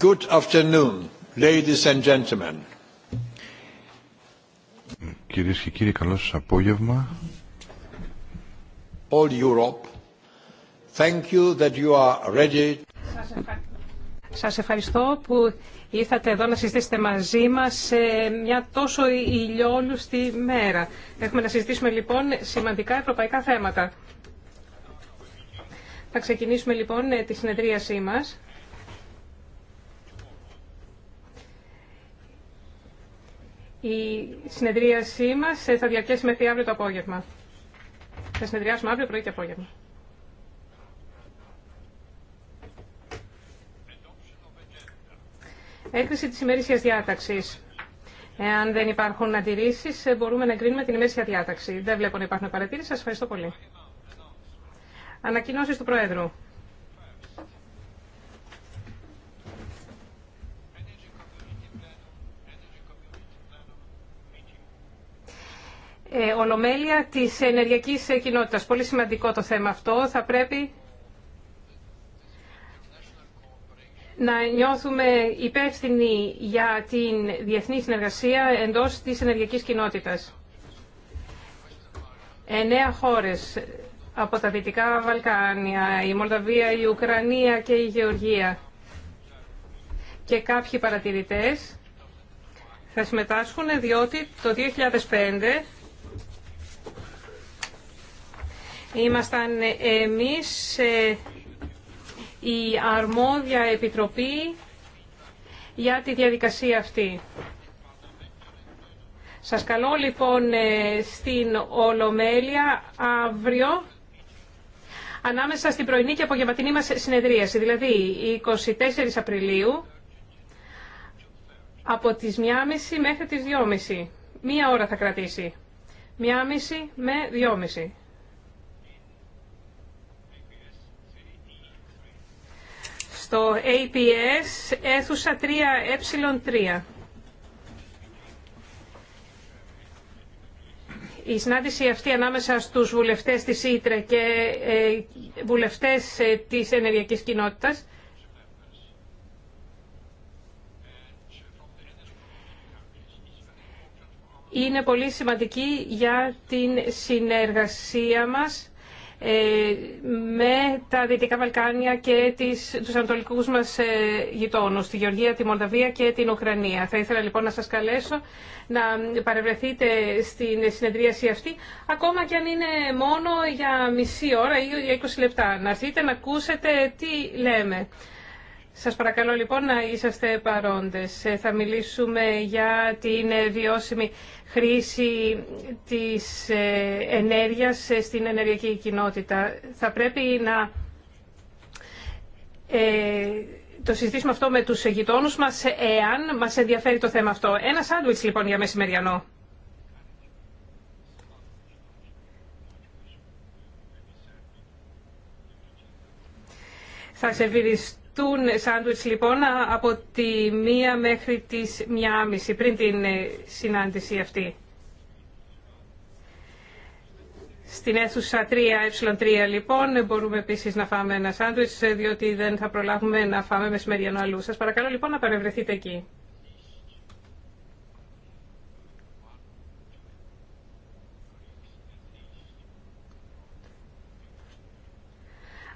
Good Κυρίες και κύριοι, καλώς σας απόγευμα. All Σας ευχαριστώ που ήρθατε εδώ να συζητήσετε μαζί μας σε μια τόσο ηλιόλουστη μέρα. Έχουμε να συζητήσουμε λοιπόν σημαντικά ευρωπαϊκά θέματα. Θα ξεκινήσουμε λοιπόν τη συνεδρίασή μας. Η συνεδρίασή μας ε, θα διαρκέσει μέχρι αύριο το απόγευμα. Θα συνεδριάσουμε αύριο πρωί και απόγευμα. Έκριση τη ημερήσια διάταξη. Εάν δεν υπάρχουν αντιρρήσει, ε, μπορούμε να εγκρίνουμε την ημερήσια διάταξη. Δεν βλέπω να υπάρχουν παρατηρήσει. Σα ευχαριστώ πολύ. Ανακοινώσει του Προέδρου. Ε, ολομέλεια της ενεργειακής κοινότητας. Πολύ σημαντικό το θέμα αυτό. Θα πρέπει να νιώθουμε υπεύθυνοι για την διεθνή συνεργασία εντός της ενεργειακής κοινότητας. Εννέα χώρες από τα Δυτικά Βαλκάνια, η Μολδαβία, η Ουκρανία και η Γεωργία και κάποιοι παρατηρητές θα συμμετάσχουν διότι το 2005 Ήμασταν εμείς ε, η αρμόδια επιτροπή για τη διαδικασία αυτή. Σας καλώ λοιπόν ε, στην Ολομέλεια αύριο ανάμεσα στην πρωινή και απογευματινή μας συνεδρίαση, δηλαδή 24 Απριλίου από τις 1.30 μέχρι τις 2.30. Μία ώρα θα κρατήσει. 1.30 με 2.30. Το APS αίθουσα 3Ε3. Η συνάντηση αυτή ανάμεσα στους βουλευτές της Ήτρε και ε, βουλευτές ε, της ενεργειακής κοινότητας είναι πολύ σημαντική για την συνεργασία μας ε, με τα Δυτικά Βαλκάνια και τις, τους ανατολικούς μας ε, γειτόνους, τη Γεωργία, τη Μολδαβία και την Ουκρανία. Θα ήθελα λοιπόν να σας καλέσω να παρευρεθείτε στην συνεδρίαση αυτή, ακόμα και αν είναι μόνο για μισή ώρα ή για 20 λεπτά. Να έρθετε να ακούσετε τι λέμε. Σας παρακαλώ λοιπόν να είσαστε παρόντες. Ε, θα μιλήσουμε για την ε, βιώσιμη χρήση της ε, ενέργειας στην ενεργειακή κοινότητα. Θα πρέπει να το συζητήσουμε αυτό με τους γειτόνους μας, εάν μας ενδιαφέρει το θέμα αυτό. Ένα σάντουιτς λοιπόν για μεσημεριανό. Θα ευχαριστώ τούν σάντουιτς λοιπόν από τη μία μέχρι τις μία πριν την ε, συνάντηση αυτή. Στην αίθουσα 3ε3 λοιπόν μπορούμε επίσης να φάμε ένα σάντουιτς ε, διότι δεν θα προλάβουμε να φάμε μεσημεριανό αλλού. Σας παρακαλώ λοιπόν να παρευρεθείτε εκεί.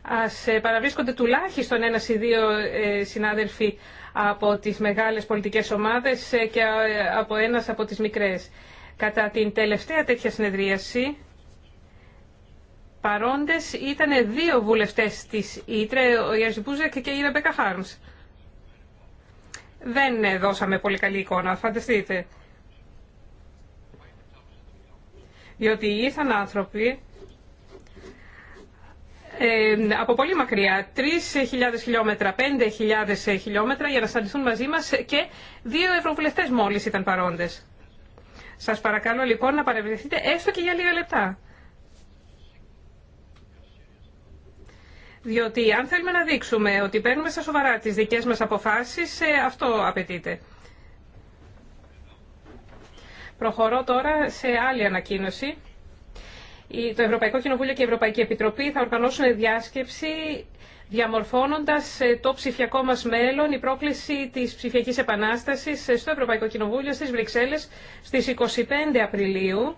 ας ε, παραβρίσκονται τουλάχιστον ένας ή δύο ε, συνάδελφοι από τις μεγάλες πολιτικές ομάδες ε, και από ένας από τις μικρές. Κατά την τελευταία τέτοια συνεδρίαση, παρόντες ήταν δύο βουλευτές της Ήτρε, ο Γιάννη και η Ρεμπέκα Χάρμς. Δεν δώσαμε πολύ καλή εικόνα, φανταστείτε. Διότι ήρθαν άνθρωποι ε, από πολύ μακριά, 3.000 χιλιόμετρα, 5.000 χιλιόμετρα για να συναντηθούν μαζί μας και δύο ευρωβουλευτές μόλις ήταν παρόντες. Σας παρακαλώ λοιπόν να παρευρεθείτε έστω και για λίγα λεπτά. Διότι αν θέλουμε να δείξουμε ότι παίρνουμε στα σοβαρά τις δικές μας αποφάσεις, ε, αυτό απαιτείται. Προχωρώ τώρα σε άλλη ανακοίνωση το Ευρωπαϊκό Κοινοβούλιο και η Ευρωπαϊκή Επιτροπή θα οργανώσουν διάσκεψη διαμορφώνοντας ε, το ψηφιακό μας μέλλον, η πρόκληση της ψηφιακή επανάστασης ε, στο Ευρωπαϊκό Κοινοβούλιο στις Βρυξέλλες στις 25 Απριλίου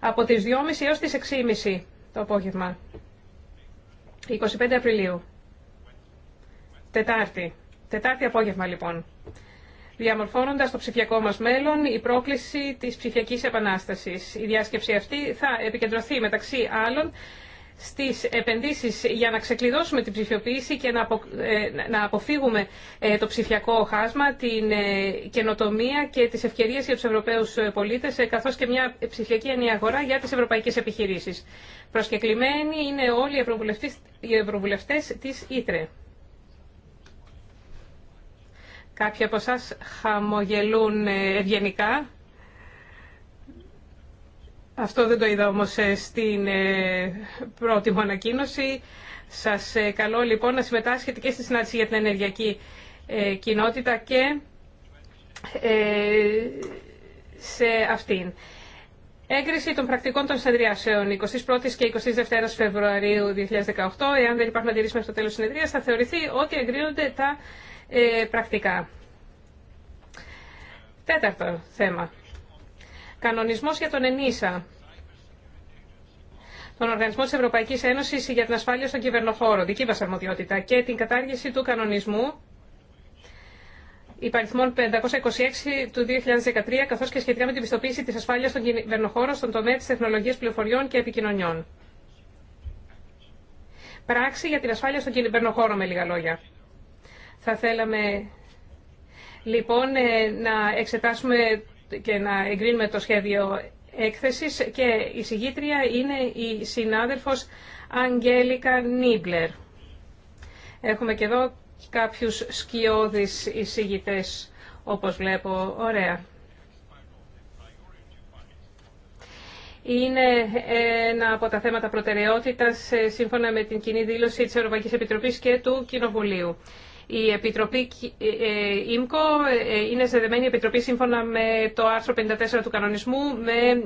από τις 2.30 έω τι 6.30 το απόγευμα. 25 Απριλίου. Τετάρτη. Τετάρτη απόγευμα λοιπόν διαμορφώνοντας το ψηφιακό μας μέλλον η πρόκληση της ψηφιακής επανάστασης. Η διάσκεψη αυτή θα επικεντρωθεί μεταξύ άλλων στις επενδύσεις για να ξεκλειδώσουμε την ψηφιοποίηση και να ε, αποφύγουμε ε, το ψηφιακό χάσμα, την ε, καινοτομία και τις ευκαιρίες για τους Ευρωπαίους πολίτες, καθώς και μια ψηφιακή ενιαία αγορά για τις ευρωπαϊκές επιχειρήσεις. Προσκεκλημένοι είναι όλοι οι ευρωβουλευτές της Ήτρε. Κάποιοι από εσά χαμογελούν ε, ευγενικά. Αυτό δεν το είδα όμως ε, στην ε, πρώτη μου ανακοίνωση. Σας καλώ λοιπόν να συμμετάσχετε και στη συνάντηση για την ενεργειακή κοινότητα και σε αυτήν. Έγκριση των πρακτικών των συνεδριάσεων 21η και 22η Φεβρουαρίου 2018. Εάν δεν υπάρχουν αντιρρήσει μέχρι το τέλο τη συνεδρία, θα θεωρηθεί ότι εγκρίνονται τα ε, πρακτικά. Τέταρτο θέμα. Κανονισμός για τον ΕΝΙΣΑ, τον Οργανισμό της Ευρωπαϊκής Ένωσης για την Ασφάλεια στον Κυβερνοχώρο, δική μας αρμοδιότητα, και την κατάργηση του κανονισμού υπαριθμών 526 του 2013, καθώς και σχετικά με την πιστοποίηση της ασφάλειας στον κυβερνοχώρο στον τομέα της τεχνολογίας πληροφοριών και επικοινωνιών. Πράξη για την ασφάλεια στον κυβερνοχώρο, με λίγα λόγια. Θα θέλαμε λοιπόν ε, να εξετάσουμε και να εγκρίνουμε το σχέδιο έκθεσης και η συγγήτρια είναι η συνάδελφος Αγγέλικα Νίμπλερ. Έχουμε και εδώ κάποιους σκιώδεις εισηγητές όπως βλέπω. Ωραία. είναι ένα από τα θέματα προτεραιότητας ε, σύμφωνα με την κοινή δήλωση της Ευρωπαϊκής Επιτροπής και του Κοινοβουλίου. Η Επιτροπή ε, ε, ΙΜΚΟ ε, είναι συνδεδεμένη Επιτροπή σύμφωνα με το άρθρο 54 του κανονισμού με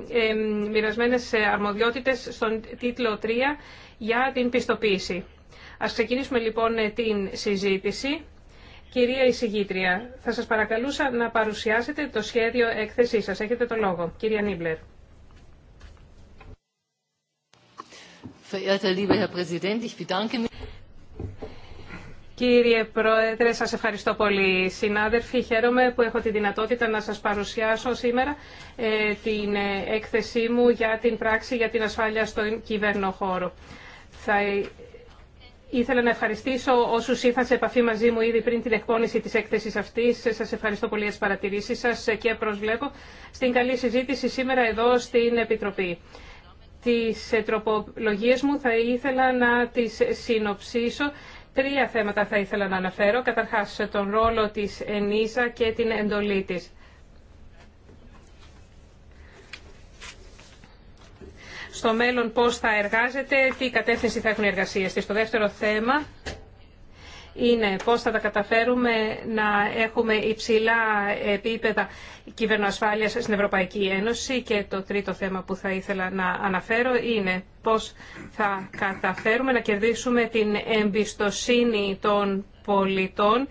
μοιρασμένε αρμοδιότητες στον τίτλο 3 για την πιστοποίηση. Ας ξεκινήσουμε λοιπόν την συζήτηση. Κυρία Ισηγήτρια, θα σας παρακαλούσα να παρουσιάσετε το σχέδιο έκθεσής σας. Έχετε το λόγο. Κυρία Νίμπλερ. Κύριε Πρόεδρε, σας ευχαριστώ πολύ. Συνάδελφοι, χαίρομαι που έχω τη δυνατότητα να σας παρουσιάσω σήμερα ε, την ε, έκθεσή μου για την πράξη για την ασφάλεια στον κυβερνοχώρο. Θα ε, ήθελα να ευχαριστήσω όσους ήρθαν σε επαφή μαζί μου ήδη πριν την εκπόνηση της έκθεσης αυτής. Σας ευχαριστώ πολύ για τις παρατηρήσεις σας και προσβλέπω στην καλή συζήτηση σήμερα εδώ στην Επιτροπή. Τις τροπολογίες μου θα ήθελα να τις συνοψίσω Τρία θέματα θα ήθελα να αναφέρω. Καταρχάς, τον ρόλο της ΕΝΙΖΑ και την εντολή της. Στο μέλλον πώς θα εργάζεται, τι κατεύθυνση θα έχουν οι εργασίες της. Το δεύτερο θέμα είναι πώς θα τα καταφέρουμε να έχουμε υψηλά επίπεδα κυβερνοασφάλειας στην Ευρωπαϊκή Ένωση και το τρίτο θέμα που θα ήθελα να αναφέρω είναι πώς θα καταφέρουμε να κερδίσουμε την εμπιστοσύνη των πολιτών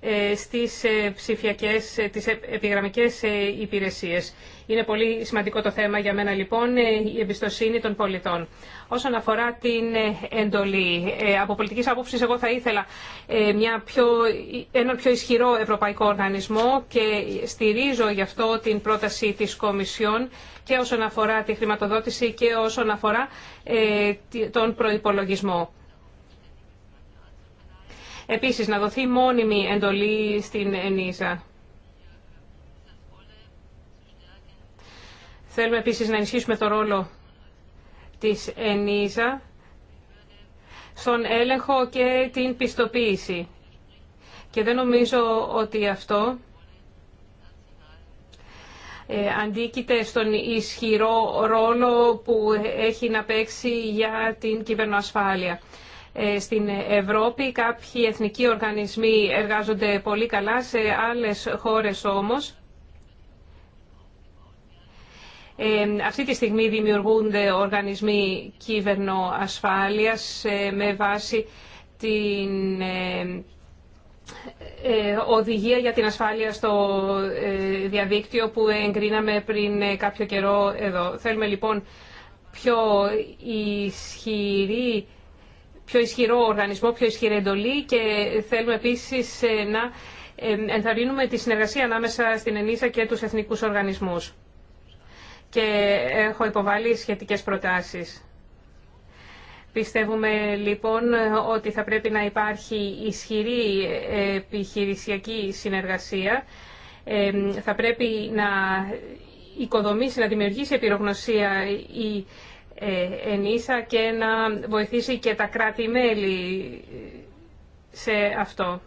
ε, στις ε, ψηφιακές, ε, τις επιγραμμικές υπηρεσίες. Είναι πολύ σημαντικό το θέμα για μένα λοιπόν ε, η εμπιστοσύνη των πολιτών. Όσον αφορά την ε, εντολή, ε, από πολιτική άποψη εγώ θα ήθελα μια πιο, έναν πιο ισχυρό ευρωπαϊκό οργανισμό και στηρίζω γι' αυτό την πρόταση της Κομισιόν και όσον αφορά τη χρηματοδότηση και όσον αφορά τον προϋπολογισμό. Επίσης, να δοθεί μόνιμη εντολή στην ΕΝΙΖΑ. Θέλουμε επίσης να ενισχύσουμε το ρόλο της ΕΝΙΖΑ στον έλεγχο και την πιστοποίηση. Και δεν νομίζω ότι αυτό ε, αντίκειται στον ισχυρό ρόλο που έχει να παίξει για την κυβερνοασφάλεια. Ε, στην Ευρώπη κάποιοι εθνικοί οργανισμοί εργάζονται πολύ καλά, σε άλλες χώρες όμως αυτή τη στιγμή δημιουργούνται οργανισμοί κύβερνο ε, με βάση την ε, ε, οδηγία για την ασφάλεια στο ε, διαδίκτυο που εγκρίναμε πριν κάποιο καιρό εδώ. Θέλουμε λοιπόν πιο, ισχυρή, πιο ισχυρό οργανισμό, πιο ισχυρή εντολή και θέλουμε επίσης να ενθαρρύνουμε τη συνεργασία ανάμεσα στην ΕΝΗΣΑ και τους εθνικούς οργανισμούς και έχω υποβάλει σχετικές προτάσεις. Πιστεύουμε λοιπόν ότι θα πρέπει να υπάρχει ισχυρή επιχειρησιακή συνεργασία. Ε, θα πρέπει να οικοδομήσει, να δημιουργήσει επιρρογνωσία η ε, ενίσα και να βοηθήσει και τα κράτη-μέλη σε αυτό.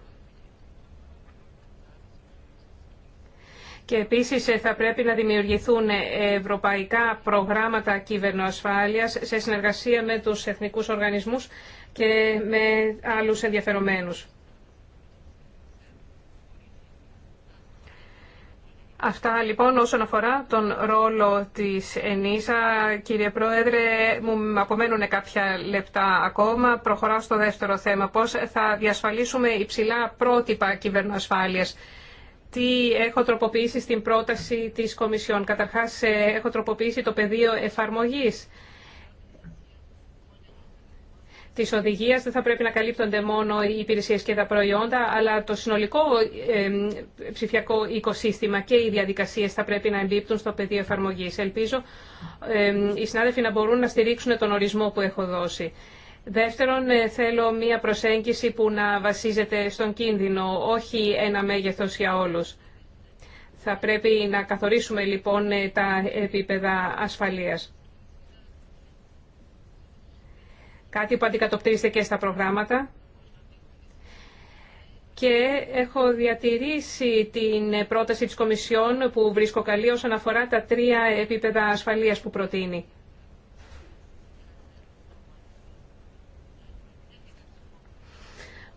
Και επίσης ε, θα πρέπει να δημιουργηθούν ε, ευρωπαϊκά προγράμματα κυβερνοασφάλειας σε συνεργασία με τους εθνικούς οργανισμούς και με άλλους ενδιαφερομένους. Αυτά λοιπόν όσον αφορά τον ρόλο της ΕΝΙΣΑ. Κύριε Πρόεδρε, μου απομένουν κάποια λεπτά ακόμα. Προχωράω στο δεύτερο θέμα. Πώς θα διασφαλίσουμε υψηλά πρότυπα κυβερνοασφάλειας τι έχω τροποποιήσει στην πρόταση της Κομισιόν. Καταρχάς, ε, έχω τροποποιήσει το πεδίο εφαρμογής της οδηγίας. Δεν θα πρέπει να καλύπτονται μόνο οι υπηρεσίες και τα προϊόντα, αλλά το συνολικό ε, ψηφιακό οικοσύστημα και οι διαδικασίες θα πρέπει να εμπίπτουν στο πεδίο εφαρμογής. Ελπίζω ε, οι συνάδελφοι να μπορούν να στηρίξουν τον ορισμό που έχω δώσει. Δεύτερον, ε, θέλω μία προσέγγιση που να βασίζεται στον κίνδυνο, όχι ένα μέγεθος για όλους. Θα πρέπει να καθορίσουμε λοιπόν ε, τα επίπεδα ασφαλείας. Κάτι που αντικατοπτρίζεται και στα προγράμματα. Και έχω διατηρήσει την πρόταση της Κομισιόν που βρίσκω καλή όσον αφορά τα τρία επίπεδα ασφαλείας που προτείνει.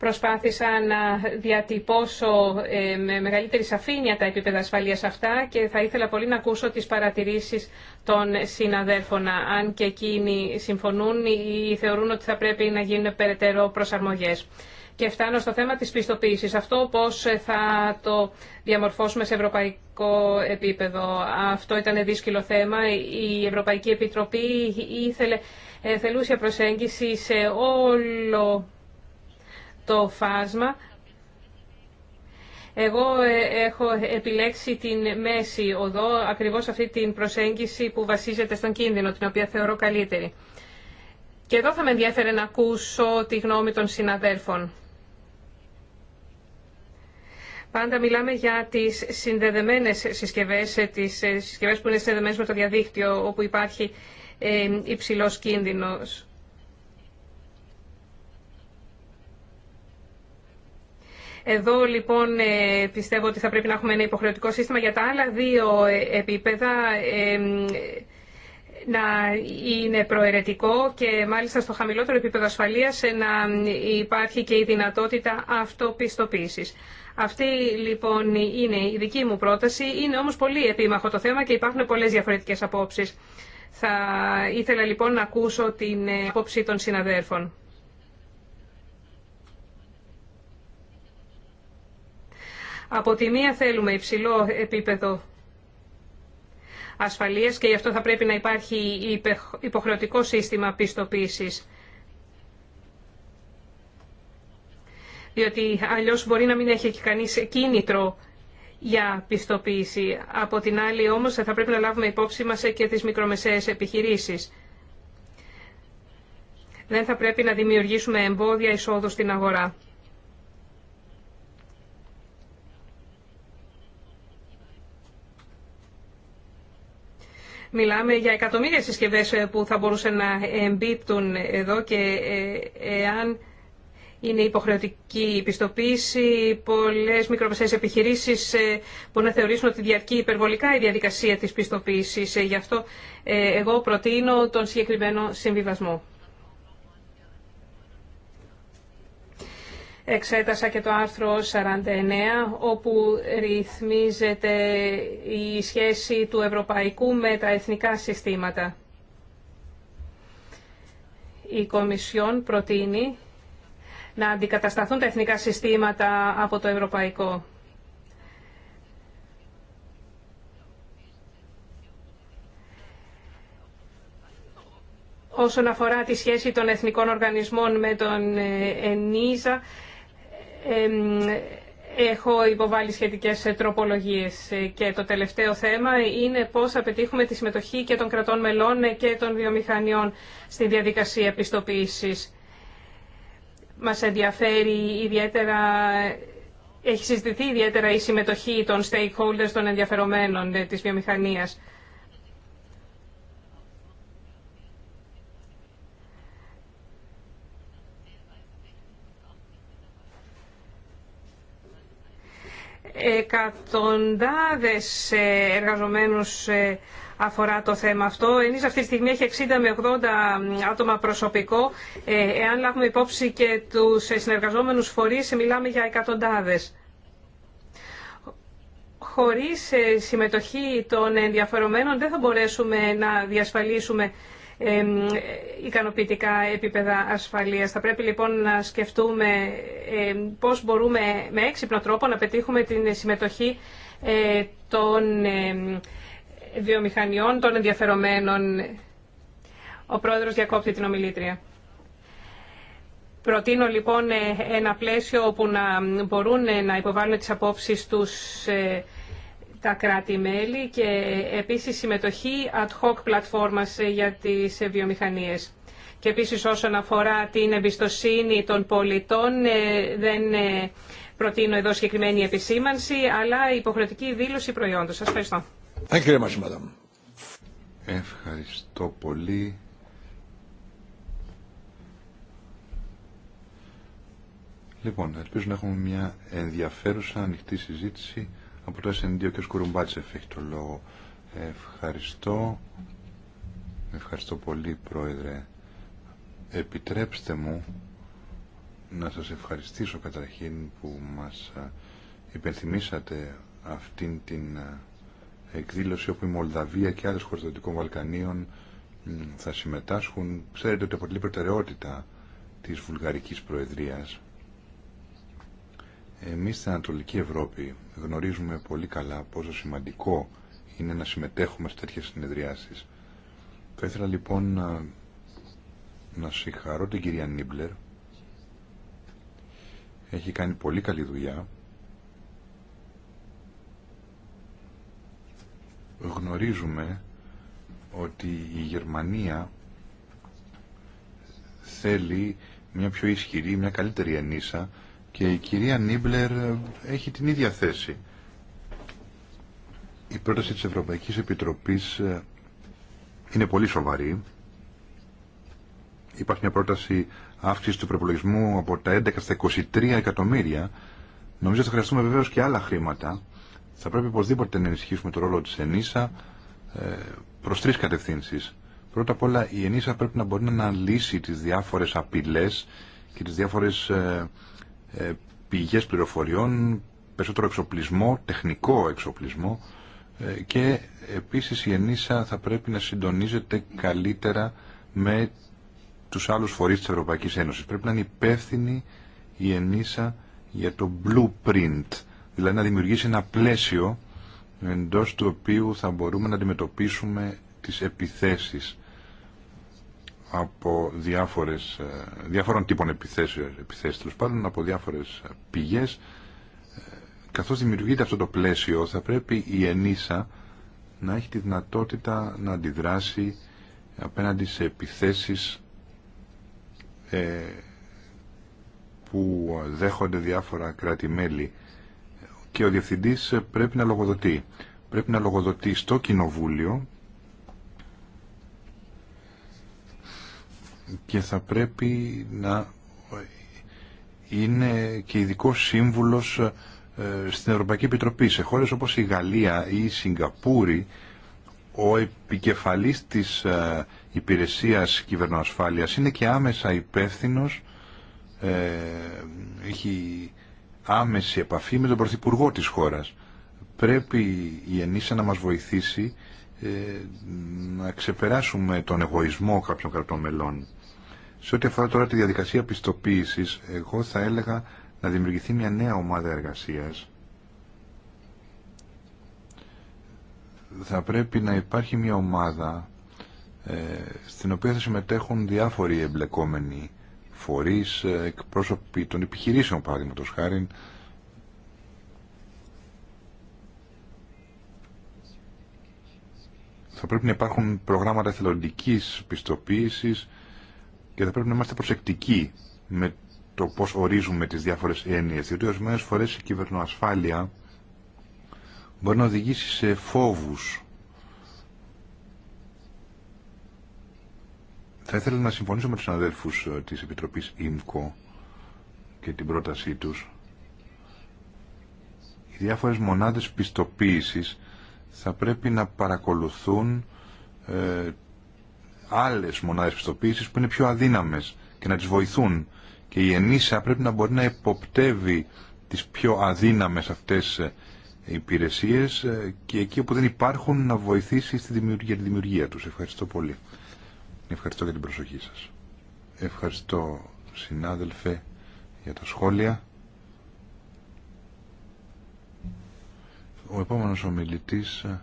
Προσπάθησα να διατυπώσω ε, με μεγαλύτερη σαφήνεια τα επίπεδα ασφαλείας αυτά και θα ήθελα πολύ να ακούσω τις παρατηρήσεις των συναδέλφων, αν και εκείνοι συμφωνούν ή θεωρούν ότι θα πρέπει να γίνουν περαιτέρω προσαρμογές. Και φτάνω στο θέμα της πιστοποίησης. Αυτό πώς θα το διαμορφώσουμε σε ευρωπαϊκό επίπεδο. Αυτό ήταν δύσκολο θέμα. Η Ευρωπαϊκή Επιτροπή ήθελε ε, θελούσια προσέγγιση σε όλο το φάσμα. Εγώ ε, έχω επιλέξει την μέση οδό, ακριβώς αυτή την προσέγγιση που βασίζεται στον κίνδυνο, την οποία θεωρώ καλύτερη. Και εδώ θα με ενδιαφέρε να ακούσω τη γνώμη των συναδέλφων. Πάντα μιλάμε για τις συνδεδεμένες συσκευές, ε, τις ε, συσκευές που είναι συνδεδεμένες με το διαδίκτυο, όπου υπάρχει υψηλός κίνδυνος. Εδώ λοιπόν ε, πιστεύω ότι θα πρέπει να έχουμε ένα υποχρεωτικό σύστημα για τα άλλα δύο ε, επίπεδα να είναι προαιρετικό και μάλιστα στο χαμηλότερο επίπεδο ασφαλείας ε, να υπάρχει και η δυνατότητα αυτοπιστοποίησης. Αυτή λοιπόν είναι η δική μου πρόταση. Είναι όμως πολύ επίμαχο το θέμα και υπάρχουν πολλές διαφορετικές απόψεις. Θα ήθελα λοιπόν να ακούσω την απόψη των συναδέρφων. Από τη μία θέλουμε υψηλό επίπεδο ασφαλείας και γι' αυτό θα πρέπει να υπάρχει υποχρεωτικό σύστημα πιστοποίησης. Διότι αλλιώς μπορεί να μην έχει και κίνητρο για πιστοποίηση. Από την άλλη όμως θα πρέπει να λάβουμε υπόψη μας και τις μικρομεσαίες επιχειρήσεις. Δεν θα πρέπει να δημιουργήσουμε εμπόδια εισόδου στην αγορά. Μιλάμε για εκατομμύρια συσκευέ ε, που θα μπορούσαν να εμπίπτουν εδώ και ε, εάν είναι υποχρεωτική η πιστοποίηση. Πολλές μικρομεσαίες επιχειρήσεις ε, μπορούν να θεωρήσουν ότι διαρκεί υπερβολικά η διαδικασία της πιστοποίησης. Γι' αυτό εγώ προτείνω τον συγκεκριμένο συμβιβασμό. εξέτασα και το άρθρο 49, όπου ρυθμίζεται η σχέση του ευρωπαϊκού με τα εθνικά συστήματα. Η Κομισιόν προτείνει να αντικατασταθούν τα εθνικά συστήματα από το ευρωπαϊκό. όσον αφορά τη σχέση των εθνικών οργανισμών με τον ε, ΕΝΙΖΑ έχω υποβάλει σχετικές ε, τροπολογίες ε, και το τελευταίο θέμα είναι πώς θα πετύχουμε τη συμμετοχή και των κρατών μελών ε, και των βιομηχανιών στη διαδικασία επιστοποίησης. Μας ενδιαφέρει ιδιαίτερα, έχει συζητηθεί ιδιαίτερα η συμμετοχή των stakeholders των ενδιαφερομένων της βιομηχανίας. εκατοντάδες ε, εργαζομένους ε, αφορά το θέμα αυτό. Εμείς αυτή τη στιγμή έχει 60 με 80 άτομα προσωπικό. Ε, εάν λάβουμε υπόψη και τους συνεργαζόμενους φορείς, μιλάμε για εκατοντάδες. Χωρίς συμμετοχή των ενδιαφερομένων δεν θα μπορέσουμε να διασφαλίσουμε ικανοποιητικά επίπεδα ασφαλείας. Θα πρέπει λοιπόν να σκεφτούμε πώς μπορούμε με έξυπνο τρόπο να πετύχουμε την συμμετοχή ε, των βιομηχανιών, των ενδιαφερομένων. Ο πρόεδρος διακόπτει την ομιλήτρια. Προτείνω λοιπόν ε, ένα πλαίσιο όπου να μπορούν ε, να υποβάλουν τις απόψεις τους τα κράτη-μέλη και επίσης συμμετοχή ad hoc πλατφόρμας ε, για τις ε, βιομηχανίες. Και επίσης όσον αφορά την εμπιστοσύνη των πολιτών ε, δεν προτείνω εδώ συγκεκριμένη επισήμανση αλλά υποχρεωτική δήλωση προϊόντος. Σας ευχαριστώ. Ευχαριστώ πολύ. Λοιπόν, ελπίζω να έχουμε μια ενδιαφέρουσα ανοιχτή συζήτηση από το SND ο έχει το λόγο. Ευχαριστώ. Ευχαριστώ πολύ Πρόεδρε. Επιτρέψτε μου να σας ευχαριστήσω καταρχήν που μας υπενθυμίσατε αυτήν την εκδήλωση όπου η Μολδαβία και άλλες χώρες των Βαλκανίων θα συμμετάσχουν. Ξέρετε ότι αποτελεί προτεραιότητα της Βουλγαρικής Προεδρίας εμείς στην Ανατολική Ευρώπη γνωρίζουμε πολύ καλά πόσο σημαντικό είναι να συμμετέχουμε σε τέτοιες συνεδριάσεις. Θα ήθελα λοιπόν να, να συγχαρώ την κυρία Νίμπλερ. Έχει κάνει πολύ καλή δουλειά. Γνωρίζουμε ότι η Γερμανία θέλει μια πιο ισχυρή, μια καλύτερη ενίσα και η κυρία Νίμπλερ ε, έχει την ίδια θέση. Η πρόταση της Ευρωπαϊκής Επιτροπής ε, είναι πολύ σοβαρή. Υπάρχει μια πρόταση αύξηση του προπολογισμού από τα 11 στα 23 εκατομμύρια. Νομίζω θα χρειαστούμε βεβαίως και άλλα χρήματα. Θα πρέπει οπωσδήποτε να ενισχύσουμε το ρόλο της ΕΝΗΣΑ ε, προς τρεις κατευθύνσεις. Πρώτα απ' όλα η ΕΝΗΣΑ πρέπει να μπορεί να αναλύσει τις διάφορες απειλές και τις διάφορες ε, πηγές πληροφοριών, περισσότερο εξοπλισμό, τεχνικό εξοπλισμό ε, και επίσης η ΕΝΗΣΑ θα πρέπει να συντονίζεται καλύτερα με τους άλλους φορείς της Ευρωπαϊκής Ένωσης. Πρέπει να είναι υπεύθυνη η ενίσα για το blueprint, δηλαδή να δημιουργήσει ένα πλαίσιο εντός του οποίου θα μπορούμε να αντιμετωπίσουμε τις επιθέσεις από διάφορες, ε, διάφορων τύπων επιθέσεων, επιθέσεις τέλο πάντων, από διάφορες πηγές. Ε, καθώς δημιουργείται αυτό το πλαίσιο, θα πρέπει η ΕΝΙΣΑ να έχει τη δυνατότητα να αντιδράσει απέναντι σε επιθέσεις ε, που δέχονται διάφορα κράτη-μέλη και ο διευθυντής πρέπει να λογοδοτεί. Πρέπει να λογοδοτεί στο Κοινοβούλιο και θα πρέπει να είναι και ειδικό σύμβουλος ε, στην Ευρωπαϊκή Επιτροπή. Σε χώρες όπως η Γαλλία ή η Σιγκαπούρη, ο επικεφαλής της ε, υπηρεσίας κυβερνοασφάλειας είναι και άμεσα υπεύθυνος, ε, έχει άμεση επαφή με τον Πρωθυπουργό της χώρας. Πρέπει η Ενίσα να μας βοηθήσει να ξεπεράσουμε τον εγωισμό κάποιων κρατών μελών. Σε ό,τι αφορά τώρα τη διαδικασία πιστοποίησης, εγώ θα έλεγα να δημιουργηθεί μια νέα ομάδα εργασίας. Θα πρέπει να υπάρχει μια ομάδα ε, στην οποία θα συμμετέχουν διάφοροι εμπλεκόμενοι φορείς, ε, εκπρόσωποι των επιχειρήσεων παραδείγματο χάρη, θα πρέπει να υπάρχουν προγράμματα θελοντικής πιστοποίησης και θα πρέπει να είμαστε προσεκτικοί με το πώς ορίζουμε τις διάφορες έννοιες, διότι ορισμένε φορές η κυβερνοασφάλεια μπορεί να οδηγήσει σε φόβους. Θα ήθελα να συμφωνήσω με του αδέρφου ε, της Επιτροπής ΙΜΚΟ και την πρότασή τους. Οι διάφορες μονάδες πιστοποίησης θα πρέπει να παρακολουθούν ε, άλλες μονάδες πιστοποίησης που είναι πιο αδύναμες και να τις βοηθούν. Και η ενίσα πρέπει να μπορεί να υποπτεύει τις πιο αδύναμες αυτές ε, υπηρεσίες ε, και εκεί όπου δεν υπάρχουν να βοηθήσει στη δημιουργία, τη δημιουργία τους. Ευχαριστώ πολύ. Ευχαριστώ για την προσοχή σας. Ευχαριστώ συνάδελφε για τα σχόλια. Ο επόμενος ομιλητής ε,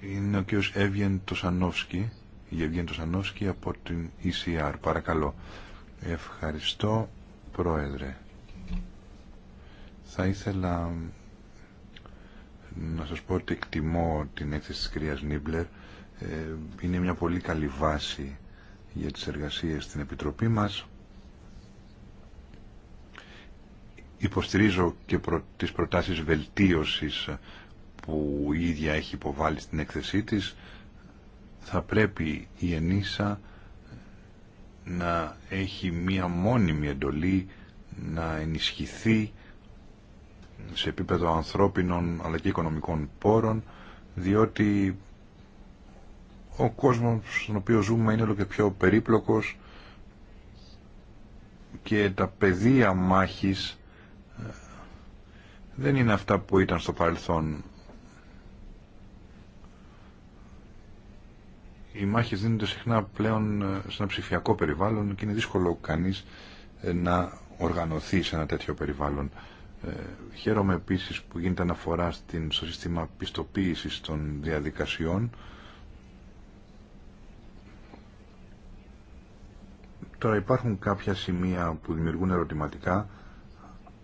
είναι ο κ. Εύγεν Τοσανόφσκι, η Ευγέν Τοσανόφσκι από την ECR. Παρακαλώ. Ευχαριστώ, Πρόεδρε. Θα ήθελα να σας πω ότι εκτιμώ την έκθεση της κυρίας Νίμπλερ. Ε, είναι μια πολύ καλή βάση για τις εργασίες στην Επιτροπή μας. Υποστηρίζω και προ, τις προτάσεις βελτίωσης που η ίδια έχει υποβάλει στην έκθεσή της θα πρέπει η ΕΝΙΣΑ να έχει μία μόνιμη εντολή να ενισχυθεί σε επίπεδο ανθρώπινων αλλά και οικονομικών πόρων διότι ο κόσμος στον οποίο ζούμε είναι όλο και πιο περίπλοκος και τα πεδία μάχης ε, δεν είναι αυτά που ήταν στο παρελθόν οι μάχες δίνονται συχνά πλέον ε, σε ένα ψηφιακό περιβάλλον και είναι δύσκολο κανείς ε, να οργανωθεί σε ένα τέτοιο περιβάλλον. Ε, χαίρομαι επίσης που γίνεται αναφορά στο σύστημα πιστοποίησης των διαδικασιών. Τώρα υπάρχουν κάποια σημεία που δημιουργούν ερωτηματικά,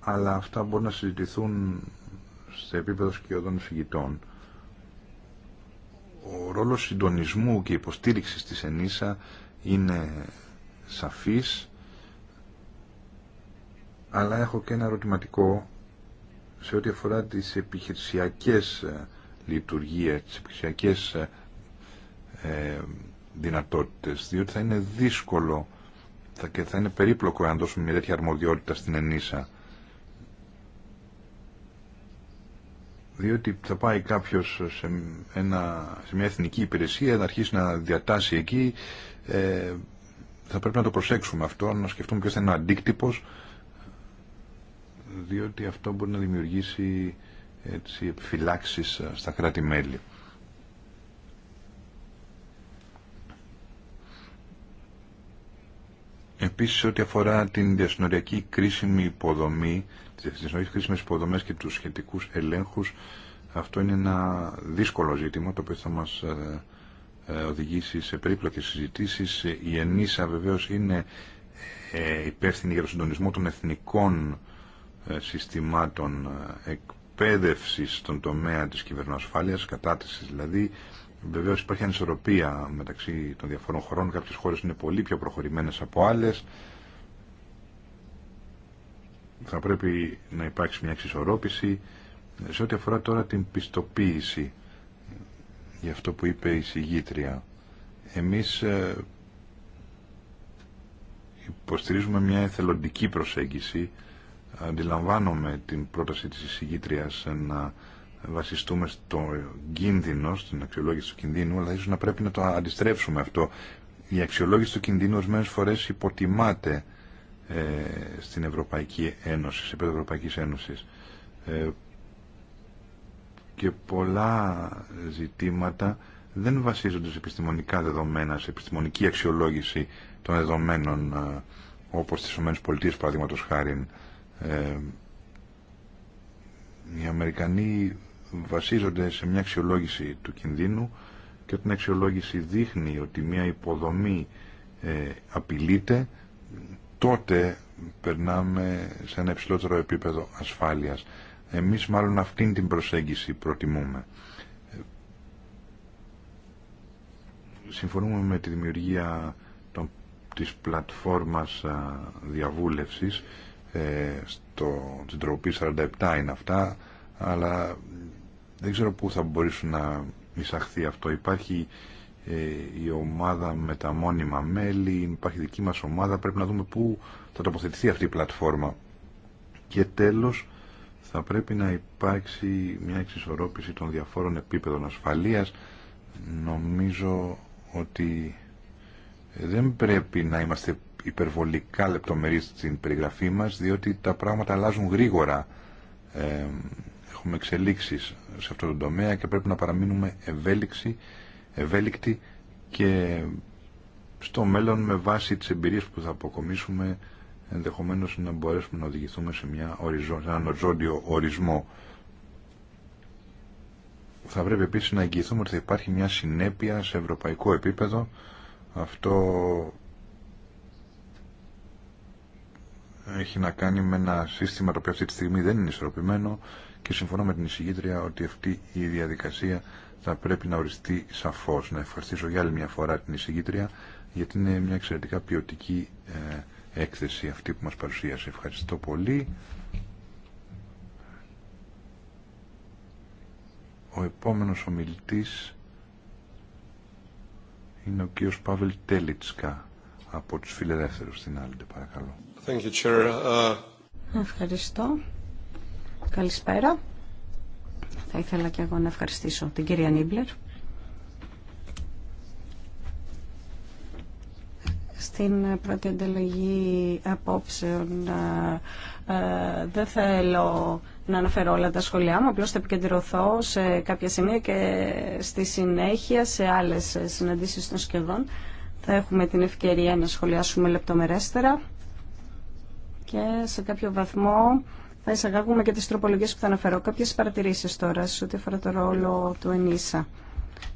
αλλά αυτά μπορούν να συζητηθούν σε επίπεδο σκιωδών φυγητών ο ρόλος συντονισμού και υποστήριξης της ΕΝΗΣΑ είναι σαφής αλλά έχω και ένα ερωτηματικό σε ό,τι αφορά τις επιχειρησιακές ε, λειτουργίες, τις επιχειρησιακές ε, ε, δυνατότητες, διότι θα είναι δύσκολο θα, και θα είναι περίπλοκο αν δώσουμε μια τέτοια αρμοδιότητα στην ΕΝΗΣΑ. διότι θα πάει κάποιος σε, ένα, μια εθνική υπηρεσία να αρχίσει να διατάσει εκεί ε, θα πρέπει να το προσέξουμε αυτό να σκεφτούμε ποιος θα είναι ο αντίκτυπος διότι αυτό μπορεί να δημιουργήσει έτσι, επιφυλάξεις στα κράτη-μέλη. Επίσης, ό,τι αφορά την διασυνοριακή κρίσιμη υποδομή, τις χρήσιμες υποδομές και τους σχετικούς ελέγχους αυτό είναι ένα δύσκολο ζήτημα το οποίο θα μας ε, ε, οδηγήσει σε περίπλοκες συζητήσεις. Η ΕΝΙΣΑ βεβαίως είναι ε, υπεύθυνη για το συντονισμό των εθνικών συστημάτων εκπαίδευσης στον τομέα της κυβερνοασφάλειας, κατάτησης δηλαδή. Βεβαίως υπάρχει ανισορροπία μεταξύ των διαφορών χωρών. Κάποιες χώρες είναι πολύ πιο προχωρημένες από άλλες θα πρέπει να υπάρξει μια εξισορρόπηση σε ό,τι αφορά τώρα την πιστοποίηση για αυτό που είπε η συγγήτρια. Εμείς ε, υποστηρίζουμε μια εθελοντική προσέγγιση. Αντιλαμβάνομαι την πρόταση της συγγήτριας να βασιστούμε στο κίνδυνο, στην αξιολόγηση του κινδύνου, αλλά ίσως να πρέπει να το αντιστρέψουμε αυτό. Η αξιολόγηση του κινδύνου ορισμένε φορές υποτιμάται ε, στην Ευρωπαϊκή Ένωση, σε επίπεδο Ένωση. Ένωσης. Ε, και πολλά ζητήματα δεν βασίζονται σε επιστημονικά δεδομένα, σε επιστημονική αξιολόγηση των δεδομένων ε, όπως στις ΗΠΑ παραδείγματος χάρη οι Αμερικανοί βασίζονται σε μια αξιολόγηση του κινδύνου και όταν αξιολόγηση δείχνει ότι μια υποδομή απειλείται τότε περνάμε σε ένα υψηλότερο επίπεδο ασφάλειας. Εμείς μάλλον αυτήν την προσέγγιση προτιμούμε. Συμφωνούμε με τη δημιουργία των, της πλατφόρμας α, διαβούλευσης ε, στο 47 είναι αυτά, αλλά δεν ξέρω πού θα μπορούσε να εισαχθεί αυτό. Υπάρχει ε, η ομάδα με τα μόνιμα μέλη, υπάρχει δική μας ομάδα, πρέπει να δούμε πού θα τοποθετηθεί αυτή η πλατφόρμα. Και τέλος, θα πρέπει να υπάρξει μια εξισορρόπηση των διαφόρων επίπεδων ασφαλείας. Νομίζω ότι ε, δεν πρέπει να είμαστε υπερβολικά λεπτομερείς στην περιγραφή μας, διότι τα πράγματα αλλάζουν γρήγορα. Ε, έχουμε εξελίξεις σε αυτό το τομέα και πρέπει να παραμείνουμε ευέλικτοι ευέλικτη και στο μέλλον με βάση τις εμπειρίες που θα αποκομίσουμε ενδεχομένως να μπορέσουμε να οδηγηθούμε σε, μια έναν οριζόντιο ορισμό. Θα πρέπει επίσης να εγγυηθούμε ότι θα υπάρχει μια συνέπεια σε ευρωπαϊκό επίπεδο. Αυτό έχει να κάνει με ένα σύστημα το οποίο αυτή τη στιγμή δεν είναι ισορροπημένο και συμφωνώ με την εισηγήτρια ότι αυτή η διαδικασία θα πρέπει να οριστεί σαφώς. Να ευχαριστήσω για άλλη μια φορά την εισηγήτρια, γιατί είναι μια εξαιρετικά ποιοτική ε, έκθεση αυτή που μας παρουσίασε. Ευχαριστώ πολύ. Ο επόμενος ομιλητής είναι ο κ. Παύλ Τέλιτσκα από τους φιλελεύθερους στην άλλη, παρακαλώ. Thank you, Chair. Uh, Ευχαριστώ. Καλησπέρα. Θα ήθελα και εγώ να ευχαριστήσω την κυρία Νίμπλερ. Στην πρώτη ανταλλαγή απόψεων δεν θέλω να αναφέρω όλα τα σχολιά μου, απλώς θα επικεντρωθώ σε κάποια σημεία και στη συνέχεια σε άλλες συναντήσεις των σχεδόν. Θα έχουμε την ευκαιρία να σχολιάσουμε λεπτομερέστερα και σε κάποιο βαθμό θα εισαγάγουμε και τις τροπολογίες που θα αναφέρω. Κάποιες παρατηρήσεις τώρα σε ό,τι αφορά το ρόλο του ΕΝΙΣΑ.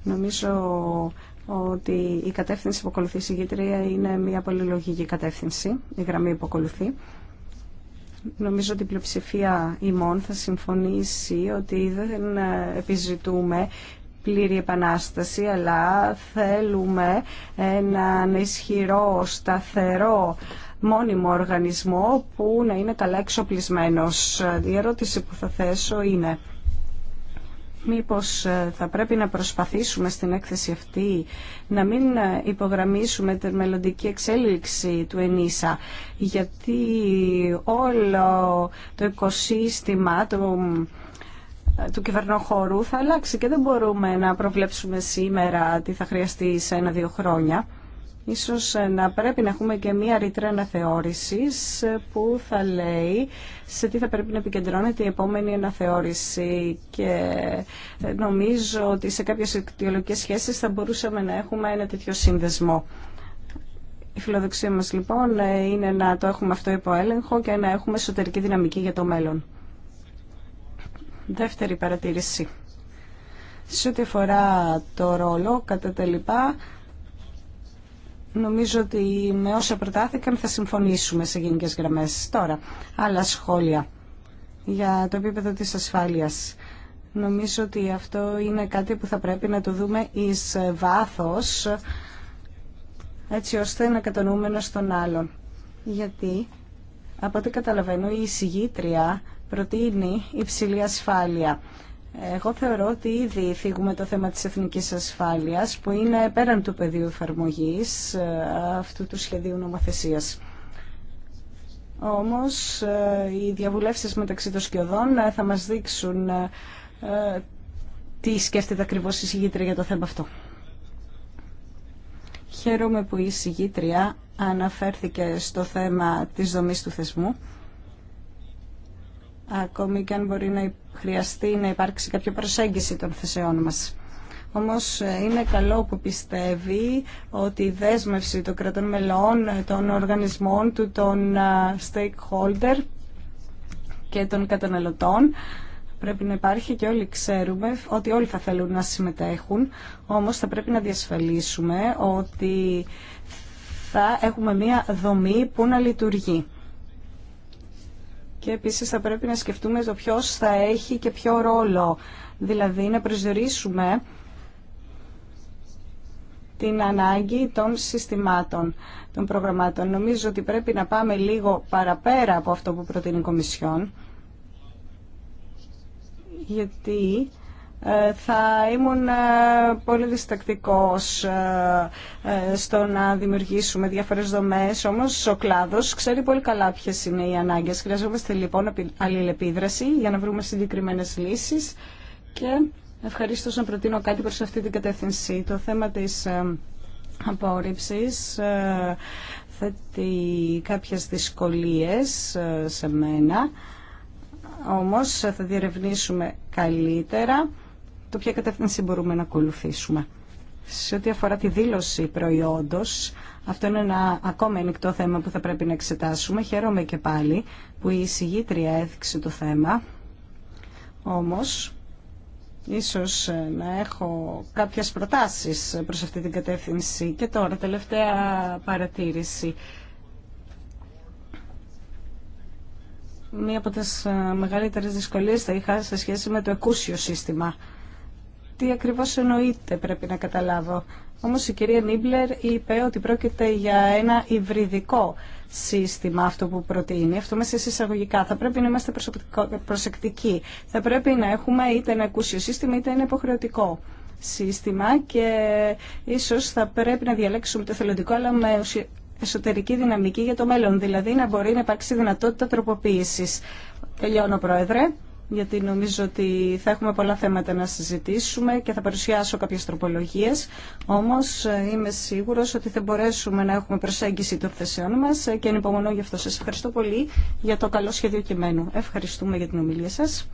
Νομίζω ότι η κατεύθυνση που ακολουθεί η συγγετρία είναι μια πολύ λογική κατεύθυνση, η γραμμή που ακολουθεί. Νομίζω ότι η πλειοψηφία ημών θα συμφωνήσει ότι δεν επιζητούμε πλήρη επανάσταση, αλλά θέλουμε έναν ισχυρό, σταθερό μόνιμο οργανισμό που να είναι καλά εξοπλισμένος. Η ερώτηση που θα θέσω είναι μήπως ε, θα πρέπει να προσπαθήσουμε στην έκθεση αυτή να μην ε, υπογραμμίσουμε τη μελλοντική εξέλιξη του ΕΝΙΣΑ γιατί όλο το οικοσύστημα του, ε, του κυβερνοχώρου θα αλλάξει και δεν μπορούμε να προβλέψουμε σήμερα τι θα χρειαστεί σε ένα-δύο χρόνια. Ίσως ε, να πρέπει να έχουμε και μία ρήτρα αναθεώρηση ε, που θα λέει σε τι θα πρέπει να επικεντρώνεται η επόμενη αναθεώρηση. Και ε, νομίζω ότι σε κάποιες εκτιολογικές σχέσεις θα μπορούσαμε να έχουμε ένα τέτοιο σύνδεσμο. Η φιλοδοξία μας λοιπόν είναι να το έχουμε αυτό υπό έλεγχο και να έχουμε εσωτερική δυναμική για το μέλλον. Δεύτερη παρατήρηση. Σε ό,τι αφορά το ρόλο, κατά τα λοιπά, Νομίζω ότι με όσα προτάθηκαν θα συμφωνήσουμε σε γενικές γραμμές. Τώρα, άλλα σχόλια για το επίπεδο της ασφάλειας. Νομίζω ότι αυτό είναι κάτι που θα πρέπει να το δούμε εις βάθος, έτσι ώστε να κατανοούμε ένας τον άλλον. Γιατί, από ό,τι καταλαβαίνω, η εισηγήτρια προτείνει υψηλή ασφάλεια. Εγώ θεωρώ ότι ήδη φύγουμε το θέμα της εθνικής ασφάλειας που είναι πέραν του πεδίου εφαρμογή ε, αυτού του σχεδίου νομοθεσίας. Όμως ε, οι διαβουλεύσεις μεταξύ των σκιωδών ε, θα μας δείξουν τι σκέφτεται ακριβώς η συγγήτρια για το θέμα αυτό. Χαίρομαι που η συγγήτρια αναφέρθηκε στο θέμα της δομής του θεσμού ακόμη και αν μπορεί να χρειαστεί να υπάρξει κάποια προσέγγιση των θεσεών μας. Όμως ε, είναι καλό που πιστεύει ότι η δέσμευση των κρατών μελών, ε, των οργανισμών του, των stakeholder και των καταναλωτών πρέπει να υπάρχει και όλοι ξέρουμε ότι όλοι θα θέλουν να συμμετέχουν, όμως θα πρέπει να διασφαλίσουμε ότι θα έχουμε μία δομή που να λειτουργεί. Και επίσης θα πρέπει να σκεφτούμε το ποιος θα έχει και ποιο ρόλο. Δηλαδή να προσδιορίσουμε την ανάγκη των συστημάτων, των προγραμμάτων. Νομίζω ότι πρέπει να πάμε λίγο παραπέρα από αυτό που προτείνει η Κομισιόν, γιατί ε, θα ήμουν ε, πολύ διστακτικός ε, στο να δημιουργήσουμε διάφορες δομές, όμως ο κλάδος ξέρει πολύ καλά ποιες είναι οι ανάγκες. Χρειαζόμαστε λοιπόν αλληλεπίδραση για να βρούμε συγκεκριμένες λύσεις και ευχαρίστως να προτείνω κάτι προς αυτή την κατεύθυνση. Το θέμα της απόρριψης θέτει κάποιες δυσκολίες σε μένα, όμως θα διερευνήσουμε καλύτερα το ποια κατεύθυνση μπορούμε να ακολουθήσουμε. Σε ό,τι αφορά τη δήλωση προϊόντος, αυτό είναι ένα ακόμα ανοιχτό θέμα που θα πρέπει να εξετάσουμε. Χαίρομαι και πάλι που η εισηγήτρια έδειξε το θέμα. Όμως, ίσως ε, να έχω κάποιες προτάσεις προς αυτή την κατεύθυνση. Και τώρα, τελευταία παρατήρηση. Μία από τις ε, μεγαλύτερες δυσκολίες θα είχα σε σχέση με το εκούσιο σύστημα τι ακριβώς εννοείται πρέπει να καταλάβω. Όμως η κυρία Νίμπλερ είπε ότι πρόκειται για ένα υβριδικό σύστημα αυτό που προτείνει. Αυτό μέσα σε εισαγωγικά. Θα πρέπει να είμαστε προσεκτικοί. Θα πρέπει να έχουμε είτε ένα ακούσιο σύστημα είτε ένα υποχρεωτικό σύστημα και ίσως θα πρέπει να διαλέξουμε το θελοντικό αλλά με εσωτερική δυναμική για το μέλλον. Δηλαδή να μπορεί να υπάρξει δυνατότητα τροποποίησης. Τελειώνω, Πρόεδρε γιατί νομίζω ότι θα έχουμε πολλά θέματα να συζητήσουμε και θα παρουσιάσω κάποιες τροπολογίες. Όμως ε, είμαι σίγουρος ότι θα μπορέσουμε να έχουμε προσέγγιση των θεσεών μας ε, και ανυπομονώ γι' αυτό. Σας ευχαριστώ πολύ για το καλό σχέδιο κειμένου. Ευχαριστούμε για την ομιλία σας.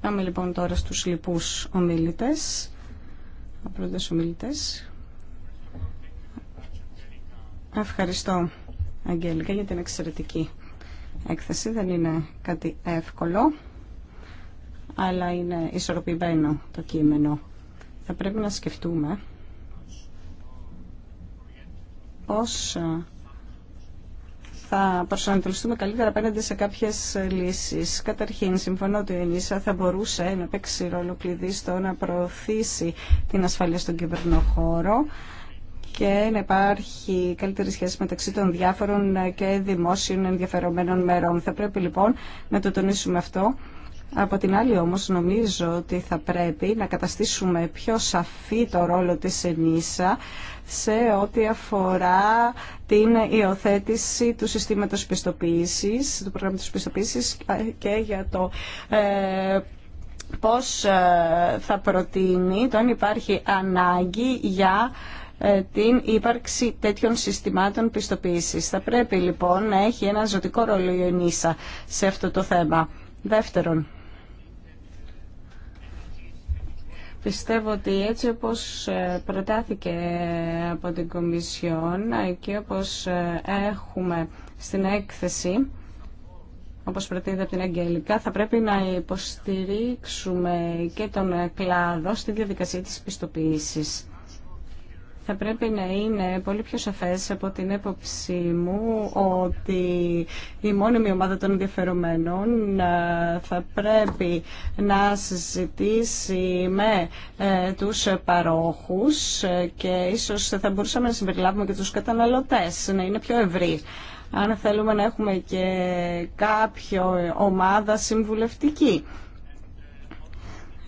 Πάμε λοιπόν τώρα στους λοιπούς ομιλητές, ομιλητές. Ευχαριστώ, Αγγέλικα, για την εξαιρετική έκθεση. Δεν είναι κάτι εύκολο, αλλά είναι ισορροπημένο το κείμενο. Θα πρέπει να σκεφτούμε πώς ε, θα προσανατολιστούμε καλύτερα απέναντι σε κάποιες λύσεις. Καταρχήν, συμφωνώ ότι η ΕΝΙΣΑ θα μπορούσε να παίξει ρόλο κλειδί στο να προωθήσει την ασφάλεια στον κυβερνό χώρο και να υπάρχει καλύτερη σχέση μεταξύ των διάφορων και δημόσιων ενδιαφερομένων μερών. Θα πρέπει λοιπόν να το τονίσουμε αυτό. Από την άλλη όμως νομίζω ότι θα πρέπει να καταστήσουμε πιο σαφή το ρόλο της ΕΝΙΣΑ σε ό,τι αφορά την υιοθέτηση του συστήματος πιστοποίησης, του προγράμματος πιστοποίησης και για το ε, ε θα προτείνει το αν υπάρχει ανάγκη για ε, την ύπαρξη τέτοιων συστημάτων πιστοποίησης. Θα πρέπει λοιπόν να έχει ένα ζωτικό ρόλο η ΕΝΙΣΑ σε αυτό το θέμα. Δεύτερον, Πιστεύω ότι έτσι όπως ε, προτάθηκε από την Κομισιόν και όπως ε, έχουμε στην έκθεση, όπως προτείνεται από την Αγγελικά, θα πρέπει να υποστηρίξουμε και τον κλάδο στη διαδικασία της πιστοποίησης θα πρέπει να είναι πολύ πιο σαφές από την έποψή μου ότι η μόνιμη ομάδα των ενδιαφερομένων ε, θα πρέπει να συζητήσει με ε, τους παρόχους ε, και ίσως θα μπορούσαμε να συμπεριλάβουμε και τους καταναλωτές, να είναι πιο ευρύ αν θέλουμε να έχουμε και κάποια ομάδα συμβουλευτική.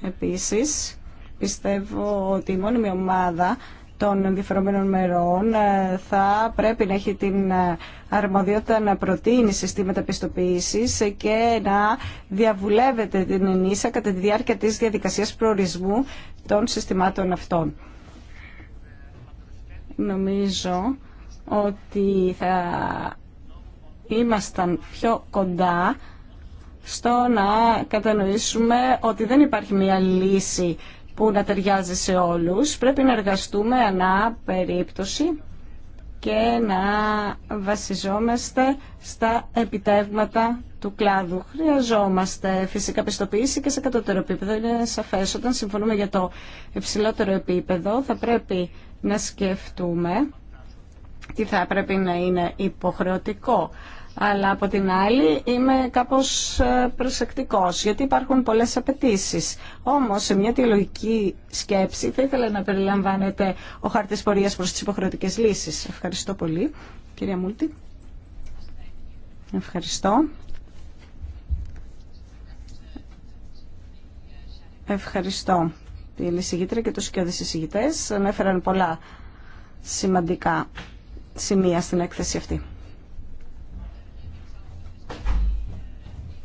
Επίσης, πιστεύω ότι η μόνιμη ομάδα των ενδιαφερομένων μερών ε, θα πρέπει να έχει την ε, αρμοδιότητα να προτείνει συστήματα πιστοποίησης και να διαβουλεύεται την ενίσα κατά τη διάρκεια της διαδικασίας προορισμού των συστημάτων αυτών. Νομίζω ότι θα ήμασταν πιο κοντά στο να κατανοήσουμε ότι δεν υπάρχει μια λύση που να ταιριάζει σε όλους. Πρέπει να εργαστούμε ανά περίπτωση και να βασιζόμαστε στα επιτεύγματα του κλάδου. Χρειαζόμαστε φυσικά πιστοποίηση και σε κατώτερο επίπεδο. Είναι σαφές όταν συμφωνούμε για το υψηλότερο επίπεδο θα πρέπει να σκεφτούμε τι θα πρέπει να είναι υποχρεωτικό αλλά από την άλλη είμαι κάπως ε, προσεκτικός, γιατί υπάρχουν πολλές απαιτήσει. Όμως, σε μια τελογική σκέψη θα ήθελα να περιλαμβάνεται ο χάρτης πορείας προς τις υποχρεωτικές λύσεις. Ευχαριστώ πολύ, κυρία Μούλτη. Ευχαριστώ. Ευχαριστώ την εισηγήτρια και τους σκιώδεις εισηγητές. Ανέφεραν πολλά σημαντικά σημεία στην έκθεση αυτή.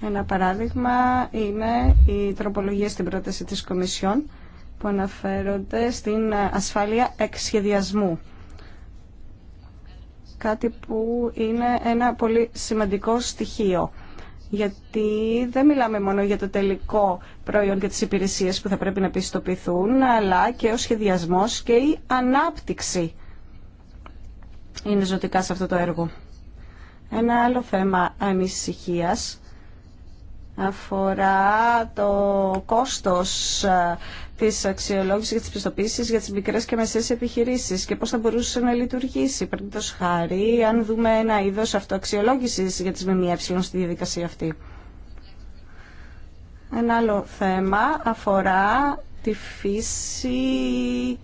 Ένα παράδειγμα είναι οι τροπολογίες στην πρόταση της Κομισιόν που αναφέρονται στην ασφάλεια εξχεδιασμού. Κάτι που είναι ένα πολύ σημαντικό στοιχείο. Γιατί δεν μιλάμε μόνο για το τελικό προϊόν και τις υπηρεσίες που θα πρέπει να πιστοποιηθούν, αλλά και ο σχεδιασμός και η ανάπτυξη είναι ζωτικά σε αυτό το έργο. Ένα άλλο θέμα ανησυχίας αφορά το κόστος ε, της αξιολόγησης και της πιστοποίησης για τις μικρές και μεσαίες επιχειρήσεις και πώς θα μπορούσε να λειτουργήσει. Πριν το χάρη, αν δούμε ένα είδος αυτοαξιολόγησης για τις ΜΜΕ στη διαδικασία αυτή. Ένα άλλο θέμα αφορά τη φύση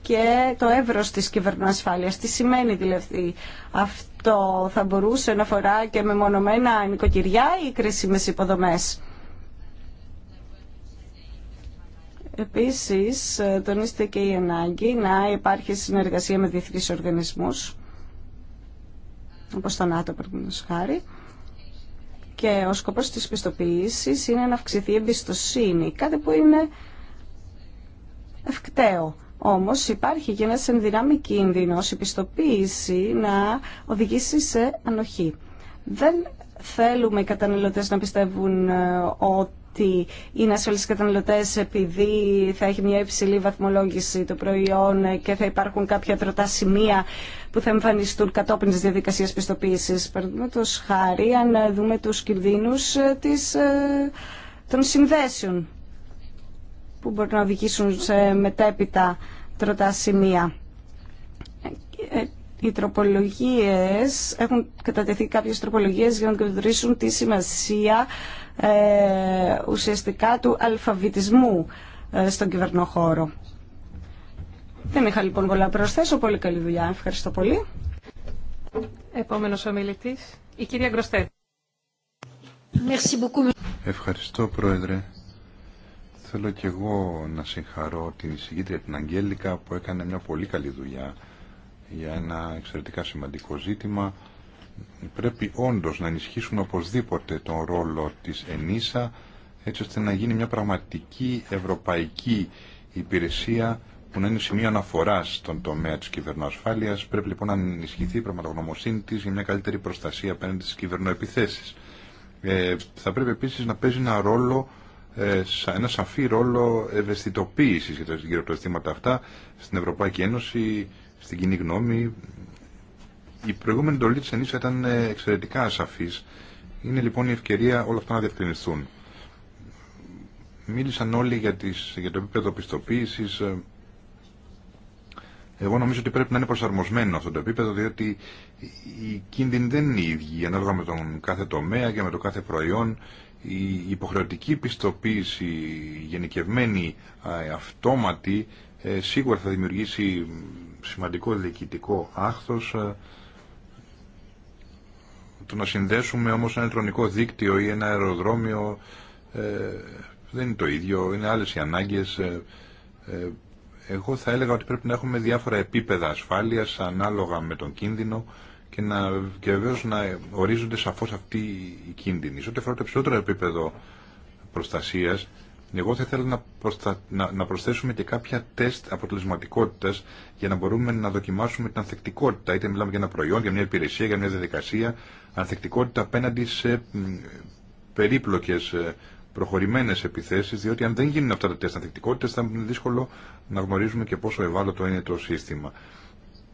και το εύρος της κυβερνοασφάλειας. Τι σημαίνει δηλαδή αυτό θα μπορούσε να αφορά και μεμονωμένα νοικοκυριά ή κρίσιμες υποδομές. Επίσης, ε, τονίστε και η ανάγκη να υπάρχει συνεργασία με διεθνείς οργανισμούς, όπως το ΝΑΤΟ, προηγούμενος χάρη, και ο σκοπός της πιστοποίησης είναι να αυξηθεί η εμπιστοσύνη, κάτι που είναι ευκταίο. Όμως υπάρχει και ένας ενδυνάμει κίνδυνος η πιστοποίηση να οδηγήσει σε ανοχή. Δεν θέλουμε οι καταναλωτές να πιστεύουν ε, ότι ότι είναι ασφαλείς καταναλωτές επειδή θα έχει μια υψηλή βαθμολόγηση το προϊόν και θα υπάρχουν κάποια τροτά σημεία που θα εμφανιστούν κατόπιν της διαδικασίας πιστοποίησης. Παραδείγματο χάρη, αν δούμε τους κινδύνους ε, της, ε, των συνδέσεων που μπορεί να οδηγήσουν σε μετέπειτα τροτά σημεία. Ε, οι τροπολογίες, έχουν κατατεθεί κάποιες τροπολογίες για να καθορίσουν τη σημασία ε, ουσιαστικά του αλφαβητισμού ε, στον κυβερνοχώρο. Δεν είχα λοιπόν πολλά προσθέσω. Πολύ καλή δουλειά. Ευχαριστώ πολύ. Επόμενος ομιλητής, η κυρία Γκροστέ. Ευχαριστώ Πρόεδρε. Θέλω και εγώ να συγχαρώ την εισηγήτρια την Αγγέλικα που έκανε μια πολύ καλή δουλειά για ένα εξαιρετικά σημαντικό ζήτημα πρέπει όντως να ενισχύσουμε οπωσδήποτε τον ρόλο της ΕΝΙΣΑ έτσι ώστε να γίνει μια πραγματική ευρωπαϊκή υπηρεσία που να είναι σημείο αναφορά στον τομέα τη κυβερνοασφάλεια. Πρέπει λοιπόν να ενισχυθεί η πραγματογνωμοσύνη τη για μια καλύτερη προστασία απέναντι στι κυβερνοεπιθέσει. Ε, θα πρέπει επίση να παίζει ένα ρόλο, ε, ένα σαφή ρόλο ευαισθητοποίηση για τα συγκεκριμένα αυτά στην Ευρωπαϊκή Ένωση, στην κοινή γνώμη, η προηγούμενη εντολή τη ΕΝΗΣΑ ήταν ε, εξαιρετικά ασαφή. Είναι λοιπόν η ευκαιρία όλα αυτά να διευκρινιστούν. Μίλησαν όλοι για, τις, για το επίπεδο πιστοποίηση. Ε. Εγώ νομίζω ότι πρέπει να είναι προσαρμοσμένο αυτό το επίπεδο, διότι οι κίνδυνοι δεν είναι οι ίδιοι ανάλογα με τον κάθε τομέα και με το κάθε προϊόν. Η υποχρεωτική πιστοποίηση, η γενικευμένη, ε, αυτόματη, σίγουρα θα δημιουργήσει σημαντικό διοικητικό άχθος το να συνδέσουμε όμως ένα ηλεκτρονικό δίκτυο ή ένα αεροδρόμιο ε, δεν είναι το ίδιο, είναι άλλες οι ανάγκες. Ε, ε, εγώ θα έλεγα ότι πρέπει να έχουμε διάφορα επίπεδα ασφάλειας ανάλογα με τον κίνδυνο και, να, βεβαίως να ορίζονται σαφώς αυτοί οι κίνδυνοι. Σε ό,τι αφορά το επίπεδο προστασίας, εγώ θα ήθελα να, προστα... να... να προσθέσουμε και κάποια τεστ αποτελεσματικότητα για να μπορούμε να δοκιμάσουμε την ανθεκτικότητα. Είτε μιλάμε για ένα προϊόν, για μια υπηρεσία, για μια διαδικασία. Ανθεκτικότητα απέναντι σε περίπλοκε, προχωρημένε επιθέσει, διότι αν δεν γίνουν αυτά τα τεστ ανθεκτικότητα θα είναι δύσκολο να γνωρίζουμε και πόσο ευάλωτο είναι το σύστημα.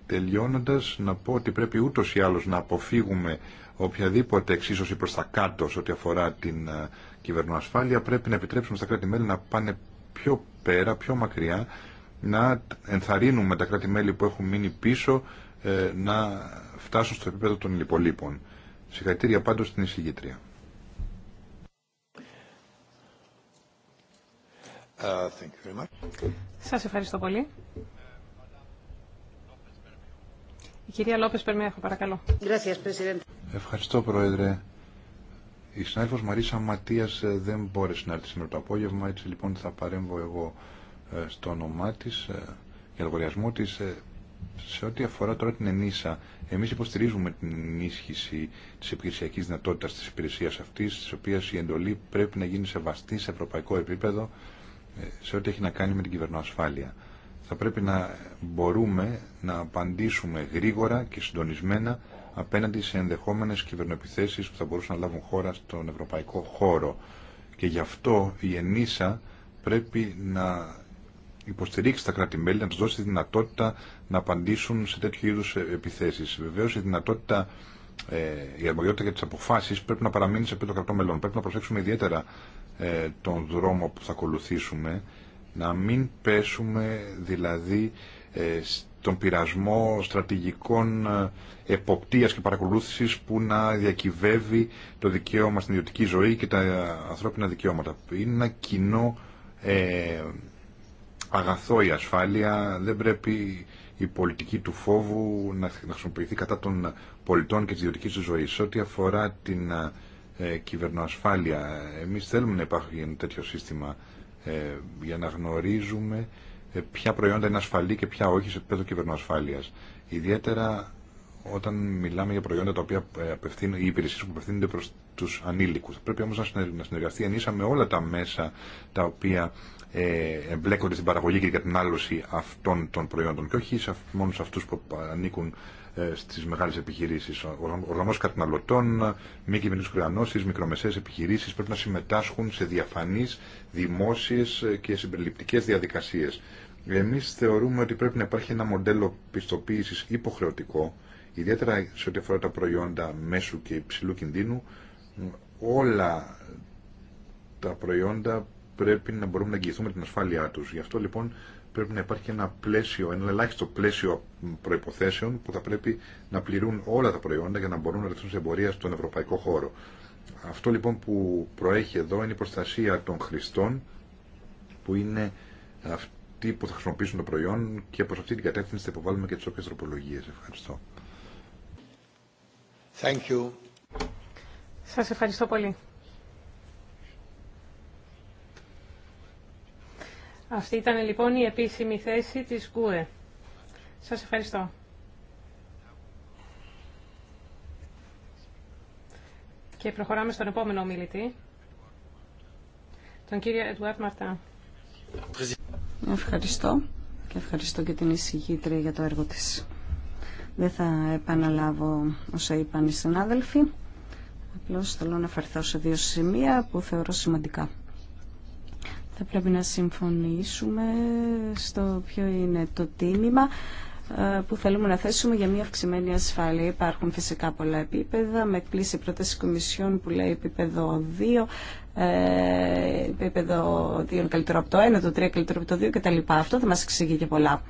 Τελειώνοντα, να πω ότι πρέπει ούτω ή άλλω να αποφύγουμε οποιαδήποτε εξίσωση προ τα κάτω σε ό,τι αφορά την ε, κυβερνοασφάλεια πρέπει να επιτρέψουμε στα κράτη-μέλη να πάνε πιο πέρα, πιο μακριά, να ενθαρρύνουμε τα κράτη-μέλη που έχουν μείνει πίσω ε, να φτάσουν στο επίπεδο των υπολείπων. Συγχαρητήρια πάντω στην εισηγήτρια. Uh, Σας ευχαριστώ πολύ. Η κυρία Λόπες Περμέχο, παρακαλώ. Ευχαριστώ, Πρόεδρε. Η συνάδελφος Μαρίσα Ματίας ε, δεν μπόρεσε να έρθει σήμερα το απόγευμα, έτσι λοιπόν θα παρέμβω εγώ ε, στο όνομά της, ε, για λογαριασμό της. Σε ό,τι αφορά τώρα την ενίσα, εμείς υποστηρίζουμε την ενίσχυση της επιχειρησιακής δυνατότητας της υπηρεσίας αυτής, της οποίας η εντολή πρέπει να γίνει σεβαστή σε ευρωπαϊκό επίπεδο, σε ό,τι έχει να κάνει με την κυβερνοασφάλεια. Θα πρέπει να μπορούμε να απαντήσουμε γρήγορα και συντονισμένα απέναντι σε ενδεχόμενες κυβερνοεπιθέσεις που θα μπορούσαν να λάβουν χώρα στον ευρωπαϊκό χώρο. Και γι' αυτό η ΕΝΗΣΑ πρέπει να υποστηρίξει τα κράτη-μέλη, να του δώσει τη δυνατότητα να απαντήσουν σε τέτοιου είδου επιθέσεις. Βεβαίως η δυνατότητα ε, η αρμοδιότητα για τι αποφάσει πρέπει να παραμείνει σε επίπεδο κρατών μελών. Πρέπει να προσέξουμε ιδιαίτερα ε, τον δρόμο που θα ακολουθήσουμε, να μην πέσουμε δηλαδή ε, τον πειρασμό στρατηγικών ε, εποπτείας και παρακολούθησης που να διακυβεύει το δικαίωμα στην ιδιωτική ζωή και τα ανθρώπινα δικαιώματα. Είναι ένα κοινό ε, αγαθό η ασφάλεια, δεν πρέπει η πολιτική του φόβου να χρησιμοποιηθεί κατά των πολιτών και της ιδιωτικής ζωής. ό,τι αφορά την ε, κυβερνοασφάλεια, εμείς θέλουμε να υπάρχει ένα τέτοιο σύστημα ε, για να γνωρίζουμε ε, ποια προϊόντα είναι ασφαλή και ποια όχι σε επίπεδο κυβερνοασφάλεια. Ιδιαίτερα όταν μιλάμε για προϊόντα τα οποία ε, απευθύνουν, οι υπηρεσίε που απευθύνονται προ του ανήλικου. Πρέπει όμω να συνεργαστεί ενίσα με όλα τα μέσα τα οποία ε, εμπλέκονται στην παραγωγή και την κατανάλωση αυτών των προϊόντων και όχι σε, μόνο σε αυτού που ανήκουν ε, στι μεγάλε επιχειρήσει. Οργανώσει καταναλωτών, μη κυβερνητικέ οργανώσει, μικρομεσαίε επιχειρήσει πρέπει να συμμετάσχουν σε διαφανεί, δημόσιε ε, και συμπεριληπτικέ διαδικασίε. Εμεί θεωρούμε ότι πρέπει να υπάρχει ένα μοντέλο πιστοποίηση υποχρεωτικό, ιδιαίτερα σε ό,τι αφορά τα προϊόντα μέσου και υψηλού κινδύνου. Όλα τα προϊόντα πρέπει να μπορούμε να εγγυηθούμε την ασφάλειά του. Γι' αυτό λοιπόν πρέπει να υπάρχει ένα πλαίσιο, ένα ελάχιστο πλαίσιο προποθέσεων που θα πρέπει να πληρούν όλα τα προϊόντα για να μπορούν να ρεθούν σε εμπορία στον ευρωπαϊκό χώρο. Αυτό λοιπόν που προέχει εδώ είναι η προστασία των χρηστών που είναι αυτή τι που θα χρησιμοποιήσουν το προϊόν και προ αυτή την κατεύθυνση θα υποβάλουμε και τι όποιε τροπολογίες. Ευχαριστώ. Thank you. Σας ευχαριστώ πολύ. Αυτή ήταν λοιπόν η επίσημη θέση της ΚΟΕ. Σας ευχαριστώ. Και προχωράμε στον επόμενο ομιλητή, τον κύριο Εντουάρτ Μαρτά. Ευχαριστώ και ευχαριστώ και την εισηγήτρια για το έργο της. Δεν θα επαναλάβω όσα είπαν οι συνάδελφοι. Απλώς θέλω να φερθώ σε δύο σημεία που θεωρώ σημαντικά. Θα πρέπει να συμφωνήσουμε στο ποιο είναι το τίμημα ε, που θέλουμε να θέσουμε για μια αυξημένη ασφάλεια. Υπάρχουν φυσικά πολλά επίπεδα. Με εκπλήσει η πρόταση Κομισιόν που λέει επίπεδο 2 ε, επίπεδο 2 καλύτερο από το 1, το 3 καλύτερο από το 2 κτλ. Αυτό δεν μας εξηγεί και πολλά.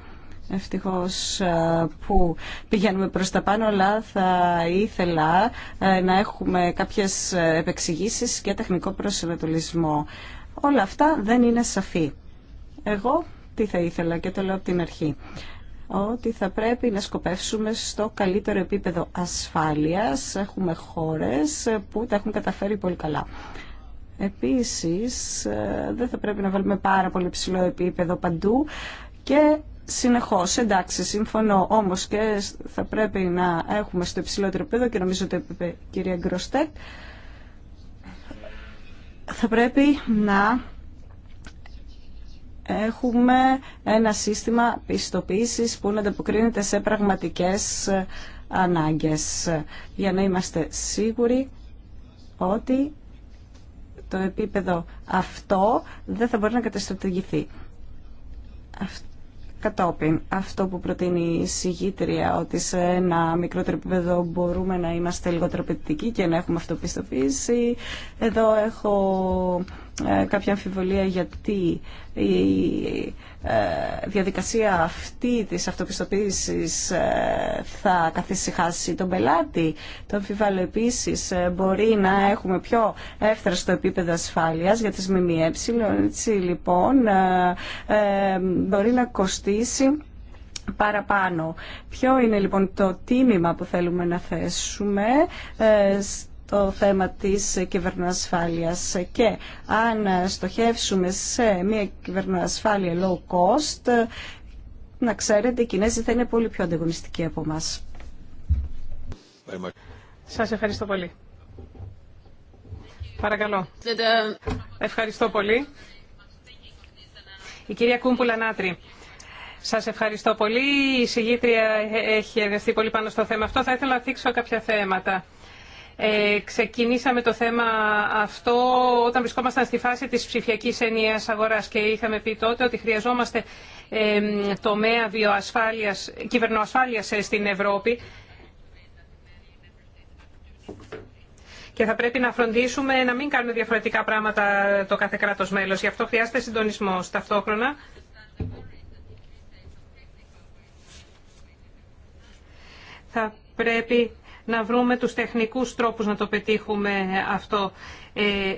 Ευτυχώ ε, που πηγαίνουμε προς τα πάνω, αλλά θα ήθελα ε, να έχουμε κάποιες επεξηγήσεις και τεχνικό προσανατολισμό. Όλα αυτά δεν είναι σαφή. Εγώ τι θα ήθελα και το λέω από την αρχή ότι θα πρέπει να σκοπεύσουμε στο καλύτερο επίπεδο ασφάλειας. Έχουμε χώρες που τα έχουν καταφέρει πολύ καλά. Επίσης, ε, δεν θα πρέπει να βάλουμε πάρα πολύ ψηλό επίπεδο παντού και συνεχώς, εντάξει, συμφωνώ, όμως και θα πρέπει να έχουμε στο υψηλότερο επίπεδο και νομίζω ότι είπε η κυρία Γκροστέτ, θα πρέπει να έχουμε ένα σύστημα πιστοποίησης που να ανταποκρίνεται σε πραγματικές ε, ανάγκες για να είμαστε σίγουροι ότι το επίπεδο αυτό δεν θα μπορεί να καταστρατηγηθεί. Κατόπιν, αυτό που προτείνει η συγγήτρια, ότι σε ένα μικρότερο επίπεδο μπορούμε να είμαστε λιγότερο και να έχουμε αυτοπιστοποίηση. Εδώ έχω ε, κάποια αμφιβολία γιατί η ε, διαδικασία αυτή της αυτοπιστοποίησης ε, θα καθησυχάσει τον πελάτη. Το αμφιβάλλω επίσης μπορεί να έχουμε πιο εύθραστο επίπεδο ασφάλειας για τις ΜΜΕ. Έτσι λοιπόν μπορεί να κοστίσει παραπάνω. Ποιο είναι λοιπόν το τίμημα που θέλουμε να θέσουμε το θέμα της κυβερνοασφάλειας και αν στοχεύσουμε σε μια κυβερνοασφάλεια low cost, να ξέρετε, οι Κινέζοι θα είναι πολύ πιο ανταγωνιστικοί από εμά. Σας ευχαριστώ πολύ. Παρακαλώ. Ευχαριστώ πολύ. Η κυρία Κούμπουλα Νάτρη. Σας ευχαριστώ πολύ. Η συγγήτρια έχει εργαστεί πολύ πάνω στο θέμα αυτό. Θα ήθελα να θίξω κάποια θέματα. Ε, ξεκινήσαμε το θέμα αυτό όταν βρισκόμασταν στη φάση της ψηφιακής ενιαίας αγοράς και είχαμε πει τότε ότι χρειαζόμαστε ε, τομέα βιοασφάλειας, κυβερνοασφάλειας ε, στην Ευρώπη και θα πρέπει να φροντίσουμε να μην κάνουμε διαφορετικά πράγματα το κάθε κράτος μέλος. Γι' αυτό χρειάζεται συντονισμός. Ταυτόχρονα θα πρέπει να βρούμε τους τεχνικούς τρόπους να το πετύχουμε αυτό. Ε,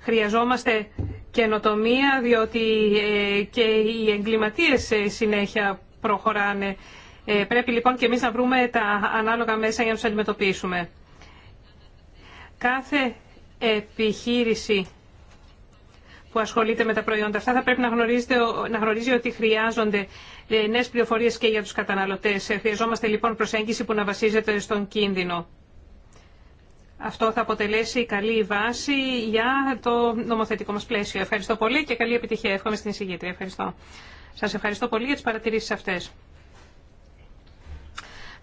χρειαζόμαστε καινοτομία διότι ε, και οι εγκληματίες ε, συνέχεια προχωράνε. Πρέπει λοιπόν και εμείς να βρούμε τα ανάλογα μέσα για να τους αντιμετωπίσουμε. Κάθε επιχείρηση που ασχολείται με τα προϊόντα αυτά θα πρέπει να, γνωρίζετε, να γνωρίζει ότι χρειάζονται ε, νέε πληροφορίε και για τους καταναλωτές. Ε, χρειαζόμαστε λοιπόν προσέγγιση που να βασίζεται στον κίνδυνο. Αυτό θα αποτελέσει καλή βάση για το νομοθετικό μας πλαίσιο. Ευχαριστώ πολύ και καλή επιτυχία. Εύχομαι στην εισηγήτρια. Ευχαριστώ. Σας ευχαριστώ πολύ για τις παρατηρήσεις αυτές.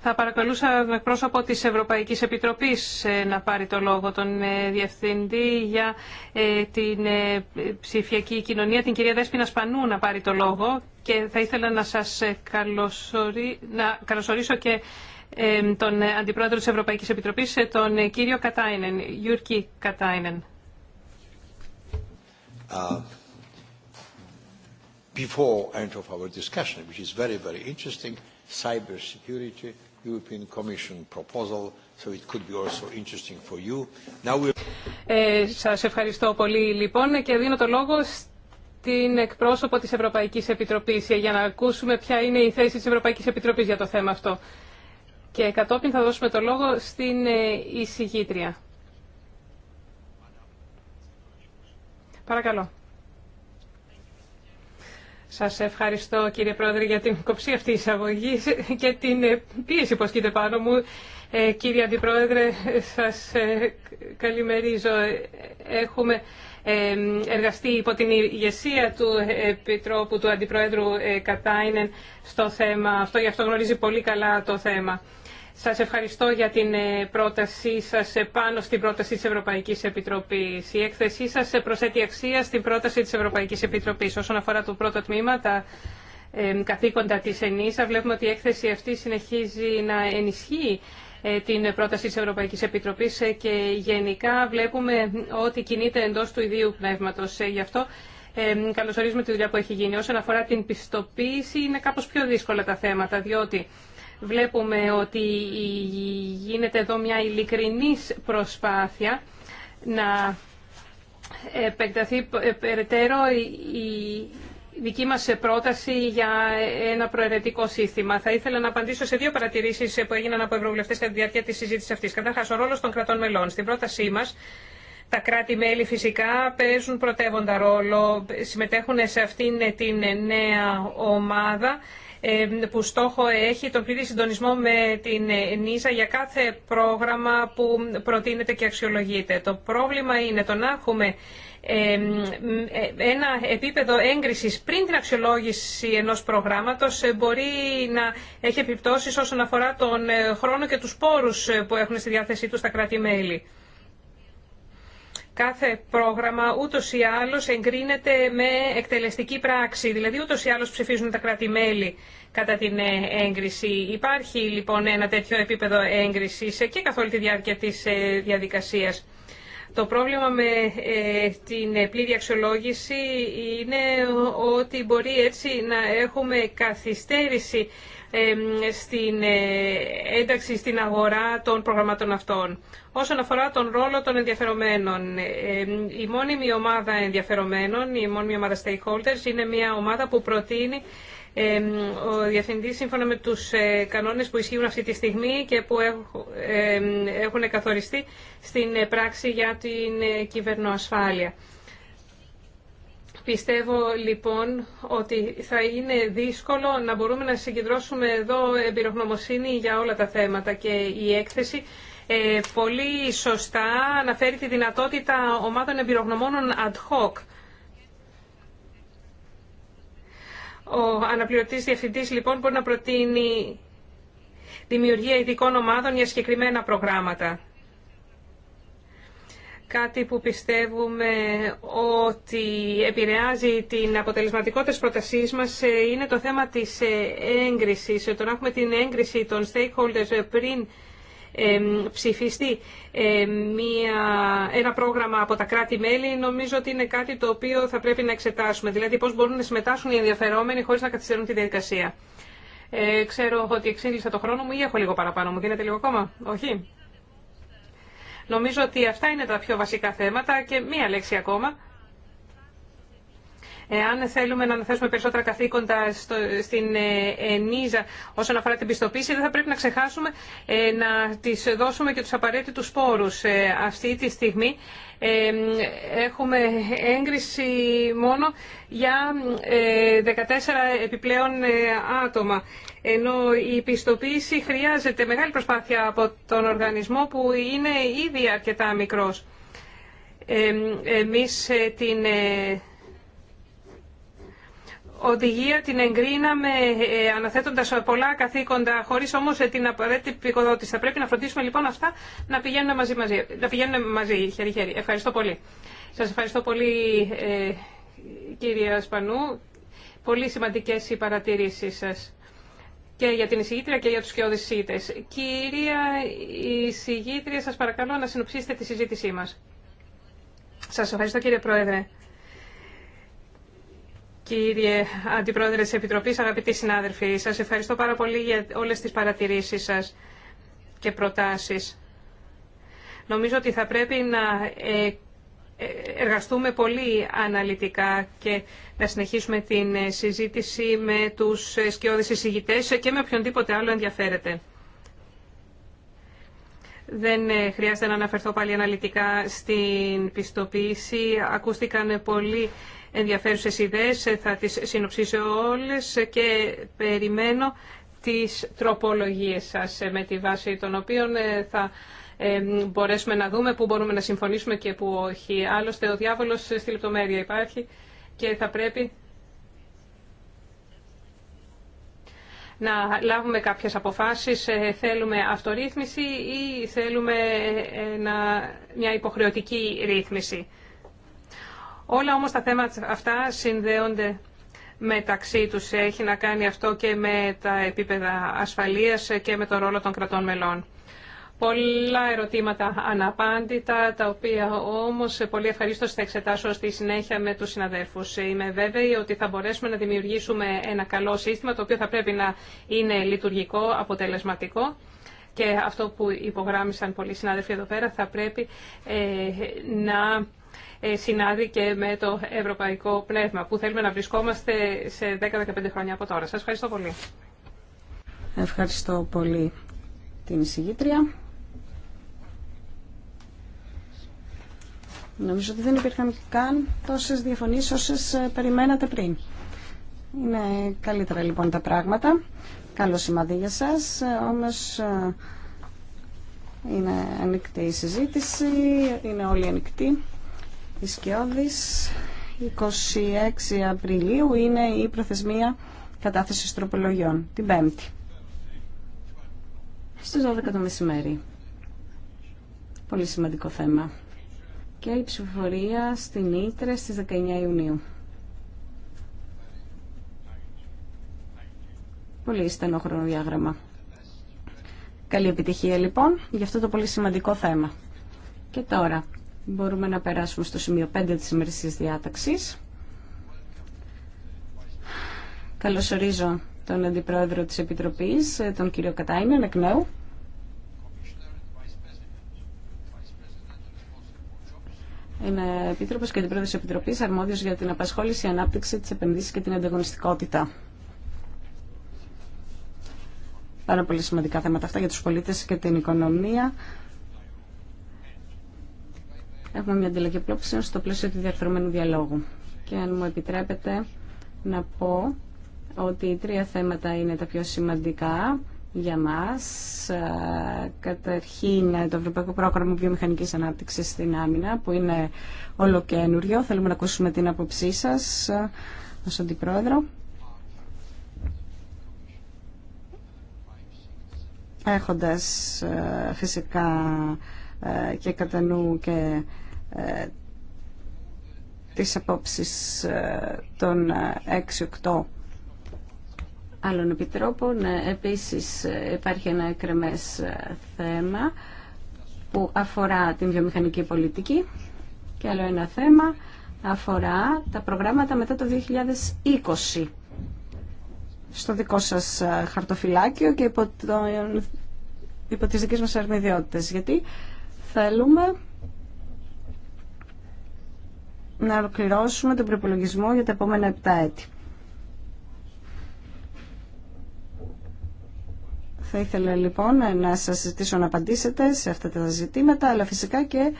Θα παρακαλούσα τον πρόσωπο της Ευρωπαϊκής Επιτροπής ε, να πάρει το λόγο, τον ε, Διευθυντή για ε, την ψηφιακή κοινωνία, την κυρία Δέσποινα Σπανού να πάρει το λόγο και θα ήθελα να σας καλωσορί... να καλωσορίσω και τον Αντιπρόεδρο της Ευρωπαϊκής Επιτροπής, τον κύριο Κατάινεν, Γιούρκη Κατάινεν. Uh, before end of our discussion, which is very, very interesting, cyber European σας ευχαριστώ πολύ λοιπόν και δίνω το λόγο στην εκπρόσωπο της Ευρωπαϊκής Επιτροπής ε, για να ακούσουμε ποια είναι η θέση της Ευρωπαϊκής Επιτροπής για το θέμα αυτό. Και κατόπιν θα δώσουμε το λόγο στην ε, εισηγήτρια. Παρακαλώ. Σας ευχαριστώ κύριε Πρόεδρε για την κοψή αυτή εισαγωγή και την ε, πίεση που ασκείται πάνω μου. Ε, κύριε Αντιπρόεδρε, σας ε, καλημερίζω. Έχουμε ε, εργαστεί υπό την ηγεσία του Επιτρόπου του Αντιπρόεδρου Κατάινεν στο θέμα αυτό, γι' αυτό γνωρίζει πολύ καλά το θέμα. Σας ευχαριστώ για την ε, πρότασή σας πάνω στην πρόταση της Ευρωπαϊκής Επιτροπής. Η έκθεσή σας προσέτει αξία στην πρόταση της Ευρωπαϊκής Επιτροπής. Όσον αφορά το πρώτο τμήμα, τα καθήκοντα της ΕΝΗΣΑ, βλέπουμε ότι η έκθεση αυτή συνεχίζει να ενισχύει ε, την πρόταση της Ευρωπαϊκής Επιτροπής ε, και γενικά βλέπουμε ότι κινείται εντός του ιδίου πνεύματος. Γι' αυτό ε, καλωσορίζουμε τη δουλειά που έχει γίνει. Όσον αφορά την πιστοποίηση, είναι κάπως πιο δύσκολα τα θέματα, διότι Βλέπουμε ότι γίνεται εδώ μια ειλικρινή προσπάθεια να επεκταθεί ε, περαιτέρω η δική μας πρόταση για ένα προαιρετικό σύστημα. Θα ήθελα να απαντήσω σε δύο παρατηρήσεις που έγιναν από ευρωβουλευτές κατά τη διάρκεια της συζήτησης αυτής. Καταρχάς, ο ρόλος των κρατών μελών. Στην πρότασή μας, τα κράτη-μέλη φυσικά παίζουν πρωτεύοντα ρόλο, συμμετέχουν σε αυτήν την νέα ομάδα που στόχο έχει τον πλήρη συντονισμό με την ε, ΝΙΖΑ για κάθε πρόγραμμα που προτείνεται και αξιολογείται. Το πρόβλημα είναι το να έχουμε ε, ένα επίπεδο έγκρισης πριν την αξιολόγηση ενός προγράμματος ε, μπορεί να έχει επιπτώσεις όσον αφορά τον χρόνο και τους πόρους που έχουν στη διάθεσή τους τα κράτη-μέλη κάθε πρόγραμμα ούτω ή άλλω εγκρίνεται με εκτελεστική πράξη, δηλαδή ούτω ή άλλω ψηφίζουν τα κράτη-μέλη κατά την ε, έγκριση. Υπάρχει λοιπόν ένα τέτοιο επίπεδο έγκριση ε, και καθ' όλη τη διάρκεια της ε, διαδικασίας. Το πρόβλημα με την πλήρη αξιολόγηση είναι ότι μπορεί έτσι να έχουμε καθυστέρηση στην ε, ένταξη στην αγορά των προγραμμάτων αυτών. Όσον αφορά τον ρόλο των ενδιαφερομένων, η μόνιμη ομάδα ενδιαφερομένων, η μόνιμη ομάδα stakeholders, είναι μια ομάδα που προτείνει ο Διευθυντής σύμφωνα με τους ε, κανόνες που ισχύουν αυτή τη στιγμή και που έχουν καθοριστεί στην ε, πράξη για την κυβερνοασφάλεια. Πιστεύω λοιπόν ότι θα είναι δύσκολο να μπορούμε να συγκεντρώσουμε εδώ εμπειρογνωμοσύνη για όλα τα θέματα και η έκθεση ε, πολύ σωστά αναφέρει τη δυνατότητα ομάδων εμπειρογνωμόνων ad hoc. Ο αναπληρωτής διευθυντής λοιπόν μπορεί να προτείνει δημιουργία ειδικών ομάδων για συγκεκριμένα προγράμματα κάτι που πιστεύουμε ότι επηρεάζει την αποτελεσματικότητα της πρότασής μας ε, είναι το θέμα της ε, έγκρισης. Ε, το να έχουμε την έγκριση των stakeholders πριν ψηφιστεί μια, ένα πρόγραμμα από τα κράτη-μέλη νομίζω ότι είναι κάτι το οποίο θα πρέπει να εξετάσουμε. Δηλαδή πώς μπορούν να συμμετάσχουν οι ενδιαφερόμενοι χωρίς να καθυστερούν τη διαδικασία. Ε, ξέρω ότι εξήγησα το χρόνο μου ή έχω λίγο παραπάνω. Μου δίνετε λίγο ακόμα. Όχι. Νομίζω ότι αυτά είναι τα πιο βασικά θέματα και μία λέξη ακόμα. Εάν θέλουμε να αναθέσουμε περισσότερα καθήκοντα στην ΕΝΙΖΑ ε, όσον αφορά την πιστοποίηση, δεν θα πρέπει να ξεχάσουμε ε, να τη δώσουμε και τους απαραίτητους πόρους. Ε, αυτή τη στιγμή έχουμε έγκριση μόνο για 14 επιπλέον άτομα. Ενώ η πιστοποίηση χρειάζεται μεγάλη προσπάθεια από τον οργανισμό που είναι ήδη αρκετά μικρός. Εμείς την οδηγία την εγκρίναμε ε, αναθέτοντας πολλά καθήκοντα χωρίς όμως ε, την απαραίτητη πικοδότηση. Θα πρέπει να φροντίσουμε λοιπόν αυτά να πηγαίνουν μαζί, μαζί, να πηγαίνουν μαζί χέρι χέρι. Ευχαριστώ πολύ. Σας ευχαριστώ πολύ κύριε Σπανού. Πολύ σημαντικές οι παρατηρήσεις σας και για την εισηγήτρια και για τους κοιόδη εισηγητές. Κυρία εισηγήτρια, σας παρακαλώ να συνοψίσετε τη συζήτησή μας. Σας ευχαριστώ κύριε Πρόεδρε. Κύριε Αντιπρόεδρε της Επιτροπής, αγαπητοί συνάδελφοι, σας ευχαριστώ πάρα πολύ για όλες τις παρατηρήσεις σας και προτάσεις. Νομίζω ότι θα πρέπει να ε, ε, εργαστούμε πολύ αναλυτικά και να συνεχίσουμε την ε, συζήτηση με τους σκιώδεις εισηγητές και με οποιονδήποτε άλλο ενδιαφέρεται. Δεν χρειάζεται να αναφερθώ πάλι αναλυτικά στην πιστοποίηση. Ακούστηκαν πολλοί ενδιαφέρουσες ιδέες, ε, θα τις συνοψίσω όλες ε, και περιμένω τις τροπολογίες σας ε, με τη βάση των οποίων θα μπορέσουμε να δούμε πού μπορούμε να συμφωνήσουμε και πού όχι. Άλλωστε ο διάβολος στη λεπτομέρεια υπάρχει και θα πρέπει να λάβουμε κάποιες αποφάσεις. Θέλουμε αυτορύθμιση ή θέλουμε μια υποχρεωτική ρύθμιση. Όλα όμως τα θέματα αυτά συνδέονται μεταξύ τους. Έχει να κάνει αυτό και με τα επίπεδα ασφαλείας και με τον ρόλο των κρατών μελών. Πολλά ερωτήματα αναπάντητα, τα οποία όμως πολύ ευχαρίστω θα εξετάσω στη συνέχεια με τους συναδέλφους. Είμαι βέβαιη ότι θα μπορέσουμε να δημιουργήσουμε ένα καλό σύστημα, το οποίο θα πρέπει να είναι λειτουργικό, αποτελεσματικό και αυτό που υπογράμμισαν πολλοί συνάδελφοι εδώ πέρα θα πρέπει ε, να ε, συνάδει και με το ευρωπαϊκό πνεύμα που θέλουμε να βρισκόμαστε σε 10-15 χρόνια από τώρα. Σας ευχαριστώ πολύ. Ευχαριστώ πολύ την εισηγήτρια. Νομίζω ότι δεν υπήρχαν καν τόσες διαφωνίες όσες ε, περιμένατε πριν. Είναι καλύτερα λοιπόν τα πράγματα καλό σημάδι για σας, όμως ε, είναι ανοιχτή η συζήτηση, είναι όλοι ανοιχτή Η Σκιώδης, 26 Απριλίου είναι η προθεσμία κατάθεσης τροπολογιών, την Πέμπτη. Στις 12 το μεσημέρι. Πολύ σημαντικό θέμα. Και η ψηφοφορία στην Ήτρε στις 19 Ιουνίου. πολύ στενό χρονοδιάγραμμα. Καλή επιτυχία λοιπόν για αυτό το πολύ σημαντικό θέμα. Και τώρα μπορούμε να περάσουμε στο σημείο 5 της ημερησίας διάταξης. Καλωσορίζω τον Αντιπρόεδρο της Επιτροπής, τον κύριο Κατάινεν, εκ νέου. Είμαι Επίτροπος και Αντιπρόεδρος της Επιτροπής, αρμόδιος για την απασχόληση, ανάπτυξη, τις επενδύσεις και την ανταγωνιστικότητα. Πάρα πολύ σημαντικά θέματα αυτά για τους πολίτες και την οικονομία. Έχουμε μια αντιλαγή στο πλαίσιο του διαρθρωμένου διαλόγου. Και αν μου επιτρέπετε να πω ότι οι τρία θέματα είναι τα πιο σημαντικά για μας. Καταρχήν το Ευρωπαϊκό Πρόγραμμα Βιομηχανικής Ανάπτυξης στην Άμυνα που είναι όλο καινούριο. Θέλουμε να ακούσουμε την άποψή σας ως Αντιπρόεδρο. έχοντας ε, φυσικά ε, και κατά νου και ε, τις απόψεις των 6-8 άλλων επιτρόπων. Επίσης υπάρχει ένα εκρεμές θέμα που αφορά την βιομηχανική πολιτική και άλλο ένα θέμα αφορά τα προγράμματα μετά το 2020 στο δικό σας ε, χαρτοφυλάκιο και υπό, το, υπό τις δικές μας Γιατί θέλουμε να ολοκληρώσουμε τον προπολογισμό για τα επόμενα 7 έτη. Θα ήθελα λοιπόν να σας ζητήσω να απαντήσετε σε αυτά τα ζητήματα, αλλά φυσικά και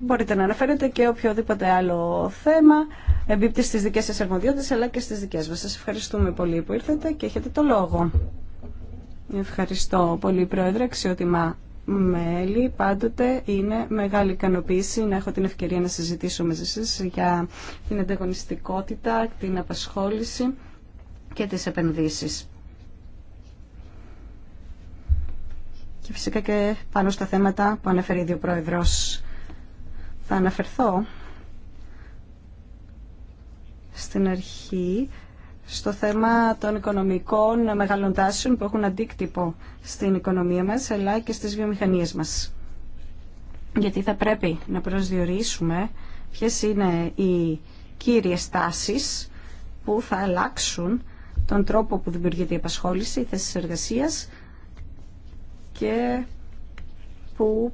Μπορείτε να αναφέρετε και οποιοδήποτε άλλο θέμα εμπίπτει στις δικές σας αρμοδιότητες αλλά και στις δικές μας. Σας ευχαριστούμε πολύ που ήρθατε και έχετε το λόγο. Ευχαριστώ πολύ Πρόεδρε, αξιότιμα μέλη. Πάντοτε είναι μεγάλη ικανοποίηση να έχω την ευκαιρία να συζητήσω μαζί σας για την ανταγωνιστικότητα, την απασχόληση και τις επενδύσεις. Και φυσικά και πάνω στα θέματα που ανέφερε ο Πρόεδρος. Θα αναφερθώ στην αρχή στο θέμα των οικονομικών μεγάλων τάσεων που έχουν αντίκτυπο στην οικονομία μας αλλά και στις βιομηχανίες μας. Γιατί θα πρέπει να προσδιορίσουμε ποιες είναι οι κύριες τάσεις που θα αλλάξουν τον τρόπο που δημιουργείται η απασχόληση, η θέση εργασίας και που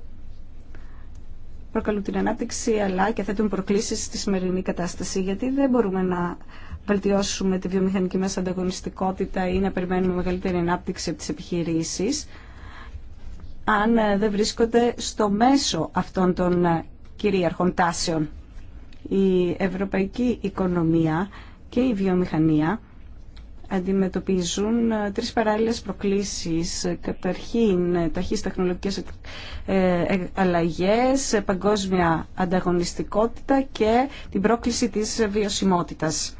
προκαλούν την ανάπτυξη αλλά και θέτουν προκλήσεις στη σημερινή κατάσταση γιατί δεν μπορούμε να βελτιώσουμε τη βιομηχανική μας ανταγωνιστικότητα ή να περιμένουμε μεγαλύτερη ανάπτυξη από τις επιχειρήσεις αν ε, δεν βρίσκονται στο μέσο αυτών των ε, κυρίαρχων τάσεων. Η ευρωπαϊκή οικονομία και η βιομηχανία αντιμετωπίζουν ε, τρεις παράλληλες προκλήσεις. Καταρχήν, ε, ταχύς τεχνολογικές ε, αλλαγές, παγκόσμια ανταγωνιστικότητα και την πρόκληση της βιωσιμότητας.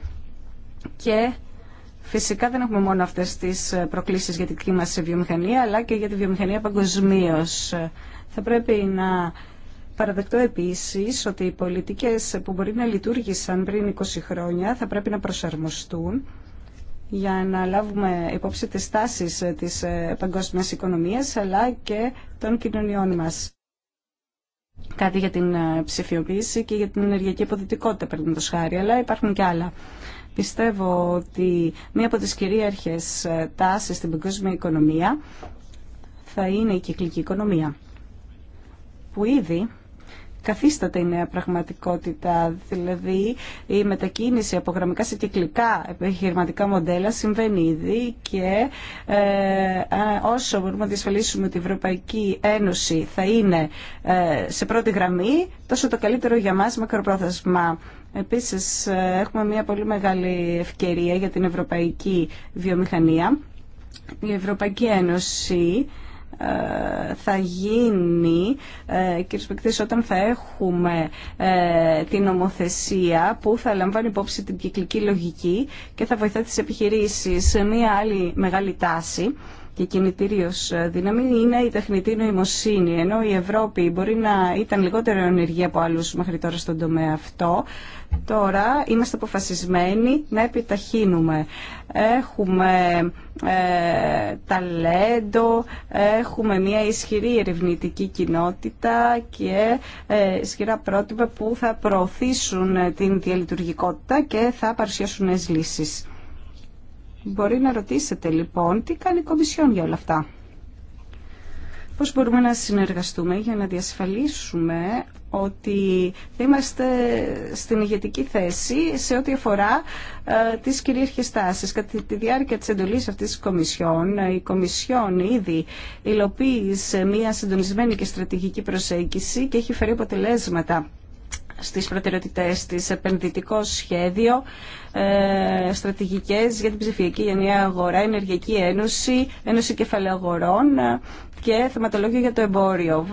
Και Φυσικά δεν έχουμε μόνο αυτές τις προκλήσεις για την δική βιομηχανία, αλλά και για τη βιομηχανία παγκοσμίω. Θα πρέπει να παραδεκτώ επίση ότι οι πολιτικές που μπορεί να λειτουργήσαν πριν 20 χρόνια θα πρέπει να προσαρμοστούν για να λάβουμε υπόψη τις τάσεις ε, της ε, παγκόσμιας οικονομίας αλλά και των κοινωνιών μας. Κάτι για την ε, ψηφιοποίηση και για την ενεργειακή αποδυτικότητα, το χάρη, αλλά υπάρχουν και άλλα. Πιστεύω ότι μία από τις κυρίαρχες τάσεις στην παγκόσμια οικονομία θα είναι η κυκλική οικονομία, που ήδη καθίσταται η νέα πραγματικότητα. Δηλαδή η μετακίνηση από γραμμικά σε κυκλικά επιχειρηματικά μοντέλα συμβαίνει ήδη και ε, ε όσο μπορούμε να διασφαλίσουμε ότι η Ευρωπαϊκή Ένωση θα είναι ε, σε πρώτη γραμμή, τόσο το καλύτερο για μας μακροπρόθεσμα. Επίσης ε, έχουμε μια πολύ μεγάλη ευκαιρία για την ευρωπαϊκή βιομηχανία. Η Ευρωπαϊκή Ένωση ε, θα γίνει ε, κύριε Σπεκτής όταν θα έχουμε ε, την νομοθεσία που θα λαμβάνει υπόψη την κυκλική λογική και θα βοηθά τις επιχειρήσεις. Μία άλλη μεγάλη τάση και κινητήριο δύναμη είναι η τεχνητή νοημοσύνη. Ενώ η Ευρώπη μπορεί να ήταν λιγότερο ενεργή από άλλου μέχρι τώρα στον τομέα αυτό, τώρα είμαστε αποφασισμένοι να επιταχύνουμε. Έχουμε ε, ταλέντο, έχουμε μια ισχυρή ερευνητική κοινότητα και ε, ισχυρά πρότυπα που θα προωθήσουν την διαλειτουργικότητα και θα παρουσιάσουν νέες λύσεις. Μπορεί να ρωτήσετε λοιπόν τι κάνει η Κομισιόν για όλα αυτά. Πώς μπορούμε να συνεργαστούμε για να διασφαλίσουμε ότι θα είμαστε στην ηγετική θέση σε ό,τι αφορά ε, τις κυρίαρχες τάσεις. Κατά τη διάρκεια της εντολής αυτής της Κομισιόν, η Κομισιόν ήδη υλοποίησε μια συντονισμένη και στρατηγική προσέγγιση και έχει φέρει αποτελέσματα στις προτεραιότητές της επενδυτικό σχέδιο, ε, στρατηγικές για την ψηφιακή γενιά αγορά, ενεργειακή ένωση, ένωση κεφαλαίου και θεματολόγιο για το εμπόριο.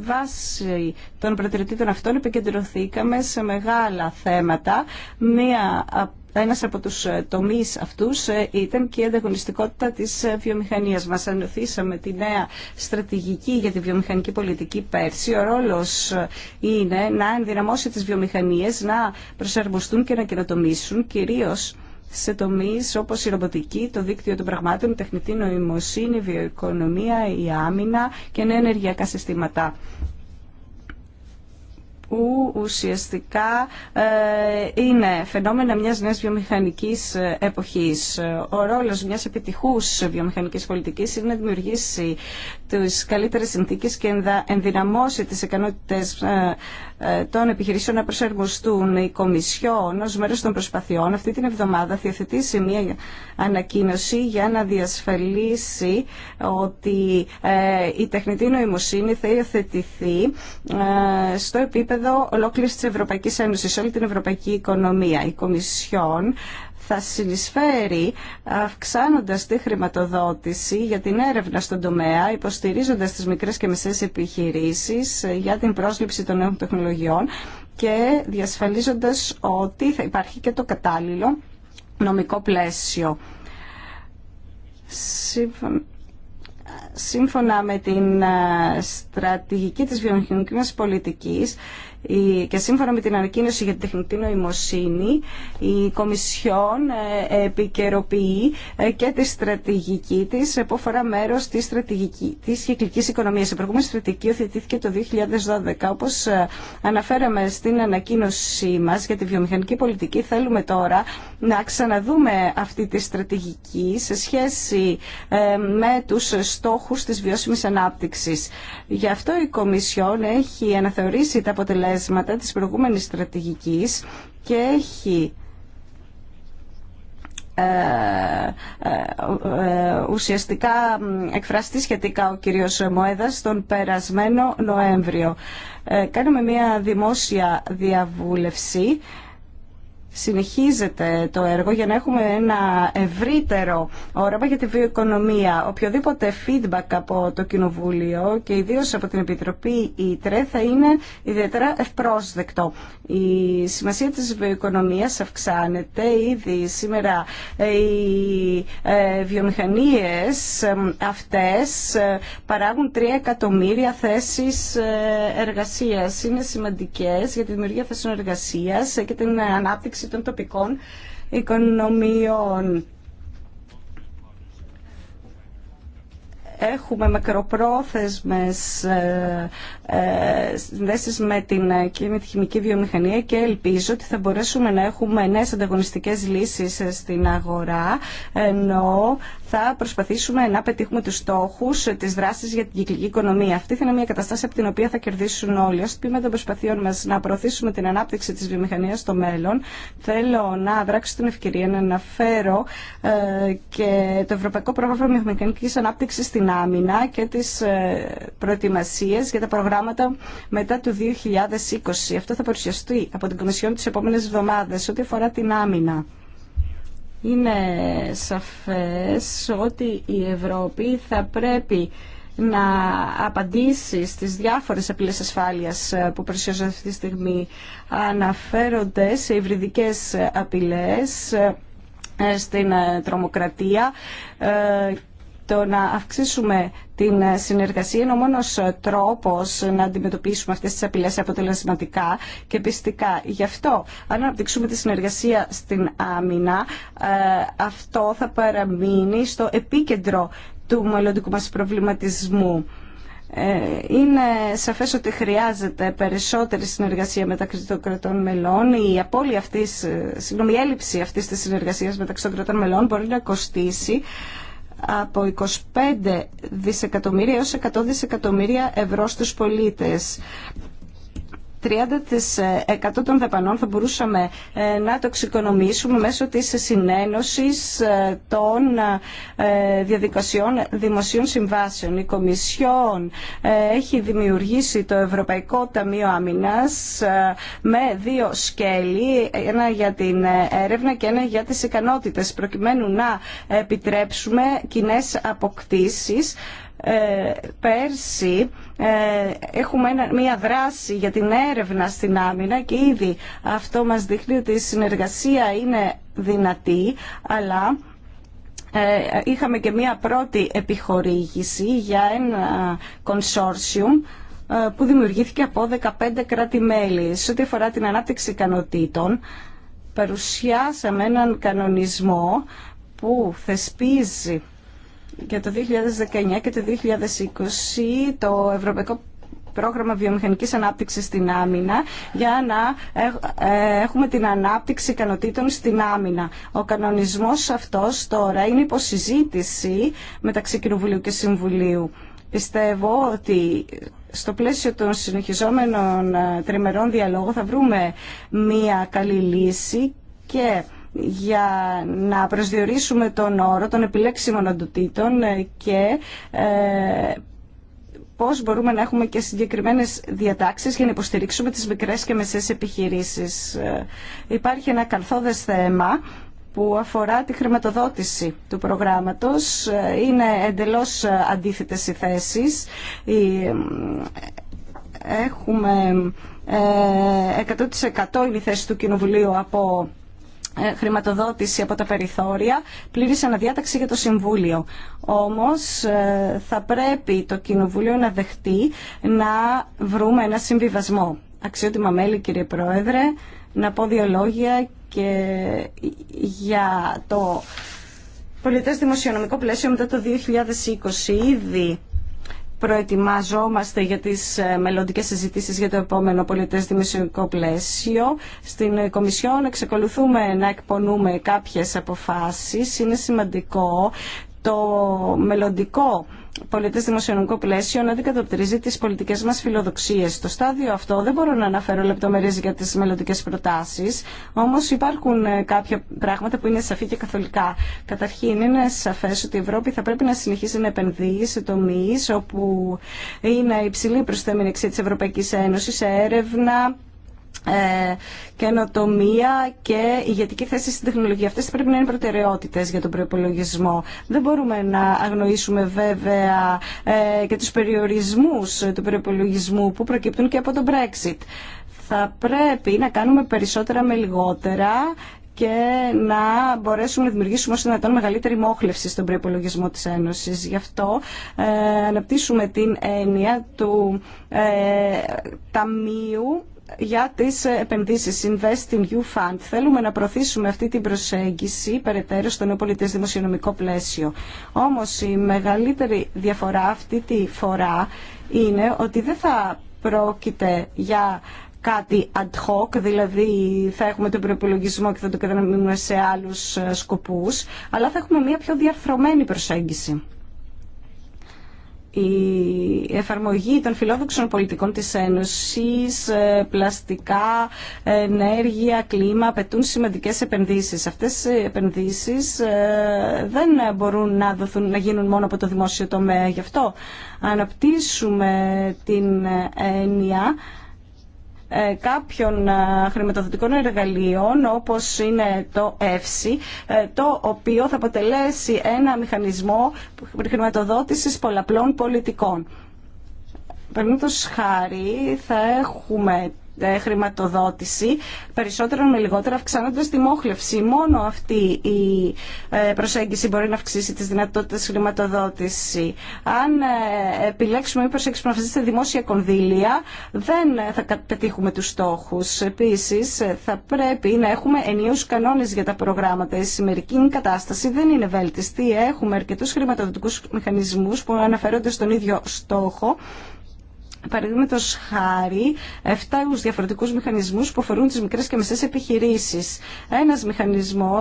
Βάσει των προτεραιοτήτων αυτών επικεντρωθήκαμε σε μεγάλα θέματα. Μία ένας από τους ε, τομείς αυτούς ε, ήταν και η ανταγωνιστικότητα της ε, βιομηχανίας. Μας ανοθήσαμε τη νέα στρατηγική για τη βιομηχανική πολιτική πέρσι. Ο ρόλος είναι να ενδυναμώσει τις βιομηχανίες, να προσαρμοστούν και να καινοτομήσουν, κυρίως σε τομείς όπως η ρομποτική, το δίκτυο των πραγμάτων, η τεχνητή νοημοσύνη, η βιοοικονομία, η άμυνα και νέα ενεργειακά συστήματα που ουσιαστικά ε, είναι φαινόμενα μιας νέας βιομηχανικής ε, εποχής. Ο ρόλος μιας επιτυχούς βιομηχανικής πολιτικής είναι να δημιουργήσει τις καλύτερες συνθήκες και να ενδυναμώσει τις ικανότητες ε, των επιχειρήσεων να προσαρμοστούν. Η Κομισιόν ως μέρος των προσπαθειών αυτή την εβδομάδα θα μια ανακοίνωση για να διασφαλίσει ότι η τεχνητή νοημοσύνη θα υιοθετηθεί στο επίπεδο εδώ ολόκληρης της Ευρωπαϊκής Ένωσης, όλη την ευρωπαϊκή οικονομία. Η Κομισιόν θα συνεισφέρει αυξάνοντας τη χρηματοδότηση για την έρευνα στον τομέα, υποστηρίζοντας τις μικρές και μεσαίες επιχειρήσεις για την πρόσληψη των νέων τεχνολογιών και διασφαλίζοντας ότι θα υπάρχει και το κατάλληλο νομικό πλαίσιο. Σύμφωνα με την ε, στρατηγική της βιομηχανικής πολιτικής, και σύμφωνα με την ανακοίνωση για την τεχνητή νοημοσύνη, η Κομισιόν ε, επικαιροποιεί ε, και τη στρατηγική τη ε, που αφορά μέρο τη στρατηγική, της κυκλικής οικονομίας. Η προηγούμενη στρατηγική οθετήθηκε το 2012. Όπω αναφέραμε στην ανακοίνωσή μα για τη βιομηχανική πολιτική, θέλουμε τώρα να ξαναδούμε αυτή τη στρατηγική σε σχέση με του στόχου τη βιώσιμη ανάπτυξη. Γι' αυτό η Κομισιόν έχει αναθεωρήσει τα αποτελέσματα αποτελέσματα της προηγούμενης στρατηγικής και έχει ε, ε, ε ουσιαστικά εκφραστεί σχετικά ο κύριος Μοέδας τον περασμένο Νοέμβριο. Ε, κάναμε μια δημόσια διαβούλευση συνεχίζεται το έργο για να έχουμε ένα ευρύτερο όραμα για τη βιοοικονομία. Οποιοδήποτε feedback από το Κοινοβούλιο και ιδίω από την Επιτροπή ΙΤΡΕ θα είναι ιδιαίτερα ευπρόσδεκτο. Η σημασία της βιοοικονομίας αυξάνεται ήδη σήμερα οι ε, βιομηχανίες ε, αυτές ε, παράγουν 3 εκατομμύρια θέσεις εργασίας. Είναι σημαντικές για τη δημιουργία θέσεων εργασίας και την ανάπτυξη των τοπικών οικονομιών. Έχουμε μακροπρόθεσμες ε, ε, συνδέσεις με την ε, χημική βιομηχανία και ελπίζω ότι θα μπορέσουμε να έχουμε νέες ανταγωνιστικές λύσεις στην αγορά ενώ θα προσπαθήσουμε να πετύχουμε του στόχου ε, τη δράση για την κυκλική οικονομία. Αυτή θα είναι μια καταστάση από την οποία θα κερδίσουν όλοι. Α πούμε, των προσπαθειών μα να προωθήσουμε την ανάπτυξη τη βιομηχανία στο μέλλον, θέλω να δράξω την ευκαιρία να αναφέρω ε, και το Ευρωπαϊκό Πρόγραμμα Βιομηχανική ανάπτυξη στην Άμυνα και τις ε, προετοιμασίε για τα προγράμματα μετά το 2020. Αυτό θα παρουσιαστεί από την Κομισιόν τις επόμενε εβδομάδε ό,τι αφορά την άμυνα. Είναι σαφές ότι η Ευρώπη θα πρέπει να απαντήσει στις διάφορες απειλές ασφάλειας που παρουσιάζονται αυτή τη στιγμή. Αναφέρονται σε υβριδικές απειλές ε, στην ε, τρομοκρατία ε, το να αυξήσουμε την συνεργασία είναι ο μόνο τρόπος να αντιμετωπίσουμε αυτές τις απειλές αποτελεσματικά και πιστικά. Γι' αυτό, αν αναπτύξουμε τη συνεργασία στην άμυνα, ε, αυτό θα παραμείνει στο επίκεντρο του μελλοντικού μας προβληματισμού. Ε, είναι σαφές ότι χρειάζεται περισσότερη συνεργασία μεταξύ των κρατών μελών. Η αυτής, ε, συγγνώμη, έλλειψη αυτής της συνεργασίας μεταξύ των κρατών μελών μπορεί να κοστίσει από 25 δισεκατομμύρια έως 100 δισεκατομμύρια ευρώ στους πολίτες. 30% των δαπανών θα μπορούσαμε ε, να το εξοικονομήσουμε μέσω της συνένωσης ε, των ε, διαδικασιών δημοσίων συμβάσεων. Η Κομισιόν έχει δημιουργήσει το Ευρωπαϊκό Ταμείο Άμυνας με δύο σκέλη, ένα για την έρευνα και ένα για τις ικανότητες, προκειμένου να επιτρέψουμε κοινέ αποκτήσεις ε, πέρσι ε, έχουμε μία δράση για την έρευνα στην άμυνα και ήδη αυτό μας δείχνει ότι η συνεργασία είναι δυνατή, αλλά ε, είχαμε και μία πρώτη επιχορήγηση για ένα consortium που δημιουργήθηκε από 15 κράτη-μέλη. Σε ό,τι αφορά την ανάπτυξη ικανοτήτων, παρουσιάσαμε έναν κανονισμό που θεσπίζει για το 2019 και το 2020 το Ευρωπαϊκό πρόγραμμα βιομηχανικής ανάπτυξης στην άμυνα για να ε, έχουμε την ανάπτυξη ικανοτήτων στην άμυνα. Ο κανονισμός αυτός τώρα είναι υποσυζήτηση μεταξύ Κοινοβουλίου και Συμβουλίου. Πιστεύω ότι στο πλαίσιο των συνεχιζόμενων ε, τριμερών διαλόγων θα βρούμε μία καλή λύση και για να προσδιορίσουμε τον όρο των επιλέξιμων οντοτήτων ε, και ε, πώς μπορούμε να έχουμε και συγκεκριμένες διατάξεις για να υποστηρίξουμε τις μικρές και μεσές επιχειρήσεις. Ε, υπάρχει ένα καλθόδες θέμα που αφορά τη χρηματοδότηση του προγράμματος. Είναι εντελώς αντίθετες οι θέσεις. Έχουμε 100% είναι η θέση του Κοινοβουλίου από ε, χρηματοδότηση από τα περιθώρια, πλήρης αναδιάταξη για το Συμβούλιο. Όμως ε, θα πρέπει το Κοινοβούλιο να δεχτεί να βρούμε ένα συμβιβασμό. Αξιότιμα μέλη κύριε Πρόεδρε, να πω δύο λόγια και για το πολιτές δημοσιονομικό πλαίσιο μετά το 2020 ήδη προετοιμαζόμαστε για τις ε, μελλοντικές συζητήσεις για το επόμενο πολιτές πλαίσιο. Στην ε, Κομισιόν εξεκολουθούμε να εκπονούμε κάποιες αποφάσεις. Είναι σημαντικό το μελλοντικό πολιτές δημοσιονομικό πλαίσιο να αντικατοπτρίζει τις πολιτικές μας φιλοδοξίες. Στο στάδιο αυτό δεν μπορώ να αναφέρω λεπτομερίες για τις μελλοντικέ προτάσεις, όμως υπάρχουν ε, κάποια πράγματα που είναι σαφή και καθολικά. Καταρχήν είναι σαφές ότι η Ευρώπη θα πρέπει να συνεχίσει να επενδύει σε τομείς όπου είναι υψηλή προσθέμενη εξή της Ευρωπαϊκής Ένωσης, σε έρευνα, ε, καινοτομία και ηγετική θέση στην τεχνολογία. Αυτές πρέπει να είναι προτεραιότητες για τον προπολογισμό. Δεν μπορούμε να αγνοήσουμε βέβαια ε, και τους περιορισμούς του προπολογισμού που προκύπτουν και από το Brexit. Θα πρέπει να κάνουμε περισσότερα με λιγότερα και να μπορέσουμε να δημιουργήσουμε όσο δυνατόν μεγαλύτερη μόχλευση στον προπολογισμό της Ένωσης. Γι' αυτό ε, αναπτύσσουμε την έννοια του ε, Ταμείου για τις επενδύσεις Invest in You Fund. Θέλουμε να προωθήσουμε αυτή την προσέγγιση περαιτέρω στο νέο πολιτές δημοσιονομικό πλαίσιο. Όμως η μεγαλύτερη διαφορά αυτή τη φορά είναι ότι δεν θα πρόκειται για κάτι ad hoc, δηλαδή θα έχουμε τον προπολογισμό και θα το κατανοούμε σε άλλους σκοπούς, αλλά θα έχουμε μια πιο διαρθρωμένη προσέγγιση η εφαρμογή των φιλόδοξων πολιτικών της Ένωσης, ε, πλαστικά, ενέργεια, κλίμα, απαιτούν σημαντικές επενδύσεις. Αυτές οι επενδύσεις ε, δεν μπορούν να, δοθούν, να γίνουν μόνο από το δημόσιο τομέα. Γι' αυτό αναπτύσσουμε την ε, έννοια ε, κάποιων ε, χρηματοδοτικών εργαλείων όπως είναι το ΕΦΣΙ, το οποίο θα αποτελέσει ένα μηχανισμό χρηματοδότησης πολλαπλών πολιτικών. τους χάρη θα έχουμε ε, χρηματοδότηση περισσότερο με λιγότερα αυξάνοντα τη μόχλευση. Μόνο αυτή η ε, προσέγγιση μπορεί να αυξήσει τι δυνατότητε χρηματοδότηση. Αν ε, επιλέξουμε ή προσέξουμε να σε δημόσια κονδύλια, δεν θα πετύχουμε του στόχου. Επίση, θα πρέπει να έχουμε ενίου κανόνε για τα προγράμματα. Η σημερική κατάσταση δεν είναι βέλτιστη. Έχουμε αρκετού χρηματοδοτικού μηχανισμού που αναφέρονται στον ίδιο στόχο παραδείγματο χάρη 7 διαφορετικού μηχανισμού που αφορούν τι μικρέ και μεσαίε επιχειρήσει. Ένα μηχανισμό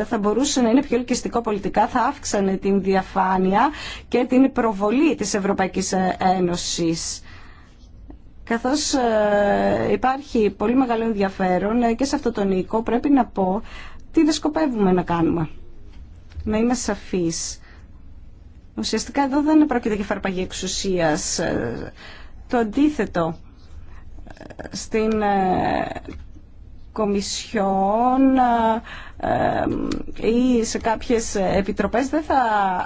ε, θα μπορούσε να είναι πιο ελκυστικό πολιτικά, θα αύξανε την διαφάνεια και την προβολή τη Ευρωπαϊκή ε, Ένωση καθώς ε, υπάρχει πολύ μεγάλο ενδιαφέρον και σε αυτό το οίκο πρέπει να πω τι δεν σκοπεύουμε να κάνουμε. Να είμαι σαφής. Ουσιαστικά εδώ δεν πρόκειται για φαρπαγή εξουσίας το αντίθετο ε, στην ε, Κομισιόν ε, ή σε κάποιες επιτροπές δεν θα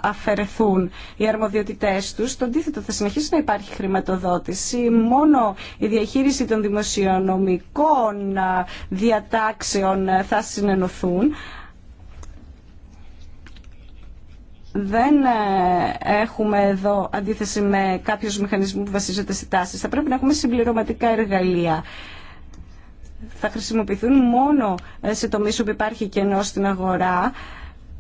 αφαιρεθούν οι αρμοδιότητές τους. Το αντίθετο θα συνεχίσει να υπάρχει χρηματοδότηση. Μόνο η διαχείριση των δημοσιονομικών διατάξεων θα συνενωθούν. δεν ε, έχουμε εδώ αντίθεση με κάποιους μηχανισμούς που βασίζονται σε τάσει. Θα πρέπει να έχουμε συμπληρωματικά εργαλεία θα χρησιμοποιηθούν μόνο ε, σε τομεί όπου υπάρχει κενό στην αγορά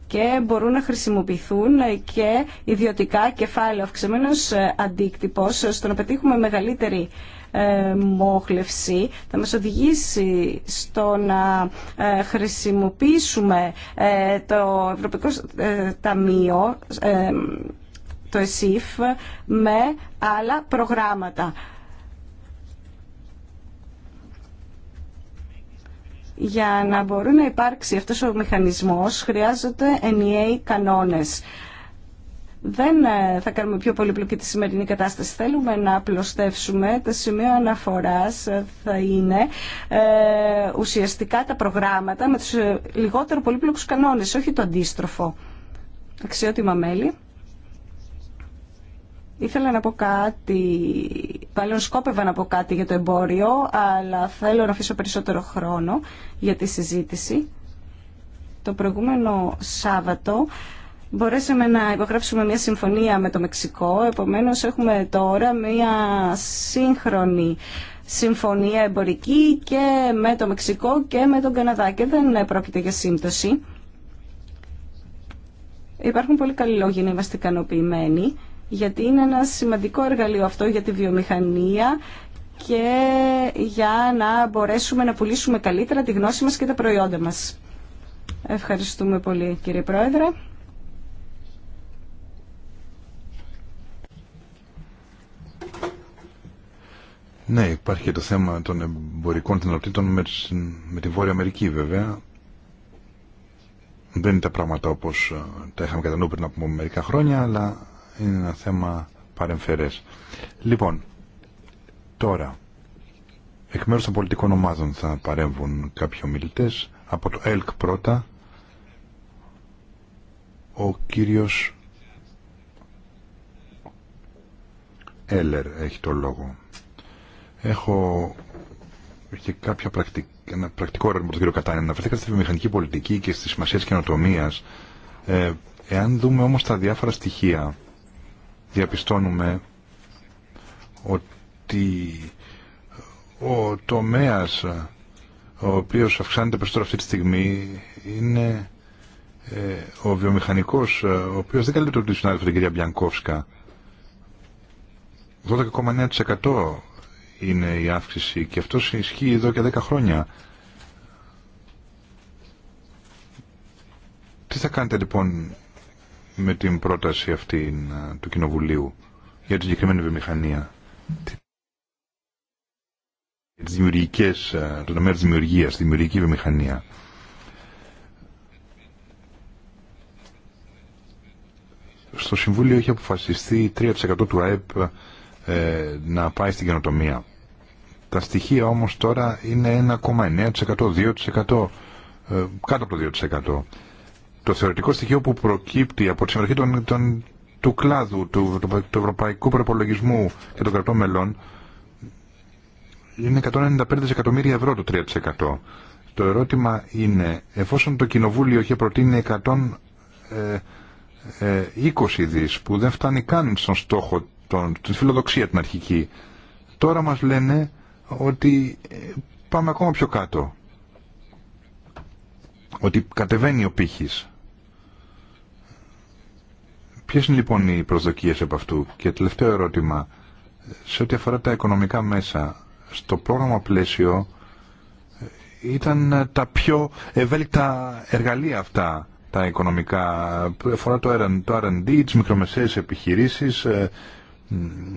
και μπορούν να χρησιμοποιηθούν ε, και ιδιωτικά κεφάλαια αυξημένος αντίκτυπος στο να πετύχουμε μεγαλύτερη μόχλευση θα μας οδηγήσει στο να ε, χρησιμοποιήσουμε ε, το Ευρωπαϊκό ε, Ταμείο, το ΕΣΥΦ, με άλλα προγράμματα. Για να μπορεί να υπάρξει αυτός ο μηχανισμός χρειάζονται ενιαίοι κανόνες δεν ε, θα κάνουμε πιο πολύπλοκη τη σημερινή κατάσταση. Θέλουμε να απλωστεύσουμε. Τα σημεία αναφοράς ε, θα είναι ε, ουσιαστικά τα προγράμματα με τους ε, λιγότερο πολύπλοκους κανόνες, όχι το αντίστροφο. Αξιότιμα μέλη. Ήθελα να πω κάτι, μάλλον σκόπευα να πω κάτι για το εμπόριο, αλλά θέλω να αφήσω περισσότερο χρόνο για τη συζήτηση. Το προηγούμενο Σάββατο μπορέσαμε να υπογράψουμε μια συμφωνία με το Μεξικό, επομένως έχουμε τώρα μια σύγχρονη συμφωνία εμπορική και με το Μεξικό και με τον Καναδά και δεν πρόκειται για σύμπτωση. Υπάρχουν πολύ καλοί λόγοι να είμαστε ικανοποιημένοι γιατί είναι ένα σημαντικό εργαλείο αυτό για τη βιομηχανία και για να μπορέσουμε να πουλήσουμε καλύτερα τη γνώση μας και τα προϊόντα μας. Ευχαριστούμε πολύ κύριε Πρόεδρε. Ναι, υπάρχει και το θέμα των εμπορικών δυνατοτήτων με, με τη Βόρεια Αμερική βέβαια. Δεν είναι τα πράγματα όπως ε, τα είχαμε κατά νου πριν από μερικά χρόνια, αλλά είναι ένα θέμα παρεμφερές. Λοιπόν, τώρα, εκ μέρους των πολιτικών ομάδων θα παρέμβουν κάποιοι ομιλητές. Από το ΕΛΚ πρώτα, ο κύριος Έλερ έχει το λόγο. Έχω και κάποια πρακτικ... ένα πρακτικό ερώτημα από τον κύριο Κατάνη. Αναφερθήκατε στη βιομηχανική πολιτική και στη σημασία καινοτομία. Ε, εάν δούμε όμω τα διάφορα στοιχεία, διαπιστώνουμε ότι ο τομέας ο οποίος αυξάνεται περισσότερο αυτή τη στιγμή είναι ε, ο βιομηχανικός ε, ο οποίος δεν καλύπτει τον συνάδελφο την κυρία Μπιανκόφσκα 12,9% είναι η αύξηση και αυτό ισχύει εδώ και 10 χρόνια. Τι θα κάνετε λοιπόν με την πρόταση αυτή του Κοινοβουλίου για τη συγκεκριμένη βιομηχανία, τις δημιουργικές, το νομέα της δημιουργίας, τη δημιουργική βιομηχανία. Στο Συμβούλιο έχει αποφασιστεί 3% του ΑΕΠ ε, να πάει στην καινοτομία. Τα στοιχεία όμως τώρα είναι 1,9%, 2%, ε, κάτω από το 2%. Το θεωρητικό στοιχείο που προκύπτει από τη συμμετοχή του κλάδου, του, του, ευρωπαϊκού προπολογισμού και των κρατών μελών είναι 195 δισεκατομμύρια ευρώ το 3%. Το ερώτημα είναι, εφόσον το Κοινοβούλιο είχε προτείνει 120 ε, δις που δεν φτάνει καν στον στόχο τον, τη φιλοδοξία την αρχική. Τώρα μας λένε ότι ε, πάμε ακόμα πιο κάτω. Ότι κατεβαίνει ο πύχης. Ποιες είναι λοιπόν οι προσδοκίες από αυτού. Και τελευταίο ερώτημα. Σε ό,τι αφορά τα οικονομικά μέσα, στο πρόγραμμα πλαίσιο ε, ήταν ε, τα πιο ευέλικτα εργαλεία αυτά τα οικονομικά. Αφορά το R&D, τις μικρομεσαίες επιχειρήσεις,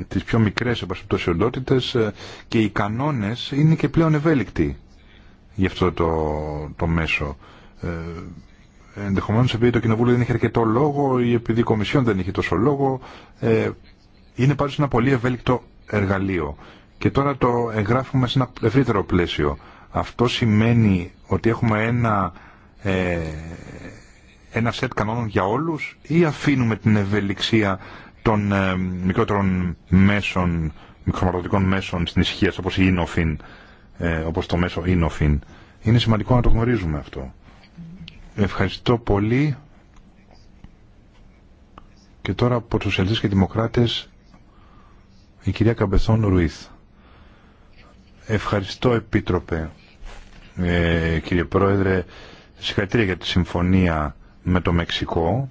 τις πιο μικρές επασπτωσιοντότητες ε, και οι κανόνες είναι και πλέον ευέλικτοι γι' αυτό το, το μέσο. Ε, ενδεχομένως επειδή το Κοινοβούλιο δεν είχε αρκετό λόγο ή επειδή η Κομισιόν δεν είχε τόσο λόγο, ε, είναι πάντως ένα πολύ ευέλικτο εργαλείο. Και τώρα το εγγράφουμε σε ένα ευρύτερο πλαίσιο. Αυτό σημαίνει ότι έχουμε ένα, ε, ένα σετ κανόνων για όλους ή αφήνουμε την ευελιξία των ε, μικρότερων μέσων, μικροματοδοτικών μέσων στην ισχύα, όπως, η ε, όπως το μέσο Ίνοφιν, Είναι σημαντικό να το γνωρίζουμε αυτό. Ευχαριστώ πολύ. Και τώρα από τους σοσιαλιστές και δημοκράτες, η κυρία Καμπεθόν Ρουίθ. Ευχαριστώ, Επίτροπε. Ε, κύριε Πρόεδρε, συγχαρητήρια για τη συμφωνία με το Μεξικό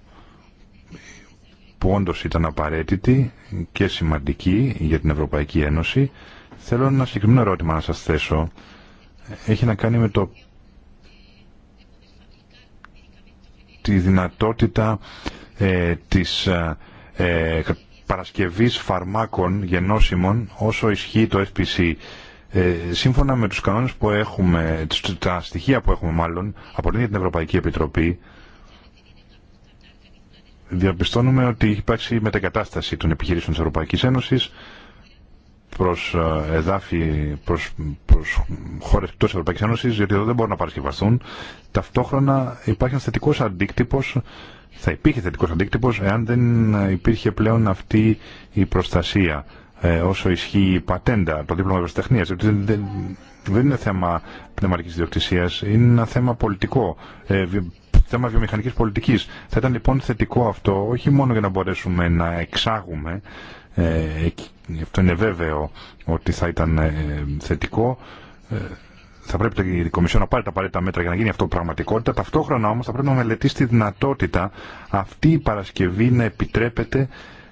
που όντως ήταν απαραίτητη και σημαντική για την Ευρωπαϊκή Ένωση. Θέλω ένα συγκεκριμένο ερώτημα να σας θέσω. Έχει να κάνει με το τη δυνατότητα ε, της ε, ε, παρασκευής φαρμάκων γενώσιμων όσο ισχύει το FPC. Ε, σύμφωνα με τους κανόνες που έχουμε, τα στοιχεία που έχουμε μάλλον, από την Ευρωπαϊκή Επιτροπή, διαπιστώνουμε ότι έχει υπάρξει μετακατάσταση των επιχειρήσεων της Ευρωπαϊκής Ένωσης προς ε, εδάφη, προς, προς χώρες εκτός Ευρωπαϊκής Ένωσης, γιατί εδώ δεν μπορούν να παρασκευαστούν. Ταυτόχρονα υπάρχει ένα θετικό αντίκτυπος, θα υπήρχε θετικό αντίκτυπος, εάν δεν υπήρχε πλέον αυτή η προστασία. Ε, όσο ισχύει η πατέντα, το δίπλωμα ευρωστεχνία. Δεν, δεν, δεν είναι θέμα πνευματική διοκτησίας, είναι ένα θέμα πολιτικό. Ε, θέμα βιομηχανικής πολιτικής. Θα ήταν λοιπόν θετικό αυτό, όχι μόνο για να μπορέσουμε να εξάγουμε, ε, αυτό είναι βέβαιο ότι θα ήταν ε, θετικό, ε, θα πρέπει η Κομισιόν να πάρει τα απαραίτητα μέτρα για να γίνει αυτό πραγματικότητα. Ταυτόχρονα όμως θα πρέπει να μελετήσει τη δυνατότητα αυτή η Παρασκευή να επιτρέπεται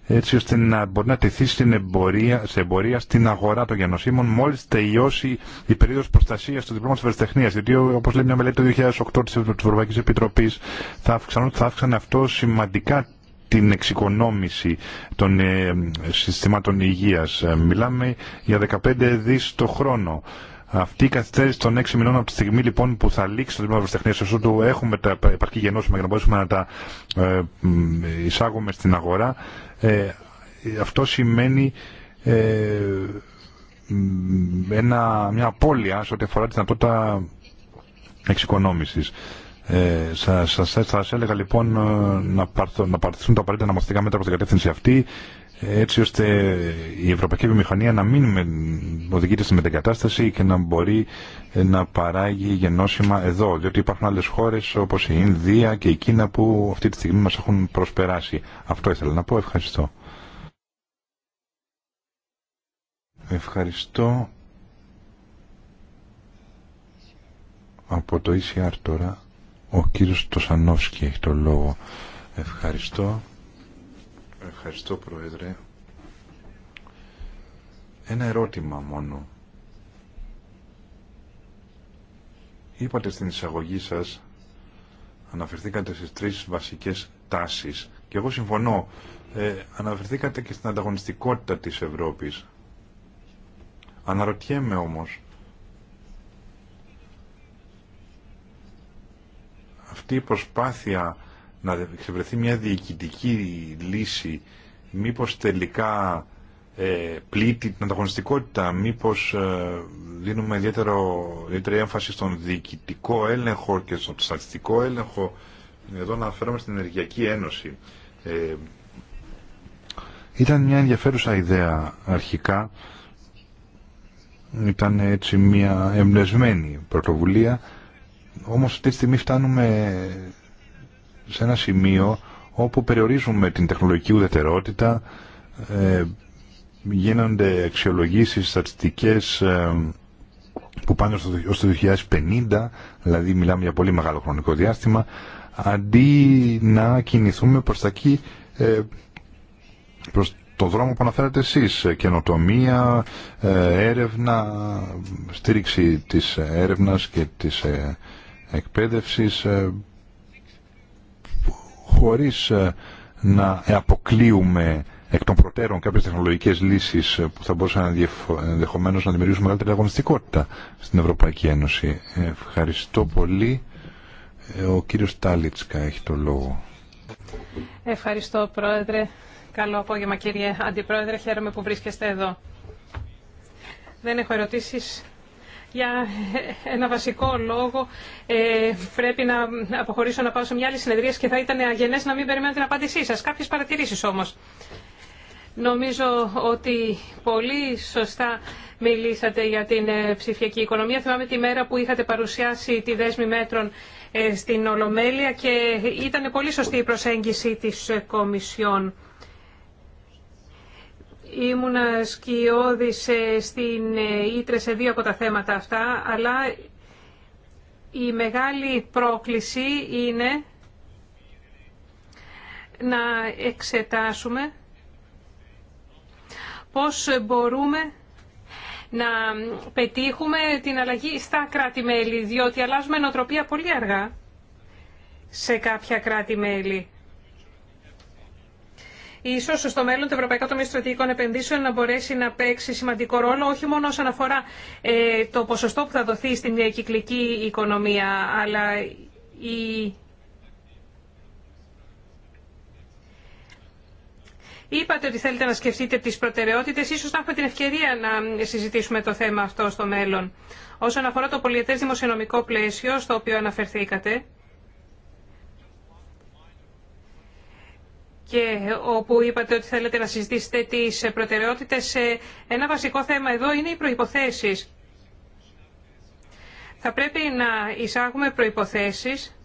έτσι ώστε να μπορεί να τεθεί στην εμπορία, σε εμπορία στην αγορά των γενοσύμων μόλις τελειώσει η περίοδος προστασίας του διπλώματος ευρεσιτεχνίας. Γιατί όπως λέει μια μελέτη το 2008 της Ευρωπαϊκής Επιτροπής θα αύξανε θα αυτό σημαντικά την εξοικονόμηση των ε, συστημάτων υγείας. Ε, μιλάμε για 15 δις το χρόνο. Αυτή η καθυστέρηση των 6 μηνών από τη στιγμή λοιπόν που θα λήξει το Τμήμα ευρωτεχνία, όσο του έχουμε τα επαρκή γενώσιμα για να μπορέσουμε να τα ε, εισάγουμε στην αγορά, ε, αυτό σημαίνει ε, μια απώλεια σε ό,τι αφορά τη δυνατότητα εξοικονόμησης. Ε, σας, σας, σας, έλεγα λοιπόν ε, να, παρθ, να τα απαραίτητα αναμορφωτικά μέτρα προς την κατεύθυνση αυτή έτσι ώστε η ευρωπαϊκή βιομηχανία να μην με, οδηγείται στη μετεγκατάσταση και να μπορεί ε, να παράγει γενώσιμα εδώ. Διότι υπάρχουν άλλες χώρες όπως η Ινδία και η Κίνα που αυτή τη στιγμή μας έχουν προσπεράσει. Αυτό ήθελα να πω. Ευχαριστώ. Ευχαριστώ. Από το ECR τώρα ο κύριος Τοσανόφσκι έχει το λόγο. Ευχαριστώ. Ευχαριστώ Πρόεδρε. Ένα ερώτημα μόνο. Είπατε στην εισαγωγή σας, αναφερθήκατε στις τρεις βασικές τάσεις και εγώ συμφωνώ, ε, αναφερθήκατε και στην ανταγωνιστικότητα της Ευρώπης. Αναρωτιέμαι όμως, αυτή η προσπάθεια να εξευρεθεί μια διοικητική λύση μήπως τελικά ε, πλήττει την ανταγωνιστικότητα, μήπως ε, δίνουμε ιδιαίτερο, ιδιαίτερη έμφαση στον διοικητικό έλεγχο και στον στατιστικό έλεγχο. Εδώ να αναφέρομαι στην Ενεργειακή Ένωση. Ε, ήταν μια ενδιαφέρουσα ιδέα αρχικά. Ήταν έτσι μια εμπνευσμένη πρωτοβουλία. Όμως αυτή τη στιγμή φτάνουμε σε ένα σημείο όπου περιορίζουμε την τεχνολογική ουδετερότητα, ε, γίνονται αξιολογήσεις στατιστικές ε, που πάνε στο, το 2050, δηλαδή μιλάμε για πολύ μεγάλο χρονικό διάστημα, αντί να κινηθούμε προς τα εκεί, ε, προς το δρόμο που αναφέρατε εσείς, ε, καινοτομία, έρευνα, στήριξη της έρευνας και της εκπαίδευσης, χωρίς ε, να αποκλείουμε εκ των προτέρων κάποιες τεχνολογικές λύσεις ε, που θα μπορούσαν ενδεχομένως να δημιουργήσουν μεγαλύτερη αγωνιστικότητα στην Ευρωπαϊκή Ένωση. Ευχαριστώ πολύ. Ε, ο κύριος Τάλιτσκα έχει το λόγο. Ευχαριστώ Πρόεδρε. Καλό απόγευμα κύριε Αντιπρόεδρε. Χαίρομαι που βρίσκεστε εδώ. Δεν έχω ερωτήσεις για ένα βασικό λόγο ε, πρέπει να αποχωρήσω να πάω σε μια άλλη συνεδρία και θα ήταν αγενές να μην περιμένω την απάντησή σας. Κάποιες παρατηρήσεις όμως. Νομίζω ότι πολύ σωστά μιλήσατε για την ε, ψηφιακή οικονομία. Θυμάμαι τη μέρα που είχατε παρουσιάσει τη δέσμη μέτρων ε, στην Ολομέλεια και ήταν πολύ σωστή η προσέγγιση της ε, Κομισιόν. Ήμουνα σκιώδης ε, στην ε, Ήτρε σε δύο από τα θέματα αυτά, αλλά η μεγάλη πρόκληση είναι να εξετάσουμε πώς μπορούμε να πετύχουμε την αλλαγή στα κράτη-μέλη, διότι αλλάζουμε νοοτροπία πολύ αργά σε κάποια κράτη-μέλη. Ίσως στο μέλλον το Ευρωπαϊκό Τομείο Στρατηγικών Επενδύσεων να μπορέσει να παίξει σημαντικό ρόλο, όχι μόνο όσον αφορά ε, το ποσοστό που θα δοθεί στην κυκλική οικονομία, αλλά η Είπατε ότι θέλετε να σκεφτείτε τις προτεραιότητες. Ίσως να έχουμε την ευκαιρία να συζητήσουμε το θέμα αυτό στο μέλλον. Όσον αφορά το πολιετές δημοσιονομικό πλαίσιο, στο οποίο αναφερθήκατε, και όπου είπατε ότι θέλετε να συζητήσετε τις προτεραιότητες, ε, ένα βασικό θέμα εδώ είναι οι προϋποθέσεις. Θα πρέπει να εισάγουμε προϋποθέσεις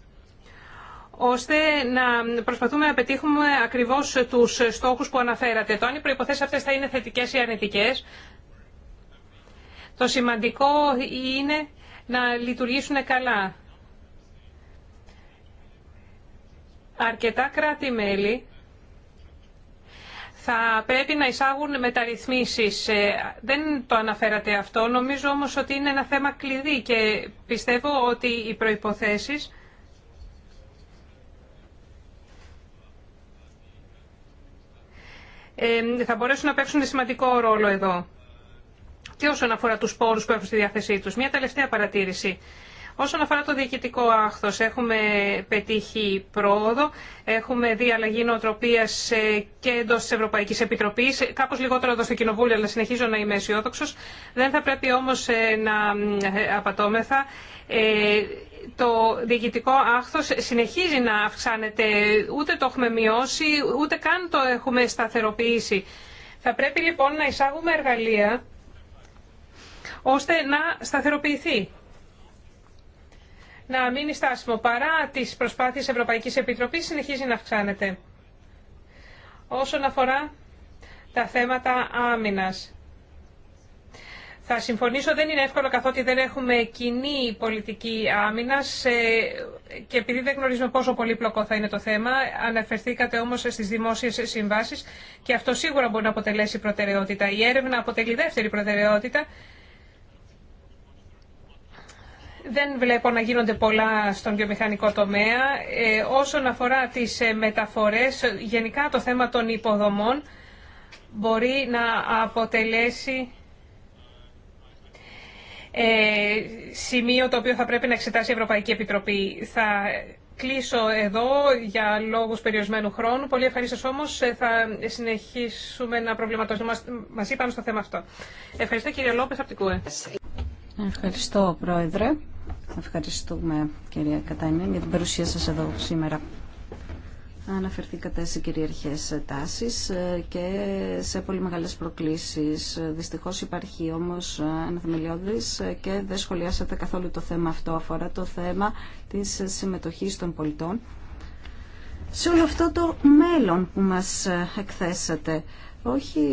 ώστε να προσπαθούμε να πετύχουμε ακριβώς τους στόχους που αναφέρατε. Το αν οι προϋποθέσεις αυτές θα είναι θετικές ή αρνητικές, το σημαντικό είναι να λειτουργήσουν καλά. Αρκετά κράτη-μέλη θα πρέπει να εισάγουν μεταρρυθμίσεις. Ε, δεν το αναφέρατε αυτό, νομίζω όμως ότι είναι ένα θέμα κλειδί και πιστεύω ότι οι προϋποθέσεις ε, θα μπορέσουν να παίξουν σημαντικό ρόλο εδώ και όσον αφορά τους πόρους που έχουν στη διάθεσή τους. Μια τελευταία παρατήρηση. Όσον αφορά το διοικητικό άχθος, έχουμε πετύχει πρόοδο, έχουμε δει αλλαγή νοοτροπίας ε, και εντό τη Ευρωπαϊκής Επιτροπής, κάπως λιγότερο εδώ στο Κοινοβούλιο, αλλά συνεχίζω να είμαι αισιόδοξο. Δεν θα πρέπει όμως ε, να ε, απατώμεθα. Το διοικητικό άχθος συνεχίζει να αυξάνεται, ούτε το έχουμε μειώσει, ούτε καν το έχουμε σταθεροποιήσει. Θα πρέπει λοιπόν να εισάγουμε εργαλεία ώστε να σταθεροποιηθεί να μείνει στάσιμο. Παρά τι προσπάθειε Ευρωπαϊκή Επιτροπής συνεχίζει να αυξάνεται. Όσον αφορά τα θέματα άμυνα. Θα συμφωνήσω, δεν είναι εύκολο καθότι δεν έχουμε κοινή πολιτική άμυνα ε, και επειδή δεν γνωρίζουμε πόσο πολύπλοκο θα είναι το θέμα, αναφερθήκατε όμω στι δημόσιε συμβάσει και αυτό σίγουρα μπορεί να αποτελέσει προτεραιότητα. Η έρευνα αποτελεί δεύτερη προτεραιότητα δεν βλέπω να γίνονται πολλά στον βιομηχανικό τομέα. Ε, όσον αφορά τις ε, μεταφορές, γενικά το θέμα των υποδομών μπορεί να αποτελέσει ε, σημείο το οποίο θα πρέπει να εξετάσει η Ευρωπαϊκή Επιτροπή. Θα κλείσω εδώ για λόγους περιορισμένου χρόνου. Πολύ ευχαριστώ όμως. Θα συνεχίσουμε να προβληματοζόμαστε μαζί πάνω στο θέμα αυτό. Ευχαριστώ κύριε Λόπες από την ΚΟΕ. Ευχαριστώ πρόεδρε. Ευχαριστούμε κυρία κατάνια για την παρουσία σας εδώ σήμερα. Αναφερθήκατε σε κυριαρχές τάσεις ε, και σε πολύ μεγάλες προκλήσεις. Δυστυχώς υπάρχει όμως αναθεμελιώδης ε, και δεν σχολιάσατε καθόλου το θέμα αυτό. Αφορά το θέμα της συμμετοχής των πολιτών σε όλο αυτό το μέλλον που μας ε, εκθέσατε. Όχι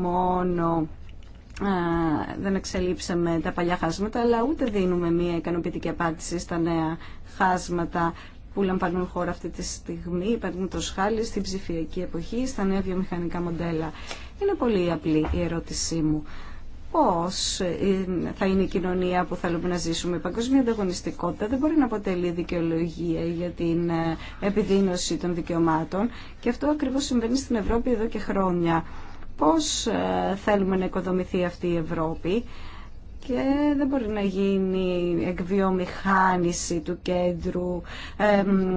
μόνο δεν εξελίψαμε τα παλιά χάσματα, αλλά ούτε δίνουμε μια ικανοποιητική απάντηση στα νέα χάσματα που λαμβάνουν χώρα αυτή τη στιγμή, υπάρχουν το σχάλι, στην ψηφιακή εποχή, στα νέα βιομηχανικά μοντέλα. Είναι πολύ απλή η ερώτησή μου. Πώ θα είναι η κοινωνία που θέλουμε να ζήσουμε. Η παγκόσμια ανταγωνιστικότητα δεν μπορεί να αποτελεί δικαιολογία για την ε, επιδείνωση των δικαιωμάτων και αυτό ακριβώ συμβαίνει στην Ευρώπη εδώ και χρόνια πώς ε, θέλουμε να οικοδομηθεί αυτή η Ευρώπη και δεν μπορεί να γίνει εκβιομηχάνηση του κέντρου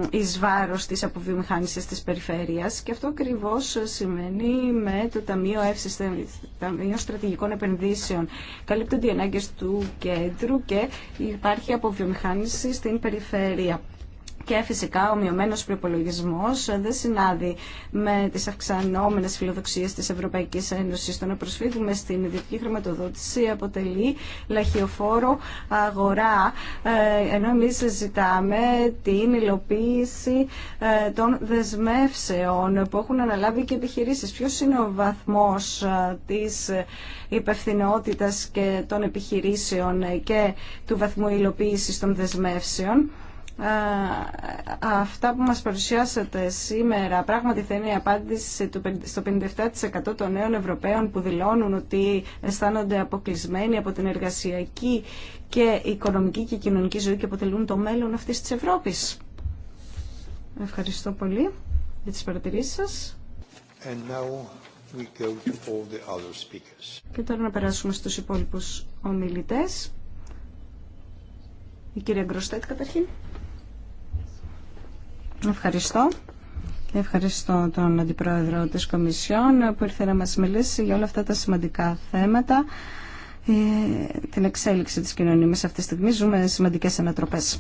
εις βάρος της αποβιομηχάνησης της περιφέρειας και αυτό ακριβώ σημαίνει με το Ταμείο Εύσης Ταμείο Στρατηγικών Επενδύσεων καλύπτονται οι ανάγκες του κέντρου και υπάρχει αποβιομηχάνηση στην περιφέρεια και φυσικά ο μειωμένο προπολογισμό δεν συνάδει με τις αυξανόμενε φιλοδοξίες της Ευρωπαϊκής Ένωση, Το να προσφύγουμε στην ιδιωτική χρηματοδότηση αποτελεί λαχιοφόρο αγορά, ε, ενώ εμεί ζητάμε την υλοποίηση ε, των δεσμεύσεων που έχουν αναλάβει και επιχειρήσει. Ποιο είναι ο βαθμό ε, της υπευθυνότητα και των επιχειρήσεων και του βαθμού υλοποίηση των δεσμεύσεων αυτά που μας παρουσιάσατε σήμερα πράγματι θα είναι η απάντηση στο 57% των νέων Ευρωπαίων που δηλώνουν ότι αισθάνονται αποκλεισμένοι από την εργασιακή και οικονομική και κοινωνική ζωή και αποτελούν το μέλλον αυτής της Ευρώπης. Ευχαριστώ πολύ για τις παρατηρήσεις σας. και τώρα να περάσουμε στους υπόλοιπους ομιλητές. Η κυρία Γκροστέτ καταρχήν. Ευχαριστώ. Ευχαριστώ τον Αντιπρόεδρο της Κομισιόν που ήρθε να μας μιλήσει για όλα αυτά τα σημαντικά θέματα ε, την εξέλιξη της κοινωνίας αυτή τη στιγμή ζούμε σημαντικές ανατροπές.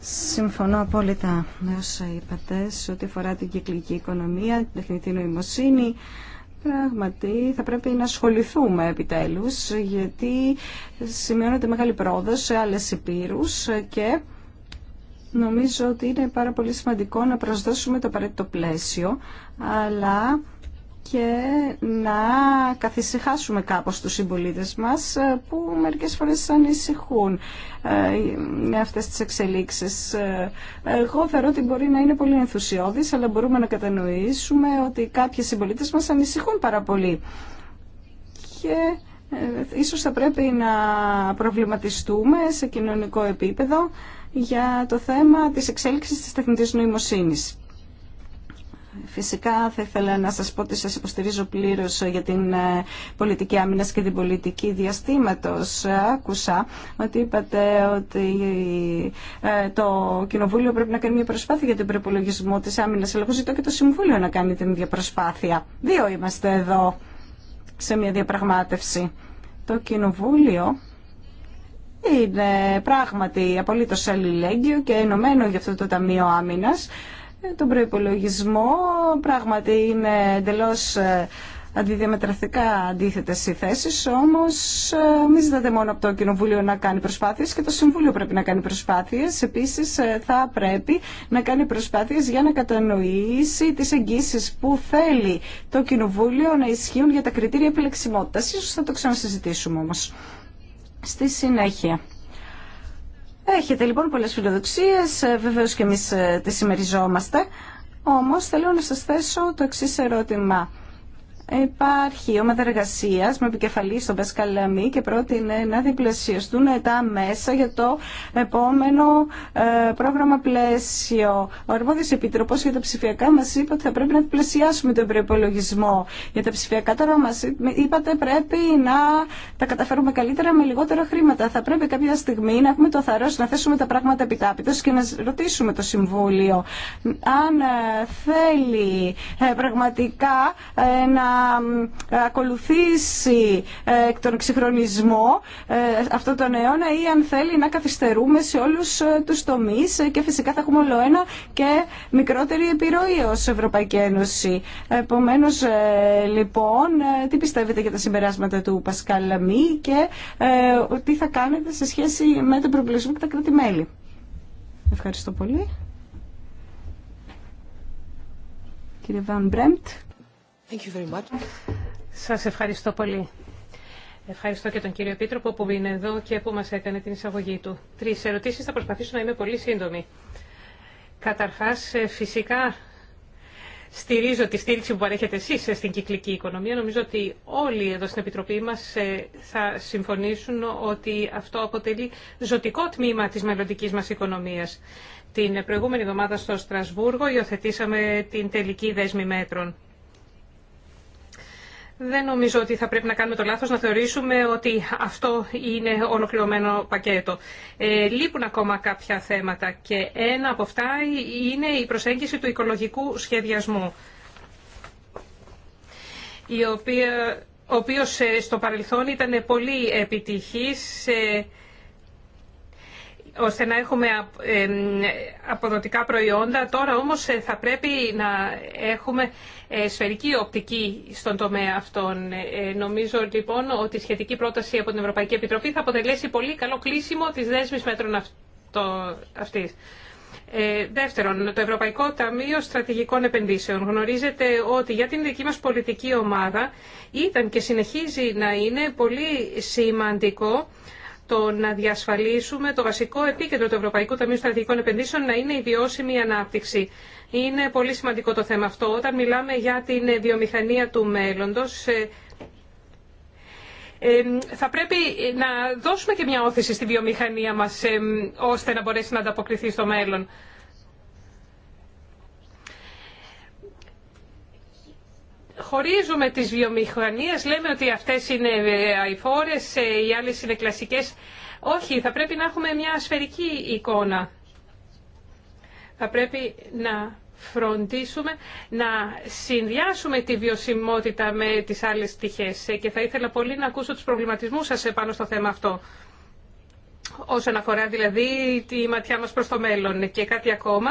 Συμφωνώ απόλυτα με όσα είπατε σε ό,τι αφορά την κυκλική οικονομία, την τεχνητή νοημοσύνη. Πράγματι, θα πρέπει να ασχοληθούμε επιτέλους, γιατί σημειώνεται μεγάλη πρόοδος σε άλλες υπήρους και Νομίζω ότι είναι πάρα πολύ σημαντικό να προσδώσουμε το απαραίτητο πλαίσιο, αλλά και να καθησυχάσουμε κάπως τους συμπολίτε μας που μερικές φορές ανησυχούν ε, με αυτές τις εξελίξεις. Ε, εγώ θεωρώ ότι μπορεί να είναι πολύ ενθουσιώδης, αλλά μπορούμε να κατανοήσουμε ότι κάποιοι συμπολίτε μας ανησυχούν πάρα πολύ. Και ε, ίσως θα πρέπει να προβληματιστούμε σε κοινωνικό επίπεδο για το θέμα της εξέλιξης της τεχνητής νοημοσύνης. Φυσικά θα ήθελα να σας πω ότι σας υποστηρίζω πλήρως για την ε, πολιτική άμυνας και την πολιτική διαστήματος. Άκουσα ότι είπατε ότι ε, το Κοινοβούλιο πρέπει να κάνει μια προσπάθεια για τον προπολογισμό της άμυνας, αλλά εγώ ζητώ και το Συμβούλιο να κάνει την ίδια προσπάθεια. Δύο είμαστε εδώ σε μια διαπραγμάτευση. Το Κοινοβούλιο είναι πράγματι απολύτως αλληλέγγυο και ενωμένο για αυτό το Ταμείο Άμυνας. Ε, τον προϋπολογισμό πράγματι είναι εντελώς ε, αντιδιαμετραστικά αντίθετε οι θέσει, όμω ε, μη ζητάτε μόνο από το Κοινοβούλιο να κάνει προσπάθειε και το Συμβούλιο πρέπει να κάνει προσπάθειε. Επίση, ε, θα πρέπει να κάνει προσπάθειε για να κατανοήσει τι εγγύσει που θέλει το Κοινοβούλιο να ισχύουν για τα κριτήρια επιλεξιμότητα. σω θα το ξανασυζητήσουμε όμω. Στη συνέχεια. Έχετε λοιπόν πολλές φιλοδοξίες, ε, βεβαίως και εμείς τις συμμεριζόμαστε, όμως θέλω να σας θέσω το εξής ερώτημα. Υπάρχει ομάδα εργασία με επικεφαλή στον Πασκαλαμή και πρότεινε να διπλασιαστούν τα μέσα για το επόμενο ε, πρόγραμμα πλαίσιο. Ο αρμόδιο επίτροπο για τα ψηφιακά μα είπε ότι θα πρέπει να διπλασιάσουμε τον προπολογισμό. Για τα ψηφιακά τώρα μα είπατε πρέπει να τα καταφέρουμε καλύτερα με λιγότερα χρήματα. Θα πρέπει κάποια στιγμή να έχουμε το θαρρο να θέσουμε τα πράγματα επιτάπητο και να ρωτήσουμε το Συμβούλιο αν ε, θέλει ε, πραγματικά να ε, ακολουθήσει ε, τον εξυγχρονισμό ε, αυτό τον αιώνα ή αν θέλει να καθυστερούμε σε όλους τους τομείς και φυσικά θα έχουμε όλο ένα και μικρότερη επιρροή ως Ευρωπαϊκή Ένωση. Επομένως, λοιπόν, τι πιστεύετε για τα συμπεράσματα του Πασκάλ Λαμή και τι θα κάνετε σε σχέση με τον προβλησμό και τα κράτη-μέλη. Ευχαριστώ πολύ. Κύριε Βαν Μπρέμπτ. Thank Σας ευχαριστώ πολύ. Ευχαριστώ και τον κύριο Επίτροπο που είναι εδώ και που μας έκανε την εισαγωγή του. Τρεις ερωτήσεις, θα προσπαθήσω να είμαι πολύ σύντομη. Καταρχάς, ε, φυσικά στηρίζω τη στήριξη που παρέχετε εσείς ε, στην κυκλική οικονομία. Νομίζω ότι όλοι εδώ στην Επιτροπή μας ε, θα συμφωνήσουν ότι αυτό αποτελεί ζωτικό τμήμα της μελλοντική μας οικονομίας. Την προηγούμενη εβδομάδα στο Στρασβούργο υιοθετήσαμε την τελική δέσμη μέτρων. Δεν νομίζω ότι θα πρέπει να κάνουμε το λάθος να θεωρήσουμε ότι αυτό είναι ολοκληρωμένο πακέτο. Ε, λείπουν ακόμα κάποια θέματα και ένα από αυτά είναι η προσέγγιση του οικολογικού σχεδιασμού, η οποία, ο οποίος ε, στο παρελθόν ήταν πολύ επιτυχής ε, ώστε να έχουμε αποδοτικά προϊόντα. Τώρα όμως ε, θα πρέπει να έχουμε ε, σφαιρική οπτική στον τομέα αυτών. Ε, νομίζω λοιπόν ότι η σχετική πρόταση από την Ευρωπαϊκή Επιτροπή θα αποτελέσει πολύ καλό κλείσιμο της δέσμης μέτρων αυτής. Ε, δεύτερον, το Ευρωπαϊκό Ταμείο Στρατηγικών Επενδύσεων. Γνωρίζετε ότι για την δική μας πολιτική ομάδα ήταν και συνεχίζει να είναι πολύ σημαντικό το να διασφαλίσουμε το βασικό επίκεντρο του Ευρωπαϊκού Ταμείου Στρατηγικών Επενδύσεων να είναι η βιώσιμη ανάπτυξη. Είναι πολύ σημαντικό το θέμα αυτό. Όταν μιλάμε για την βιομηχανία του μέλλοντος, ε, ε, θα πρέπει να δώσουμε και μια όθηση στη βιομηχανία μας ε, ώστε να μπορέσει να ανταποκριθεί στο μέλλον. χωρίζουμε τις βιομηχανίες, λέμε ότι αυτές είναι ε, αηφόρες, ε, οι άλλες είναι κλασικές. Όχι, θα πρέπει να έχουμε μια σφαιρική εικόνα. Θα πρέπει να φροντίσουμε να συνδυάσουμε τη βιωσιμότητα με τις άλλες πτυχές ε, και θα ήθελα πολύ να ακούσω τους προβληματισμούς σας πάνω στο θέμα αυτό όσον αφορά δηλαδή τη ματιά μας προς το μέλλον. Και κάτι ακόμα,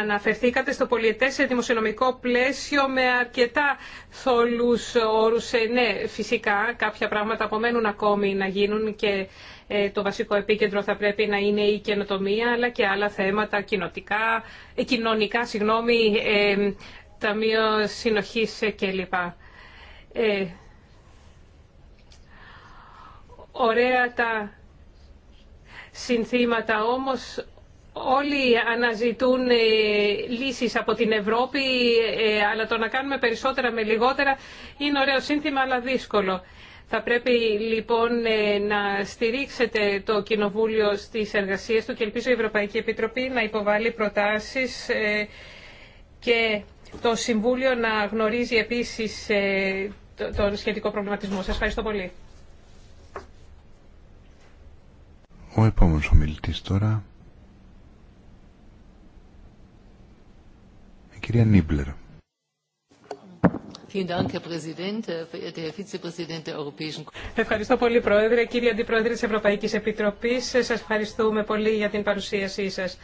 αναφερθήκατε στο πολιετές δημοσιονομικό πλαίσιο με αρκετά θολούς όρους. Ε, ναι, φυσικά κάποια πράγματα απομένουν ακόμη να γίνουν και ε, το βασικό επίκεντρο θα πρέπει να είναι η καινοτομία, αλλά και άλλα θέματα κοινοτικά, ε, κοινωνικά, συγγνώμη, ταμείο συνοχής κλπ. Ωραία τα συνθήματα, όμως όλοι αναζητούν ε, λύσεις από την Ευρώπη, ε, αλλά το να κάνουμε περισσότερα με λιγότερα είναι ωραίο σύνθημα, αλλά δύσκολο. Θα πρέπει λοιπόν ε, να στηρίξετε το Κοινοβούλιο στις εργασίες του και ελπίζω η Ευρωπαϊκή Επιτροπή να υποβάλει προτάσεις και το Συμβούλιο να γνωρίζει επίσης τον σχετικό προβληματισμό. Σας ευχαριστώ πολύ. Ο επόμενος ομιλητής τώρα. Η κυρία Νίμπλερ. Äh, Ευχαριστώ πολύ, Πρόεδρε. Κύριε Αντιπρόεδρε της Ευρωπαϊκής Επιτροπής, σας ευχαριστούμε πολύ για την παρουσίασή σας.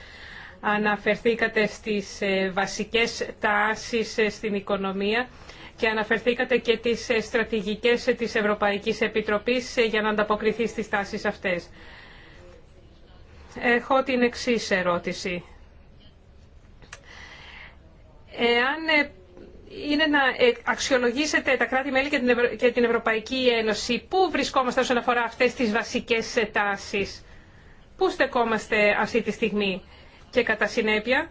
Αναφερθήκατε στις ε, βασικές τάσεις ε, στην οικονομία και αναφερθήκατε και τις ε, στρατηγικές της Ευρωπαϊκής Επιτροπής για να ανταποκριθεί στις τάσεις αυτές έχω την εξής ερώτηση. Εάν ε, είναι να ε, αξιολογήσετε τα κράτη-μέλη και την Ευρωπαϊκή Ένωση. Πού βρισκόμαστε όσον αφορά αυτές τις βασικές τάσεις. Πού στεκόμαστε αυτή τη στιγμή. Και κατά συνέπεια,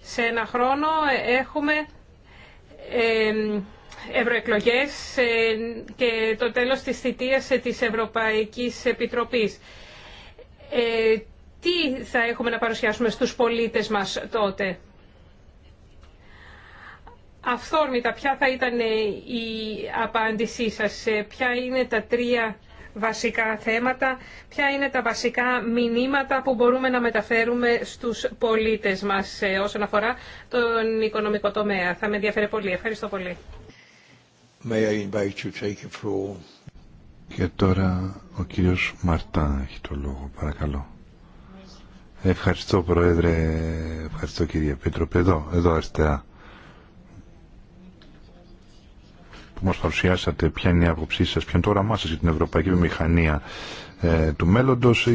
σε ένα χρόνο έχουμε ευρωεκλογές ε, και το τέλος της θητείας της Ευρωπαϊκής Επιτροπής ε, τι θα έχουμε να παρουσιάσουμε στους πολίτες μας τότε. Αυθόρμητα, ποια θα ήταν η απάντησή σας, ε, ποια είναι τα τρία βασικά θέματα, ποια είναι τα βασικά μηνύματα που μπορούμε να μεταφέρουμε στους πολίτες μας ε, όσον αφορά τον οικονομικό τομέα. Θα με ενδιαφέρει πολύ. Ευχαριστώ πολύ. Και τώρα ο κύριος Μαρτά έχει το λόγο, παρακαλώ. Ευχαριστώ Πρόεδρε, ευχαριστώ κύριε Επίτροπε. Εδώ, εδώ αριστερά. Που μας παρουσιάσατε ποια είναι η άποψή σας, ποια είναι το όραμά σας για την ευρωπαϊκή μηχανία ε, του μέλλοντος. Ε,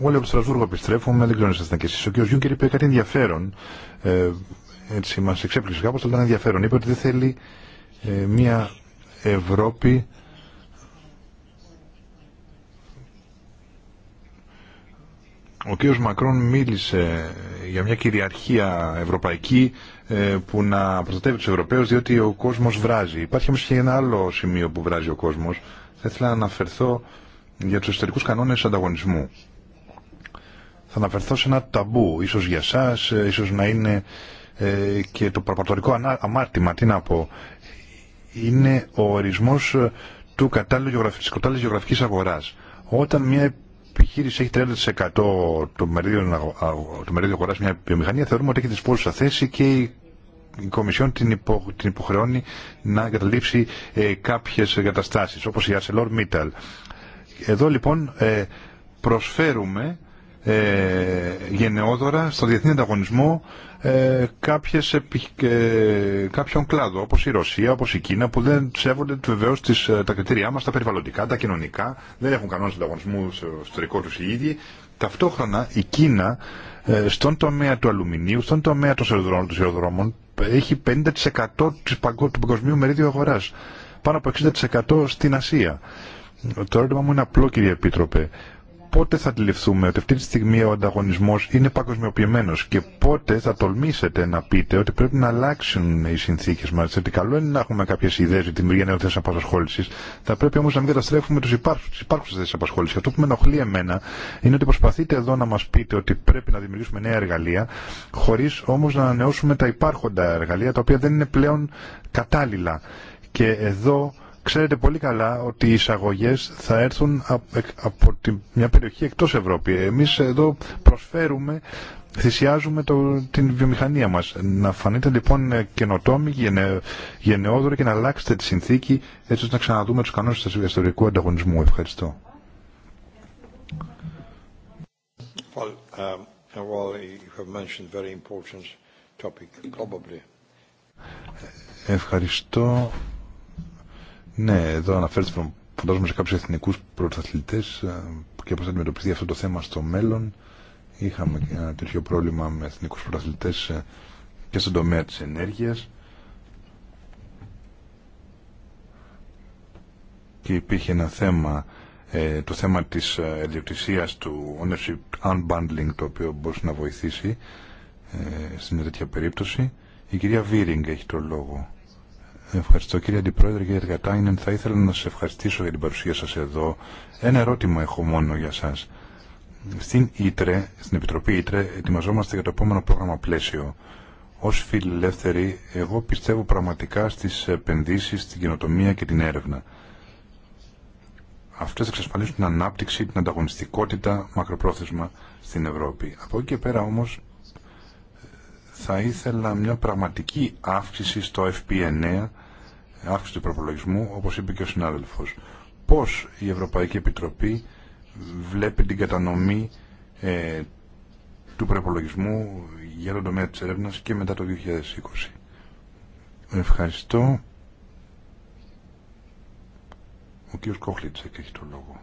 όλοι από το Στρασβούργο επιστρέφουμε, δεν ξέρω αν ήσασταν και εσείς. Ο κύριος Γιούγκερ είπε κάτι ενδιαφέρον. Ε, έτσι μας εξέπληξε κάπως, αλλά ήταν ενδιαφέρον. Είπε ότι δεν θέλει μια Ευρώπη Ο κύριος Μακρόν μίλησε για μια κυριαρχία ευρωπαϊκή ε, που να προστατεύει τους Ευρωπαίους διότι ο κόσμος βράζει. Υπάρχει όμως και ένα άλλο σημείο που βράζει ο κόσμος. Θα ήθελα να αναφερθώ για τους εσωτερικού κανόνες ανταγωνισμού. Θα αναφερθώ σε ένα ταμπού, ίσως για σας, ε, ίσως να είναι ε, και το προπατορικό αμάρτημα, τι να πω. Είναι ο ορισμός του κατάλληλου γεωγραφικής αγοράς. Όταν μια επιχείρηση έχει 30% του μερίδιου, αγορά μια βιομηχανία, θεωρούμε ότι έχει τις θέση και η, η Κομισιόν την, την υποχρεώνει να καταλήψει ε, κάποιες εγκαταστάσεις, όπως η ArcelorMittal. Εδώ λοιπόν ε, προσφέρουμε ε, γενναιόδωρα στο διεθνή ανταγωνισμό ε, κάποιες, ε, κάποιον κλάδο όπως η Ρωσία, όπως η Κίνα που δεν σέβονται βεβαίως τις, ε, τα κριτήριά μας, τα περιβαλλοντικά, τα κοινωνικά, δεν έχουν κανόνες ανταγωνισμού στο εσωτερικό τους οι ίδιοι. Ταυτόχρονα η Κίνα ε, στον τομέα του αλουμινίου, στον τομέα των σειροδρόμων έχει 50% του παγκοσμίου μερίδιου αγοράς, πάνω από 60% στην Ασία. Το ερώτημα μου είναι απλό κύριε Επίτροπε πότε θα αντιληφθούμε ότι αυτή τη στιγμή ο ανταγωνισμός είναι παγκοσμιοποιημένος και πότε θα τολμήσετε να πείτε ότι πρέπει να αλλάξουν οι συνθήκες μας. ότι καλό είναι να έχουμε κάποιες ιδέες για τη δημιουργία νέων θέσεων απασχόλησης. Θα πρέπει όμως να μην καταστρέφουμε τους υπάρχους, τις υπάρχουσες θέσεις απασχόλησης. Αυτό που με ενοχλεί εμένα είναι ότι προσπαθείτε εδώ να μας πείτε ότι πρέπει να δημιουργήσουμε νέα εργαλεία χωρίς όμως να ανανεώσουμε τα υπάρχοντα εργαλεία τα οποία δεν είναι πλέον κατάλληλα. Και εδώ Ξέρετε πολύ καλά ότι οι εισαγωγέ θα έρθουν από μια περιοχή εκτός Ευρώπη. Εμείς εδώ προσφέρουμε, θυσιάζουμε το, την βιομηχανία μας. Να φανείτε λοιπόν καινοτόμοι, γενε, γενναιόδοροι και να αλλάξετε τη συνθήκη έτσι ώστε να ξαναδούμε τους κανόνες του ιστορικού ανταγωνισμού. Ευχαριστώ. Ευχαριστώ. Ναι, εδώ αναφέρεται φαντάζομαι σε κάποιου εθνικούς πρωταθλητέ ε, και πώ θα αντιμετωπιστεί αυτό το θέμα στο μέλλον. Είχαμε ένα τέτοιο πρόβλημα με εθνικούς πρωταθλητέ ε, και στον τομέα της ενέργεια. Και υπήρχε ένα θέμα, ε, το θέμα της ιδιοκτησίας του ownership unbundling, το οποίο μπορούσε να βοηθήσει στην τέτοια περίπτωση. Η κυρία Βίρινγκ έχει το λόγο. Ευχαριστώ κύριε Αντιπρόεδρε κύριε Κατάινεν. Θα ήθελα να σας ευχαριστήσω για την παρουσία σας εδώ. Ένα ερώτημα έχω μόνο για σας. Στην ΙΤΡΕ, στην Επιτροπή ΙΤΡΕ, ετοιμαζόμαστε για το επόμενο πρόγραμμα πλαίσιο. Ως φιλελεύθερη, εγώ πιστεύω πραγματικά στις επενδύσεις, στην καινοτομία και την έρευνα. Αυτές εξασφαλίσουν την ανάπτυξη, την ανταγωνιστικότητα μακροπρόθεσμα στην Ευρώπη. Από εκεί και πέρα όμως θα ήθελα μια πραγματική αύξηση στο FP9 e αύξηση του προπολογισμού, όπως είπε και ο συνάδελφος. Πώς η Ευρωπαϊκή Επιτροπή βλέπει την κατανομή ε, του προπολογισμού για τον τομέα της έρευνας και μετά το 2020. Ευχαριστώ. Ο κ. Κόχλιτσεκ έχει το λόγο.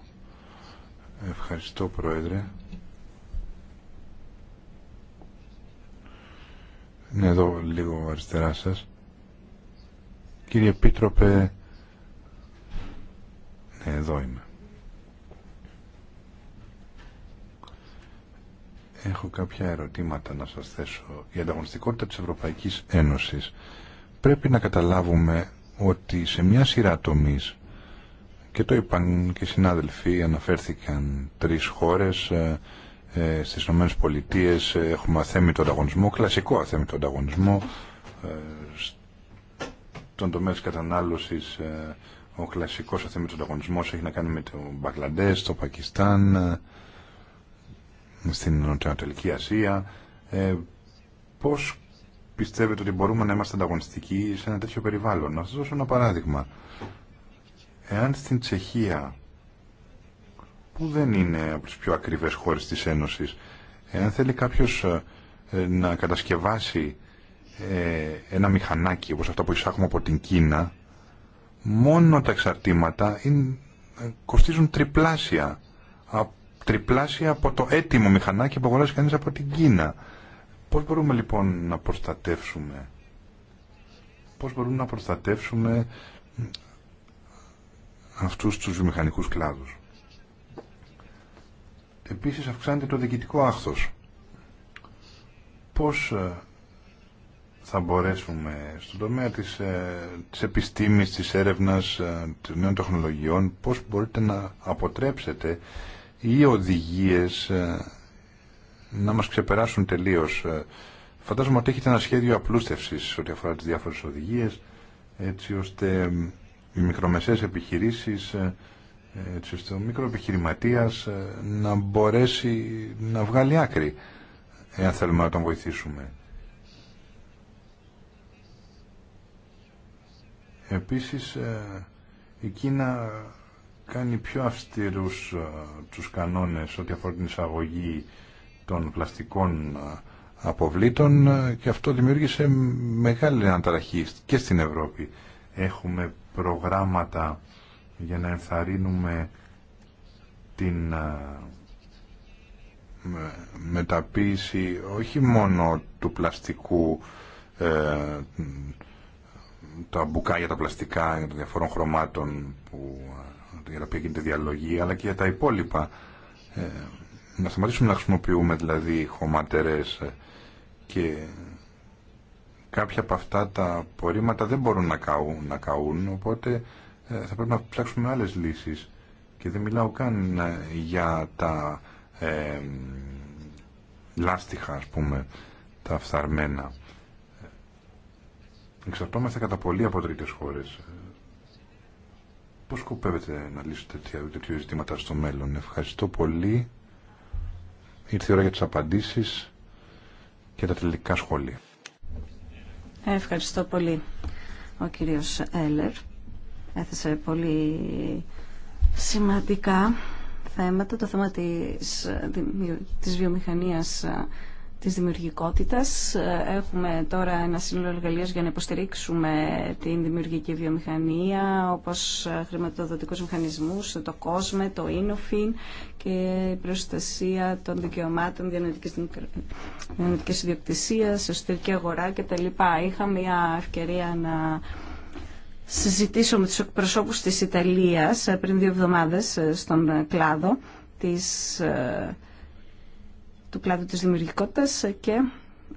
Ευχαριστώ, Πρόεδρε. Είναι εδώ λίγο αριστερά σας. Κύριε Επίτροπε, ναι, εδώ είμαι. Έχω κάποια ερωτήματα να σας θέσω. Η ανταγωνιστικότητα της Ευρωπαϊκής Ένωσης πρέπει να καταλάβουμε ότι σε μια σειρά τομείς και το είπαν και οι συνάδελφοι, αναφέρθηκαν τρεις χώρες, ε, ε στις Ηνωμένες Πολιτείες ε, έχουμε αθέμητο ανταγωνισμό, κλασικό αθέμητο ανταγωνισμό, ε, στον τομέα της κατανάλωσης ε, ο κλασικός του ανταγωνισμό, έχει να κάνει με το Μπαγκλαντέ, το Πακιστάν, ε, στην Νοτιοανατολική Ασία. Ε, πώς πιστεύετε ότι μπορούμε να είμαστε ανταγωνιστικοί σε ένα τέτοιο περιβάλλον. Να σας δώσω ένα παράδειγμα. Εάν στην Τσεχία, που δεν είναι από τι πιο ακριβές χώρε τη Ένωση, εάν θέλει κάποιος ε, να κατασκευάσει ε, ένα μηχανάκι όπως αυτά που εισάγουμε από την Κίνα, μόνο τα εξαρτήματα είναι, κοστίζουν τριπλάσια. Α, τριπλάσια από το έτοιμο μηχανάκι που αγοράζει κανείς από την Κίνα. Πώς μπορούμε λοιπόν να προστατεύσουμε πώς μπορούμε να προστατεύσουμε αυτούς τους βιομηχανικούς κλάδους. Επίσης αυξάνεται το διοικητικό άχθος. Πώς ε, θα μπορέσουμε στον τομέα της, ε, της επιστήμης, της έρευνας, ε, των νέων τεχνολογιών, πώς μπορείτε να αποτρέψετε οι οδηγίες ε, να μας ξεπεράσουν τελείως. Φαντάζομαι ότι έχετε ένα σχέδιο απλούστευσης ό,τι αφορά τις διάφορες οδηγίες, έτσι ώστε οι μικρομεσαίες επιχειρήσεις, έτσι ώστε ο μικροεπιχειρηματίας να μπορέσει να βγάλει άκρη, εάν θέλουμε να τον βοηθήσουμε. Επίσης ε, η Κίνα κάνει πιο αυστηρούς ε, τους κανόνες ό,τι αφορά την εισαγωγή των πλαστικών ε, αποβλήτων και αυτό δημιούργησε μεγάλη αναταραχή και στην Ευρώπη. Έχουμε προγράμματα για να ενθαρρύνουμε την μεταποίηση όχι μόνο του πλαστικού τα μπουκάλια, τα πλαστικά των διαφορών χρωμάτων που, ε, για τα οποία γίνεται διαλογή, αλλά και για τα υπόλοιπα. Ε, να σταματήσουμε να χρησιμοποιούμε δηλαδή χωματερές ε, και κάποια από αυτά τα απορρίμματα δεν μπορούν να καούν, να καούν οπότε ε, θα πρέπει να ψάξουμε άλλες λύσεις και δεν μιλάω καν για τα ε, λάστιχα ας πούμε τα φθαρμένα εξαρτώμαστε κατά πολύ από τρίτε χώρε Πώς σκοπεύετε να λύσετε τέτοια ζητήματα στο μέλλον. Ευχαριστώ πολύ. Ήρθε η ώρα για τις απαντήσεις και τα τελικά σχόλια. Ευχαριστώ πολύ. Ο κύριος Έλερ έθεσε πολύ σημαντικά θέματα. Το θέμα της, της βιομηχανίας της δημιουργικότητας. Ε, έχουμε τώρα ένα σύνολο εργαλείων για να υποστηρίξουμε την δημιουργική βιομηχανία, όπως ε, χρηματοδοτικούς μηχανισμούς, το COSME, το INOFIN και η προστασία των δικαιωμάτων διανοητικής ιδιοκτησίας, εσωτερική αγορά κτλ. Είχα μια ευκαιρία να συζητήσω με τους εκπροσώπους της Ιταλίας ε, πριν δύο εβδομάδες στον κλάδο της του κλάδου της δημιουργικότητας και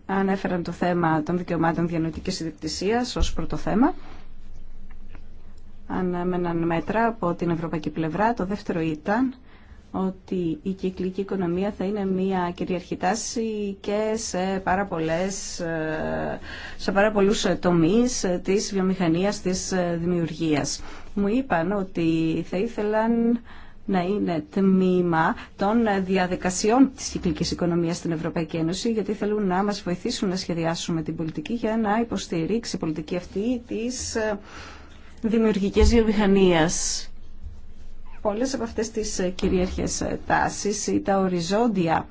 ανέφεραν το θέμα των δικαιωμάτων διανοητικής ιδιοκτησίας ως πρώτο θέμα. Ανέμεναν μέτρα από την ευρωπαϊκή πλευρά. Το δεύτερο ήταν ότι η κυκλική οικονομία θα είναι μια κυριαρχή τάση και σε, πάρα πολλές, σε πάρα πολλούς τομείς της βιομηχανίας, της δημιουργίας. Μου είπαν ότι θα ήθελαν να είναι τμήμα των διαδικασιών της κυκλικής οικονομίας στην Ευρωπαϊκή Ένωση, γιατί θέλουν να μας βοηθήσουν να σχεδιάσουμε την πολιτική για να υποστηρίξει η πολιτική αυτή της ε, δημιουργικής βιομηχανίας. Πολλές από αυτές τις ε, κυρίαρχες ε, τάσεις ή τα οριζόντια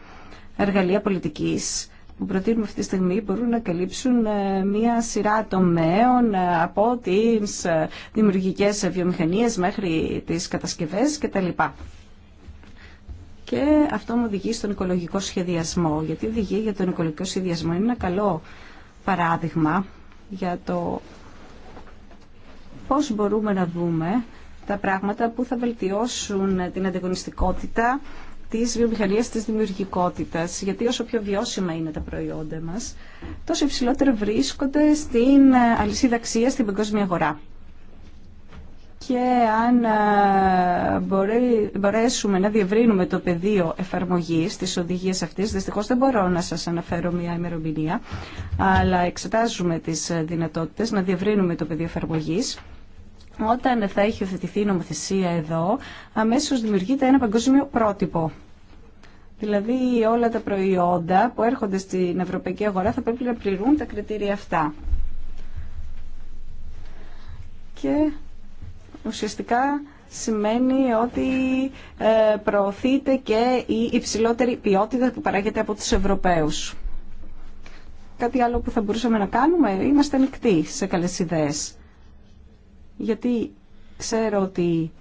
εργαλεία πολιτικής που προτείνουμε αυτή τη στιγμή μπορούν να καλύψουν ε, μία σειρά τομέων ε, από τις ε, δημιουργικές βιομηχανίες μέχρι τις κατασκευές κτλ. Και αυτό μου οδηγεί στον οικολογικό σχεδιασμό, γιατί οδηγεί για τον οικολογικό σχεδιασμό. Είναι ένα καλό παράδειγμα για το πώς μπορούμε να δούμε τα πράγματα που θα βελτιώσουν την ανταγωνιστικότητα της βιομηχανίας της δημιουργικότητας, γιατί όσο πιο βιώσιμα είναι τα προϊόντα μας, τόσο υψηλότερο βρίσκονται στην ε, αλυσίδα αξία στην παγκόσμια αγορά. Και αν ε, μπορέσουμε να διευρύνουμε το πεδίο εφαρμογής της οδηγίας αυτής, δυστυχώς δεν μπορώ να σας αναφέρω μια ημερομηνία, αλλά εξετάζουμε τις ε, δυνατότητες να διευρύνουμε το πεδίο εφαρμογής όταν θα έχει οθετηθεί η νομοθεσία εδώ, αμέσως δημιουργείται ένα παγκόσμιο πρότυπο. Δηλαδή όλα τα προϊόντα που έρχονται στην ευρωπαϊκή αγορά θα πρέπει να πληρούν τα κριτήρια αυτά. Και ουσιαστικά σημαίνει ότι ε, προωθείται και η υψηλότερη ποιότητα που παράγεται από τους Ευρωπαίους. Κάτι άλλο που θα μπορούσαμε να κάνουμε, είμαστε ανοιχτοί σε καλές ιδέες γιατί ξέρω ότι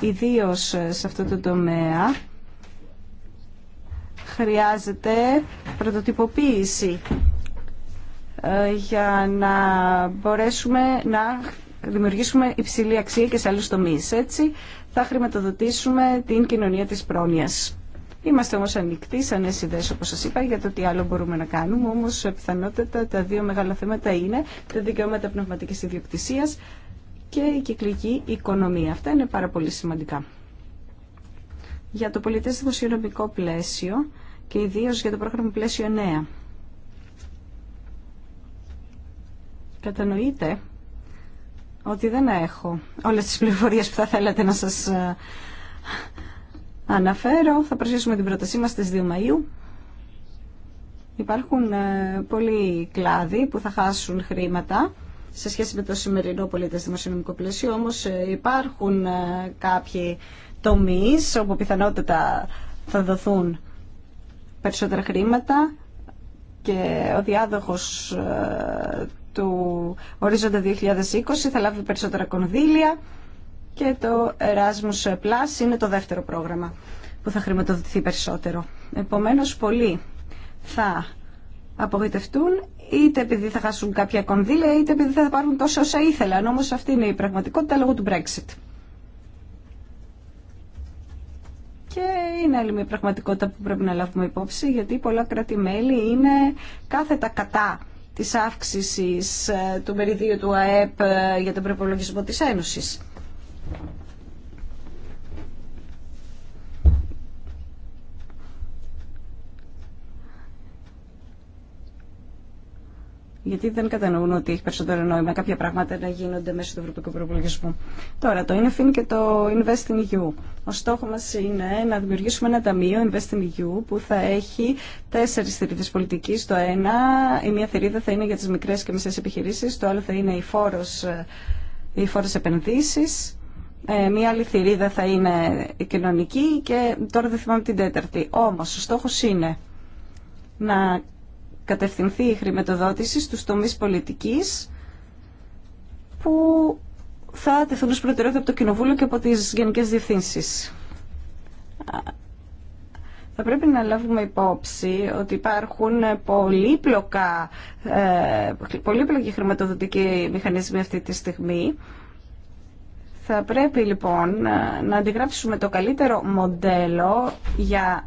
ιδίω σε αυτό το τομέα χρειάζεται πρωτοτυποποίηση ε, για να μπορέσουμε να δημιουργήσουμε υψηλή αξία και σε άλλους τομείς. Έτσι θα χρηματοδοτήσουμε την κοινωνία της πρόνοιας. Είμαστε όμως ανοιχτοί σαν έσυδες όπως σας είπα για το τι άλλο μπορούμε να κάνουμε, όμως πιθανότατα τα δύο μεγάλα θέματα είναι τα δικαιώματα πνευματικής ιδιοκτησίας και η κυκλική οικονομία. Αυτά είναι πάρα πολύ σημαντικά. Για το πολιτές δημοσιονομικό πλαίσιο και ιδίως για το πρόγραμμα πλαίσιο 9. Κατανοείτε ότι δεν έχω όλες τις πληροφορίες που θα θέλατε να σας ε, αναφέρω. Θα προσθέσουμε την πρότασή μας στις 2 Μαΐου. Υπάρχουν ε, πολλοί κλάδοι που θα χάσουν χρήματα σε σχέση με το σημερινό πολίτες δημοσιονομικό πλαίσιο, όμως ε, υπάρχουν ε, κάποιοι τομείς όπου πιθανότητα θα δοθούν περισσότερα χρήματα και ο διάδοχος ε, του ορίζοντα 2020 θα λάβει περισσότερα κονδύλια και το Erasmus Plus είναι το δεύτερο πρόγραμμα που θα χρηματοδοτηθεί περισσότερο. Επομένως, πολλοί θα απογοητευτούν είτε επειδή θα χάσουν κάποια κονδύλια, είτε επειδή θα πάρουν τόσο όσα ήθελαν. Όμως αυτή είναι η πραγματικότητα λόγω του Brexit. Και είναι άλλη μια πραγματικότητα που πρέπει να λάβουμε υπόψη, γιατί πολλά κράτη-μέλη είναι κάθετα κατά της αύξησης ε, του μεριδίου του ΑΕΠ ε, για τον προπολογισμό της Ένωσης. γιατί δεν κατανοούν ότι έχει περισσότερο νόημα κάποια πράγματα να γίνονται μέσω του Ευρωπαϊκού Προπολογισμού. Τώρα, το InFin και το Invest in EU. Ο στόχο μα είναι να δημιουργήσουμε ένα ταμείο Invest in EU που θα έχει τέσσερι θηρίδε πολιτική. Το ένα, η μία θηρίδα θα είναι για τι μικρέ και μισέ επιχειρήσει, το άλλο θα είναι η οι φόρες επενδύσεις, ε, μία άλλη θηρίδα θα είναι η κοινωνική και τώρα δεν θυμάμαι την τέταρτη. Όμως ο στόχος είναι να κατευθυνθεί η χρηματοδότηση στους τομείς πολιτικής που θα τεθούν ως προτεραιότητα από το Κοινοβούλιο και από τις Γενικές Διευθύνσεις. Θα πρέπει να λάβουμε υπόψη ότι υπάρχουν πολύπλοκα, ε, πολύπλοκοι χρηματοδοτικοί μηχανισμοί αυτή τη στιγμή. Θα πρέπει λοιπόν να αντιγράψουμε το καλύτερο μοντέλο για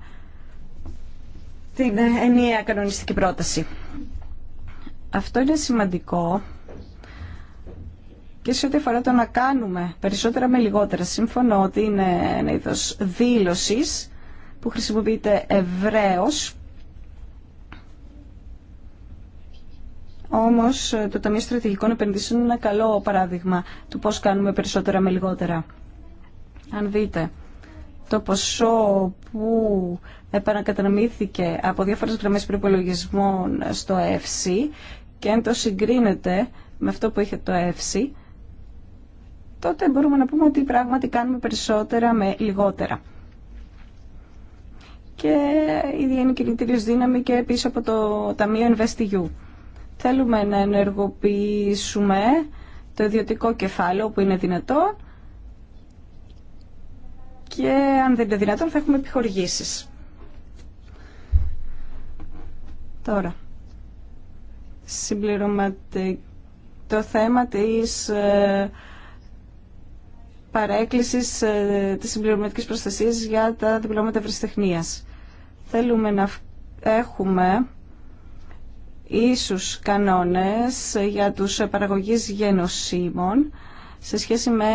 την ναι. ενιαία κανονιστική πρόταση. Αυτό είναι σημαντικό και σε ό,τι αφορά το να κάνουμε περισσότερα με λιγότερα. Σύμφωνο ότι είναι ένα είδο δήλωση που χρησιμοποιείται ευρέω. Όμω το Ταμείο Στρατηγικών Επενδύσεων είναι ένα καλό παράδειγμα του πώς κάνουμε περισσότερα με λιγότερα. Αν δείτε το ποσό που επανακατανομήθηκε από διάφορες γραμμές προπολογισμών στο ΕΦΣΥ και αν το συγκρίνεται με αυτό που είχε το ΕΦΣΥ, τότε μπορούμε να πούμε ότι πράγματι κάνουμε περισσότερα με λιγότερα. Και η είναι δύναμη και πίσω από το Ταμείο InvestEU. Θέλουμε να ενεργοποιήσουμε το ιδιωτικό κεφάλαιο που είναι δυνατό και αν δεν είναι δυνατόν θα έχουμε επιχορηγήσεις. Τώρα, συμπληρωματι... το θέμα της ε, παρέκκλησης ε, της συμπληρωματικής προστασίας για τα διπλώματα ευρεσιτεχνίας. Θέλουμε να έχουμε ίσους κανόνες για τους παραγωγείς γενοσύμων σε σχέση με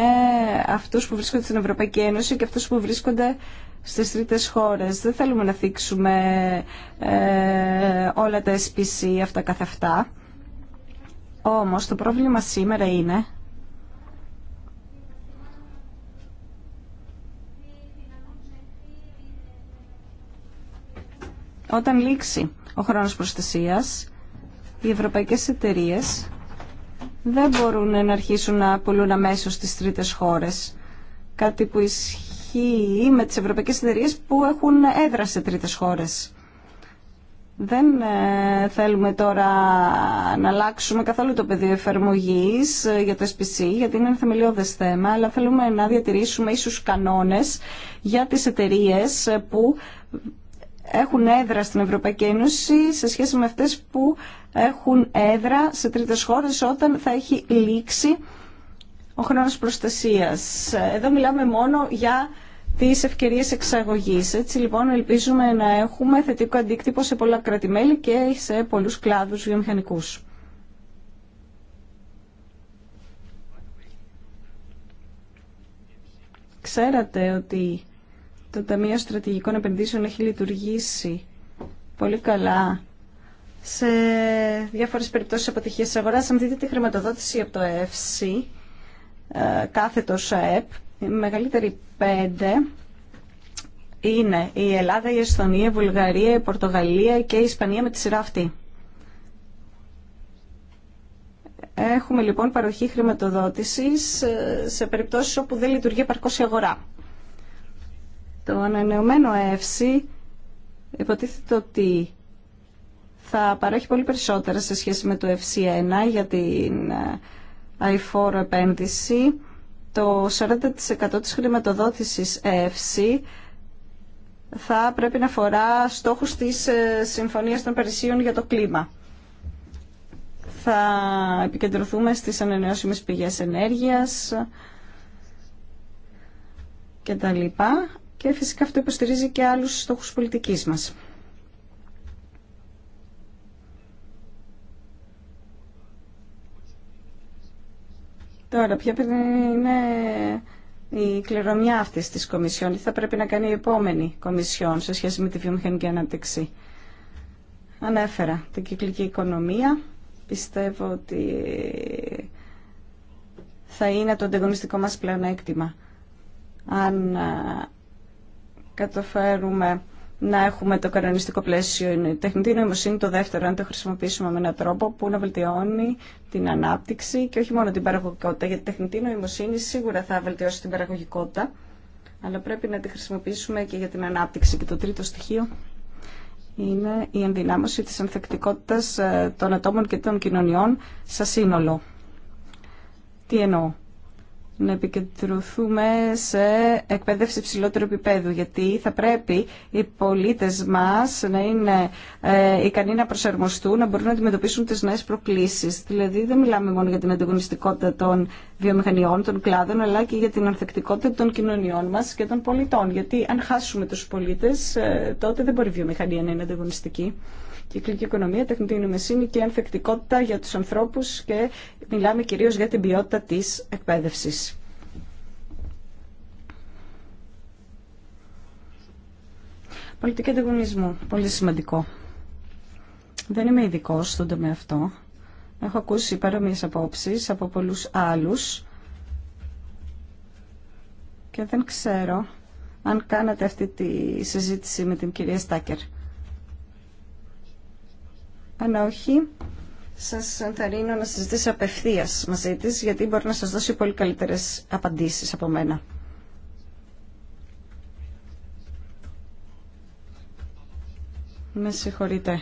αυτούς που βρίσκονται στην Ευρωπαϊκή Ένωση και αυτούς που βρίσκονται στις τρίτες χώρες. Δεν θέλουμε να θίξουμε ε, όλα τα SPC αυτά καθ' αυτά. Όμως το πρόβλημα σήμερα είναι όταν λήξει ο χρόνος προστασίας, οι ευρωπαϊκές εταιρείες δεν μπορούν να αρχίσουν να πουλούν αμέσω στις τρίτες χώρες. Κάτι που ισχύει με τις ευρωπαϊκές εταιρείε που έχουν έδρα σε τρίτες χώρες. Δεν ε, θέλουμε τώρα να αλλάξουμε καθόλου το πεδίο εφαρμογής ε, για το SPC, γιατί είναι ένα θεμελιώδες θέμα, αλλά θέλουμε να διατηρήσουμε ίσους κανόνες για τις εταιρείε ε, που έχουν έδρα στην Ευρωπαϊκή Ένωση σε σχέση με αυτές που έχουν έδρα σε τρίτες χώρες όταν θα έχει λήξει ο χρόνος προστασίας. Εδώ μιλάμε μόνο για τις ευκαιρίες εξαγωγής. Έτσι λοιπόν ελπίζουμε να έχουμε θετικό αντίκτυπο σε πολλά κρατημέλη και σε πολλούς κλάδους βιομηχανικούς. Ξέρατε ότι το Ταμείο Στρατηγικών Επενδύσεων έχει λειτουργήσει πολύ καλά σε διάφορες περιπτώσεις αποτυχίας της αγοράς. Αν δείτε τη χρηματοδότηση από το ΕΦΣΥ, κάθετο ΑΕΠ, η μεγαλύτερη πέντε είναι η Ελλάδα, η Εσθονία, η Βουλγαρία, η Πορτογαλία και η Ισπανία με τη σειρά αυτή. Έχουμε λοιπόν παροχή χρηματοδότησης ε, σε περιπτώσεις όπου δεν λειτουργεί επαρκώς η αγορά. Το ανανεωμένο ΕΕΦΣΥ υποτίθεται ότι θα παρέχει πολύ περισσότερα σε σχέση με το FC1 για την ε, αηφόρο επένδυση. Το 40% της χρηματοδότησης FC θα πρέπει να αφορά στόχους της ε, Συμφωνίας των Περισσίων για το κλίμα. Θα επικεντρωθούμε στις ανανεώσιμες πηγές ενέργειας και τα λοιπά και φυσικά αυτό υποστηρίζει και άλλους στόχους πολιτικής μας. Τώρα, ποια πρέπει να είναι η κληρομιά αυτή τη Κομισιόν, θα πρέπει να κάνει η επόμενη Κομισιόν σε σχέση με τη βιομηχανική ανάπτυξη. Ανέφερα την κυκλική οικονομία. Πιστεύω ότι θα είναι το ανταγωνιστικό μας πλεονέκτημα. Αν καταφέρουμε να έχουμε το κανονιστικό πλαίσιο. Η τεχνητή νοημοσύνη το δεύτερο, αν το χρησιμοποιήσουμε με έναν τρόπο που να βελτιώνει την ανάπτυξη και όχι μόνο την παραγωγικότητα, γιατί η τεχνητή νοημοσύνη σίγουρα θα βελτιώσει την παραγωγικότητα, αλλά πρέπει να τη χρησιμοποιήσουμε και για την ανάπτυξη. Και το τρίτο στοιχείο είναι η ενδυνάμωση της ανθεκτικότητας ε, των ατόμων και των κοινωνιών σαν σύνολο. Τι εννοώ να επικεντρωθούμε σε εκπαίδευση ψηλότερου επίπεδου, γιατί θα πρέπει οι πολίτες μας να είναι ε, ικανοί να προσαρμοστούν, να μπορούν να αντιμετωπίσουν τις νέες προκλήσεις. Δηλαδή δεν μιλάμε μόνο για την ανταγωνιστικότητα των βιομηχανιών, των κλάδων, αλλά και για την ανθεκτικότητα των κοινωνιών μας και των πολιτών. Γιατί αν χάσουμε τους πολίτες, ε, τότε δεν μπορεί η βιομηχανία να είναι ανταγωνιστική κυκλική οικονομία, τεχνητή νοημοσύνη και ανθεκτικότητα για τους ανθρώπους και μιλάμε κυρίως για την ποιότητα της εκπαίδευσης. Πολιτική ανταγωνισμού. Πολύ σημαντικό. Δεν είμαι ειδικό στον τομέα αυτό. Έχω ακούσει παρόμοιες απόψεις από πολλούς άλλους και δεν ξέρω αν κάνατε αυτή τη συζήτηση με την κυρία Στάκερ. Αν όχι, σας ενθαρρύνω να συζητήσω απευθεία μαζί τη γιατί μπορεί να σας δώσει πολύ καλύτερες απαντήσεις από μένα. Με συγχωρείτε.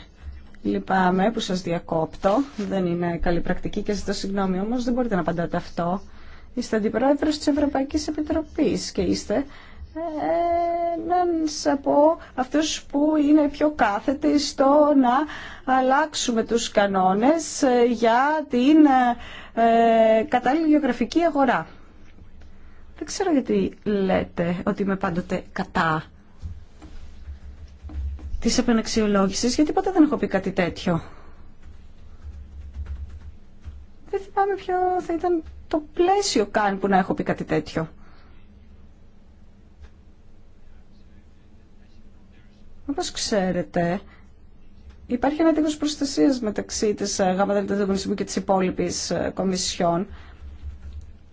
Λυπάμαι που σας διακόπτω. Δεν είναι καλή πρακτική και ζητώ συγγνώμη όμως δεν μπορείτε να απαντάτε αυτό. Είστε αντιπρόεδρος της Ευρωπαϊκής Επιτροπής και είστε ε, ένας πω αυτούς που είναι πιο κάθετοι στο να αλλάξουμε τους κανόνες ε, για την ε, κατάλληλη γεωγραφική αγορά. Δεν ξέρω γιατί λέτε ότι είμαι πάντοτε κατά της επαναξιολόγησης, γιατί ποτέ δεν έχω πει κάτι τέτοιο. Δεν θυμάμαι ποιο θα ήταν το πλαίσιο καν που να έχω πει κάτι τέτοιο. Όπως ξέρετε, υπάρχει ένα τύπος προστασίας μεταξύ της ε, ΓΔ και της υπόλοιπης ε, Κομισιόν.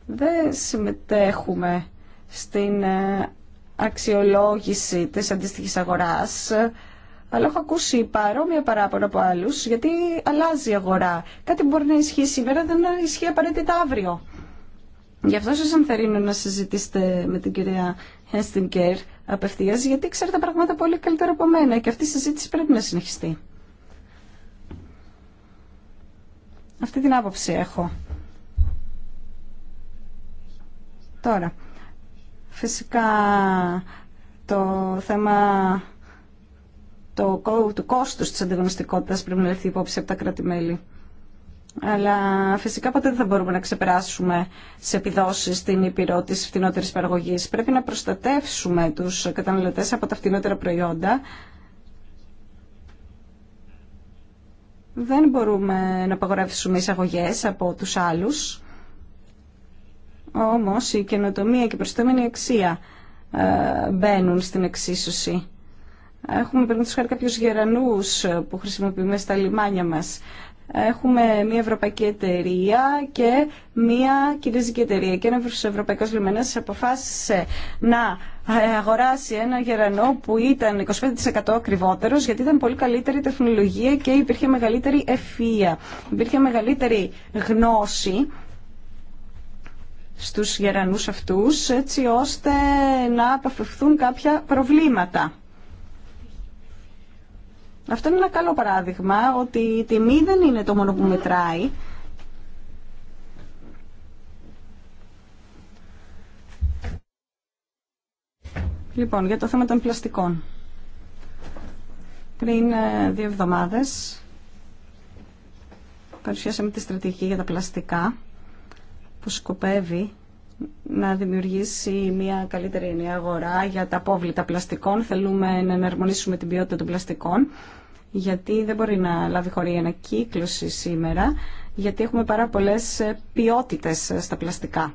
Δεν συμμετέχουμε στην ε, αξιολόγηση της αντίστοιχης αγοράς, αλλά έχω ακούσει παρόμοια παράπονα από άλλου, γιατί αλλάζει η αγορά. Κάτι που μπορεί να ισχύει σήμερα δεν ισχύει απαραίτητα αύριο. Γι' αυτό σας ενθαρρύνω να συζητήσετε με την κυρία Χέστινκερ απευθείας, γιατί ξέρετε τα πράγματα πολύ καλύτερα από μένα και αυτή η συζήτηση πρέπει να συνεχιστεί. Αυτή την άποψη έχω. Τώρα, φυσικά το θέμα το, του κόστου της ανταγωνιστικότητας πρέπει να λεφθεί υπόψη από τα κράτη-μέλη. Αλλά φυσικά ποτέ δεν θα μπορούμε να ξεπεράσουμε σε επιδόσει την ήπειρο τη φτηνότερη παραγωγή. Πρέπει να προστατεύσουμε του καταναλωτέ από τα φτηνότερα προϊόντα. Δεν μπορούμε να απαγορεύσουμε εισαγωγέ από του άλλου. Όμω η καινοτομία και η προστάμενη αξία ε, μπαίνουν στην εξίσωση. Έχουμε, παραδείγματο χάρη, κάποιου γερανού που χρησιμοποιούμε στα λιμάνια μα. Έχουμε μια ευρωπαϊκή εταιρεία και μια κινέζικη εταιρεία. Και ένα ευρωπαϊκό λιμενέ αποφάσισε να ε, αγοράσει ένα γερανό που ήταν 25% ακριβότερο γιατί ήταν πολύ καλύτερη τεχνολογία και υπήρχε μεγαλύτερη ευφία. Υπήρχε μεγαλύτερη γνώση στους γερανούς αυτούς έτσι ώστε να αποφευθούν κάποια προβλήματα. Αυτό είναι ένα καλό παράδειγμα ότι η τιμή δεν είναι το μόνο που μετράει. Λοιπόν, για το θέμα των πλαστικών. Πριν ε, δύο εβδομάδες παρουσιάσαμε τη στρατηγική για τα πλαστικά που σκοπεύει να δημιουργήσει μια καλύτερη νέα αγορά για τα απόβλητα πλαστικών. Θέλουμε να εναρμονίσουμε την ποιότητα των πλαστικών γιατί δεν μπορεί να λάβει χωρί ανακύκλωση σήμερα, γιατί έχουμε πάρα πολλές ε, ποιότητες ε, στα πλαστικά.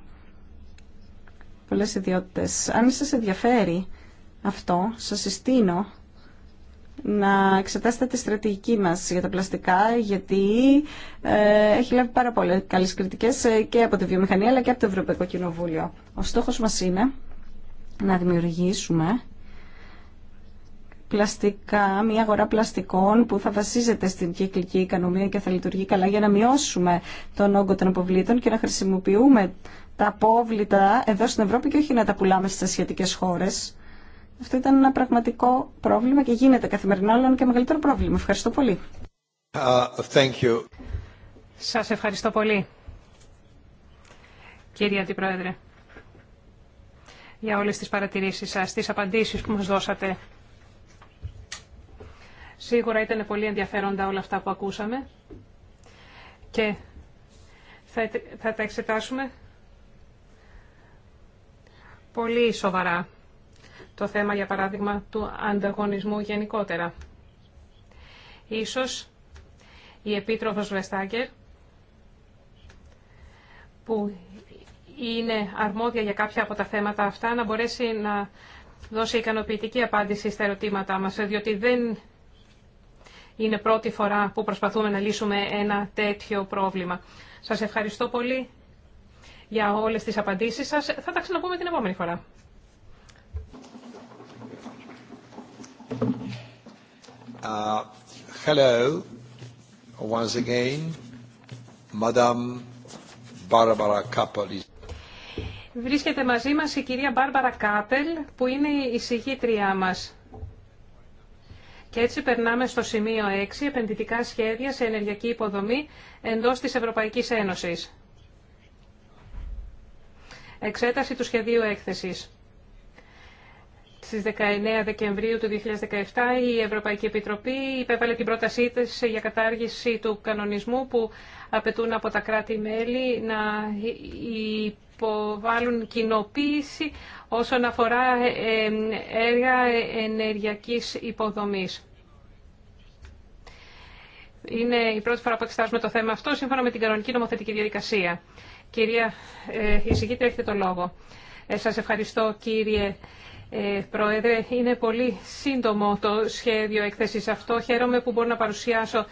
Πολλές ιδιότητες. Αν σας ενδιαφέρει αυτό, σας συστήνω να εξετάσετε τη στρατηγική μας για τα πλαστικά, γιατί ε, έχει λάβει πάρα πολλές καλές κριτικές και από τη βιομηχανία, αλλά και από το Ευρωπαϊκό Κοινοβούλιο. Ο στόχος μας είναι να δημιουργήσουμε πλαστικά, μια αγορά πλαστικών που θα βασίζεται στην κυκλική οικονομία και θα λειτουργεί καλά για να μειώσουμε τον όγκο των αποβλήτων και να χρησιμοποιούμε τα απόβλητα εδώ στην Ευρώπη και όχι να τα πουλάμε στις ασιατικές χώρες. Αυτό ήταν ένα πραγματικό πρόβλημα και γίνεται καθημερινά όλων και μεγαλύτερο πρόβλημα. Ευχαριστώ πολύ. Uh, thank Σας ευχαριστώ πολύ, κύριε Αντιπρόεδρε, για όλες τις παρατηρήσεις σας, τις απαντήσεις που μας δώσατε. Σίγουρα ήταν πολύ ενδιαφέροντα όλα αυτά που ακούσαμε και θα τα εξετάσουμε πολύ σοβαρά το θέμα, για παράδειγμα, του ανταγωνισμού γενικότερα. Ίσως η Επίτροφος Βεστάγκερ, που είναι αρμόδια για κάποια από τα θέματα αυτά, να μπορέσει να δώσει ικανοποιητική απάντηση στα ερωτήματά μας, διότι δεν είναι πρώτη φορά που προσπαθούμε να λύσουμε ένα τέτοιο πρόβλημα. Σας ευχαριστώ πολύ για όλες τις απαντήσεις σας. Θα τα ξαναπούμε την επόμενη φορά. Uh, hello, once again, Madam Barbara Kappel. Βρίσκεται μαζί μας η κυρία Μπάρμπαρα Κάπελ, που είναι η συγγήτριά μας. Και έτσι περνάμε στο σημείο 6, επενδυτικά σχέδια σε ενεργειακή υποδομή εντός της Ευρωπαϊκής Ένωσης. Εξέταση του σχεδίου έκθεσης. Στις 19 Δεκεμβρίου του 2017 η Ευρωπαϊκή Επιτροπή υπέβαλε την πρότασή της για κατάργηση του κανονισμού που απαιτούν από τα κράτη-μέλη να που βάλουν κοινοποίηση όσον αφορά έργα ενεργειακής υποδομής. Είναι η πρώτη φορά που εξετάζουμε το θέμα αυτό σύμφωνα με την κανονική νομοθετική διαδικασία. Κυρία ε, εισηγήτρια, έχετε το λόγο. Ε, σας ευχαριστώ κύριε ε, Πρόεδρε. Είναι πολύ σύντομο το σχέδιο έκθεσης αυτό. Χαίρομαι που μπορώ να παρουσιάσω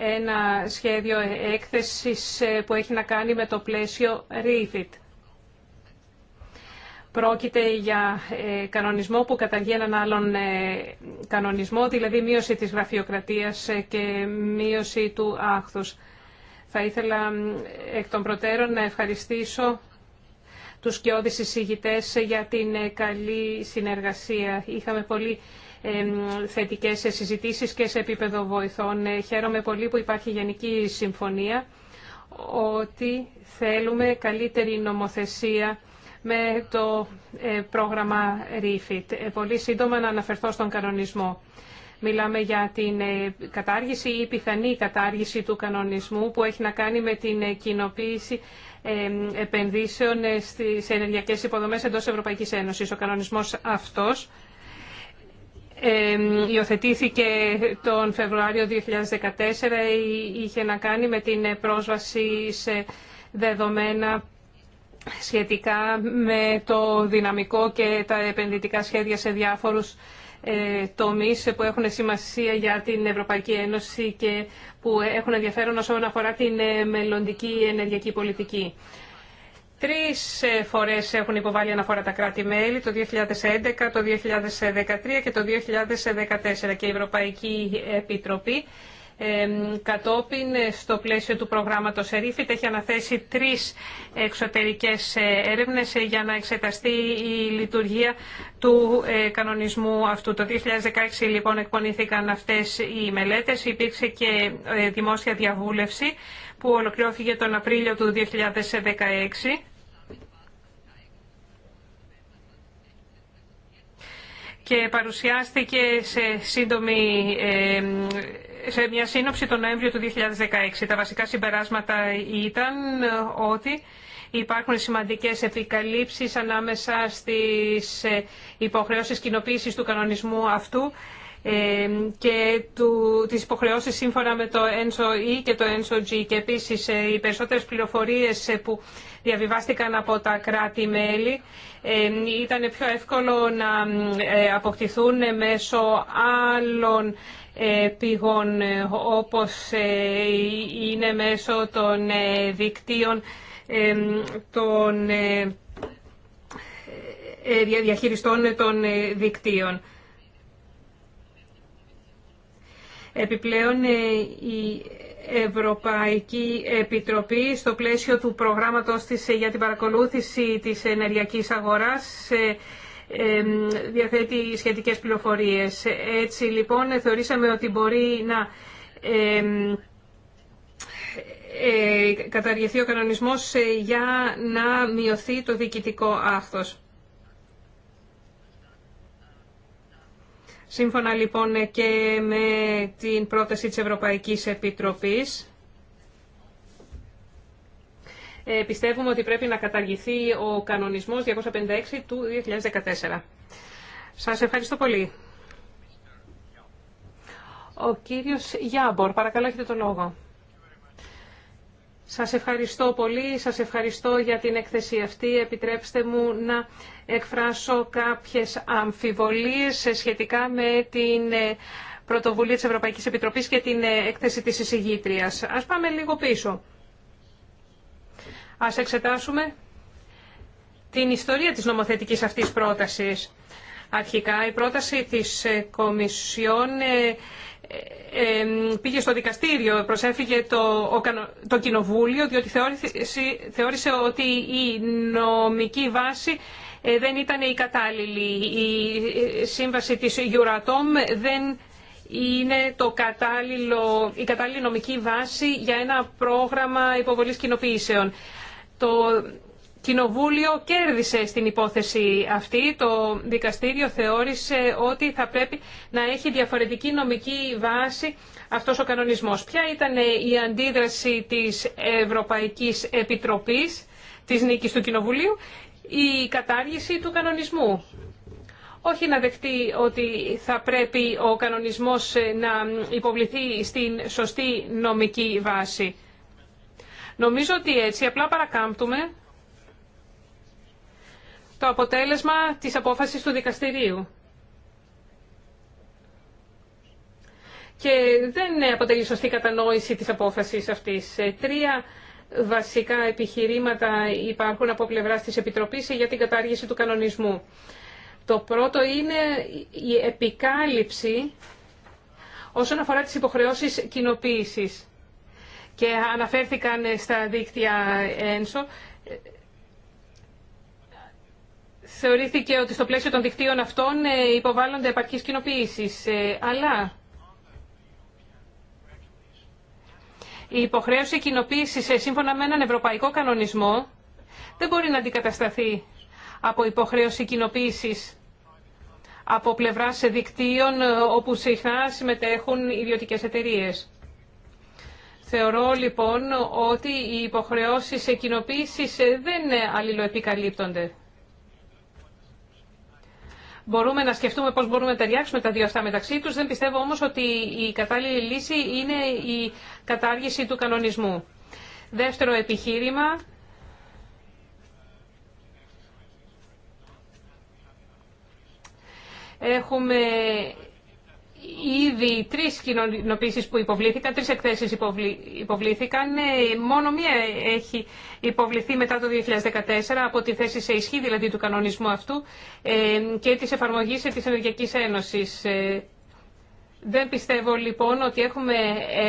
ένα σχέδιο έκθεσης ε, που έχει να κάνει με το πλαίσιο REFIT. Πρόκειται για ε, κανονισμό που καταργεί έναν άλλον ε, κανονισμό, δηλαδή μείωση της γραφειοκρατίας και μείωση του άχθους. Θα ήθελα εκ των προτέρων να ευχαριστήσω τους κοιόδης εισηγητές για την καλή συνεργασία. Είχαμε πολύ θετικές συζητήσεις και σε επίπεδο βοηθών. Ε, χαίρομαι πολύ που υπάρχει γενική συμφωνία ότι θέλουμε καλύτερη νομοθεσία με το ε, πρόγραμμα REFIT. Ε, πολύ σύντομα να αναφερθώ στον κανονισμό. Μιλάμε για την κατάργηση ή πιθανή κατάργηση του κανονισμού που έχει να κάνει με την κοινοποίηση επενδύσεων σε ενεργειακές υποδομές εντός Ευρωπαϊκής Ένωσης. Ο κανονισμός αυτός υιοθετήθηκε τον Φεβρουάριο 2014 ε, είχε να κάνει με την ε, πρόσβαση σε δεδομένα σχετικά με το δυναμικό και τα επενδυτικά σχέδια σε διάφορους ε, τομείς που έχουν σημασία για την Ευρωπαϊκή Ένωση και που έχουν ενδιαφέρον όσον αφορά την μελλοντική ενεργειακή πολιτική. Τρεις ε, φορές έχουν υποβάλει αναφορά τα κράτη-μέλη, το 2011, το 2013 και το 2014 και η Ευρωπαϊκή Επιτροπή κατόπιν ε, στο πλαίσιο του προγράμματος ΕΡΙΦΙΤ έχει αναθέσει τρεις εξωτερικές ε, έρευνες για να εξεταστεί η λειτουργία του κανονισμού αυτού. Το 2016 λοιπόν εκπονήθηκαν αυτές οι μελέτες, υπήρξε και δημόσια διαβούλευση που ολοκληρώθηκε τον Απρίλιο του 2016 και παρουσιάστηκε σε, σύντομη, ε, σε μια σύνοψη τον Νοέμβριο του 2016. Τα βασικά συμπεράσματα ήταν ότι υπάρχουν σημαντικές επικαλύψεις ανάμεσα στις ε, υποχρεώσεις κοινοποίησης του κανονισμού αυτού ε, και του, τις υποχρεώσεις σύμφωνα με το ENSO-E και το ENSO-G και επίσης οι περισσότερες πληροφορίες που διαβιβάστηκαν από τα κράτη-μέλη ε, ήταν πιο εύκολο να ε, αποκτηθούν μέσω άλλων ε, πηγών όπως είναι μέσω των δικτύων των διαχειριστών των δικτύων. Επιπλέον, η Ευρωπαϊκή Επιτροπή στο πλαίσιο του προγράμματος της ε, για την παρακολούθηση της ενεργειακής αγοράς ε, διαθέτει σχετικές πληροφορίες. Έτσι λοιπόν θεωρήσαμε ότι μπορεί να ε, καταργηθεί ο κανονισμός για να μειωθεί το διοικητικό άχθος. Σύμφωνα λοιπόν και με την πρόταση της Ευρωπαϊκής Επιτροπής, ε, πιστεύουμε ότι πρέπει να καταργηθεί ο κανονισμός 256 του 2014. Σας ευχαριστώ πολύ. Ο κύριος Γιάμπορ, παρακαλώ έχετε το λόγο. Σας ευχαριστώ πολύ, σας ευχαριστώ για την έκθεση αυτή. Επιτρέψτε μου να εκφράσω κάποιες αμφιβολίες σχετικά με την ε, πρωτοβουλία της Ευρωπαϊκής Επιτροπής και την ε, έκθεση της εισηγήτριας. Ας πάμε λίγο πίσω. Ας εξετάσουμε την ιστορία της νομοθετικής αυτής πρότασης. Αρχικά η πρόταση της ε, Κομισιόν πήγε στο δικαστήριο, προσέφυγε το, το κοινοβούλιο, διότι θεώρησε ότι η νομική βάση ε, δεν ήταν η κατάλληλη. Η σύμβαση της Euratom δεν είναι το κατάλληλο, η κατάλληλη νομική βάση για ένα πρόγραμμα υποβολής κοινοποιήσεων. Κοινοβούλιο κέρδισε στην υπόθεση αυτή. Το δικαστήριο θεώρησε ότι θα πρέπει να έχει διαφορετική νομική βάση αυτός ο κανονισμός. Ποια ήταν η αντίδραση της Ευρωπαϊκής Επιτροπής της νίκης του Κοινοβουλίου, η κατάργηση του κανονισμού. Όχι να δεχτεί ότι θα πρέπει ο κανονισμός να υποβληθεί στην σωστή νομική βάση. Νομίζω ότι έτσι απλά παρακάμπτουμε το αποτέλεσμα της απόφασης του δικαστηρίου. Και δεν αποτελεί σωστή κατανόηση της απόφασης αυτής. Ε, τρία βασικά επιχειρήματα υπάρχουν από πλευράς της Επιτροπής για την κατάργηση του κανονισμού. Το πρώτο είναι η επικάλυψη όσον αφορά τις υποχρεώσεις κοινοποίησης. Και αναφέρθηκαν στα δίκτυα ένσω θεωρήθηκε ότι στο πλαίσιο των δικτύων αυτών ε, υποβάλλονται επαρκείς κοινοποίησεις. Ε, αλλά η υποχρέωση κοινοποίησης ε, σύμφωνα με έναν ευρωπαϊκό κανονισμό δεν μπορεί να αντικατασταθεί από υποχρέωση κοινοποίησης από πλευράς δικτύων όπου συχνά συμμετέχουν ιδιωτικές εταιρείες. Θεωρώ λοιπόν ότι οι υποχρεώσεις κοινοποίησης δεν αλληλοεπικαλύπτονται. Μπορούμε να σκεφτούμε πώς μπορούμε να ταιριάξουμε τα δύο αυτά μεταξύ τους. Δεν πιστεύω όμως ότι η κατάλληλη λύση είναι η κατάργηση του κανονισμού. Δεύτερο επιχείρημα. Έχουμε ήδη τρει κοινωνοποίησεις που υποβλήθηκαν, τρεις εκθέσεις υποβλήθηκαν. Ε, μόνο μία έχει υποβληθεί μετά το 2014 από τη θέση σε ισχύ δηλαδή του κανονισμού αυτού ε, και της εφαρμογής της Ενεργειακής Ένωσης. Ε, δεν πιστεύω λοιπόν ότι έχουμε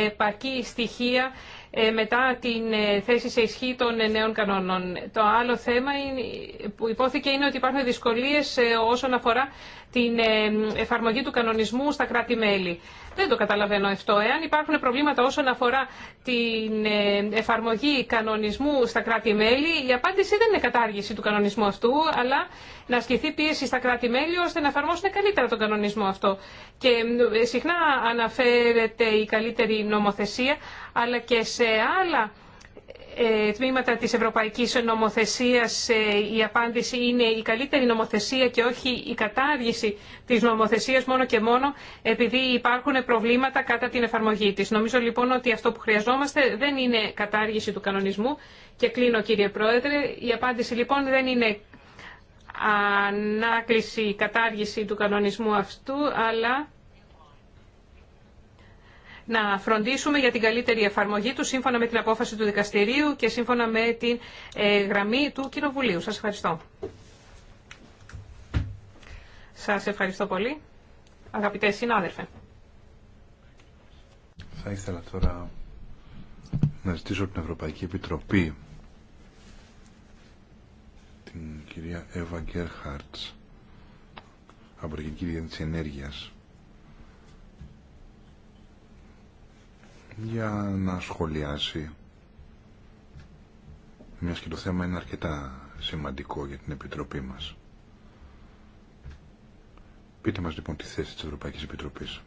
επαρκή στοιχεία ε, μετά την ε, θέση σε ισχύ των ε, νέων κανόνων. Το άλλο θέμα που υπόθηκε είναι ότι υπάρχουν δυσκολίες όσον αφορά την εφαρμογή του κανονισμού στα κράτη-μέλη. Δεν το καταλαβαίνω αυτό. Εάν υπάρχουν προβλήματα όσον αφορά την ε, εφαρμογή κανονισμού στα κράτη-μέλη, η απάντηση δεν είναι κατάργηση του κανονισμού αυτού, αλλά να ασκηθεί πίεση στα κράτη-μέλη ώστε να εφαρμόσουν καλύτερα τον κανονισμό αυτό. Και ε, συχνά αναφέρεται η καλύτερη νομοθεσία, αλλά και σε άλλα ε, τμήματα της ευρωπαϊκής νομοθεσίας ε, η απάντηση είναι η καλύτερη νομοθεσία και όχι η κατάργηση της νομοθεσίας μόνο και μόνο επειδή υπάρχουν προβλήματα κατά την εφαρμογή της. Νομίζω λοιπόν ότι αυτό που χρειαζόμαστε δεν είναι κατάργηση του κανονισμού και κλείνω κύριε Πρόεδρε. Η απάντηση λοιπόν δεν είναι ανάκληση, κατάργηση του κανονισμού αυτού αλλά να φροντίσουμε για την καλύτερη εφαρμογή του σύμφωνα με την απόφαση του δικαστηρίου και σύμφωνα με την ε, γραμμή του Κοινοβουλίου. Σας ευχαριστώ. Σας ευχαριστώ πολύ. Αγαπητές συνάδελφε. Θα ήθελα τώρα να ζητήσω την Ευρωπαϊκή Επιτροπή την κυρία Εύα Γκέρχαρτς από την κυρία Διεύθυνση Ενέργειας για να σχολιάσει μιας και το θέμα είναι αρκετά σημαντικό για την Επιτροπή μας. Πείτε μας λοιπόν τη θέση της Ευρωπαϊκής Επιτροπής.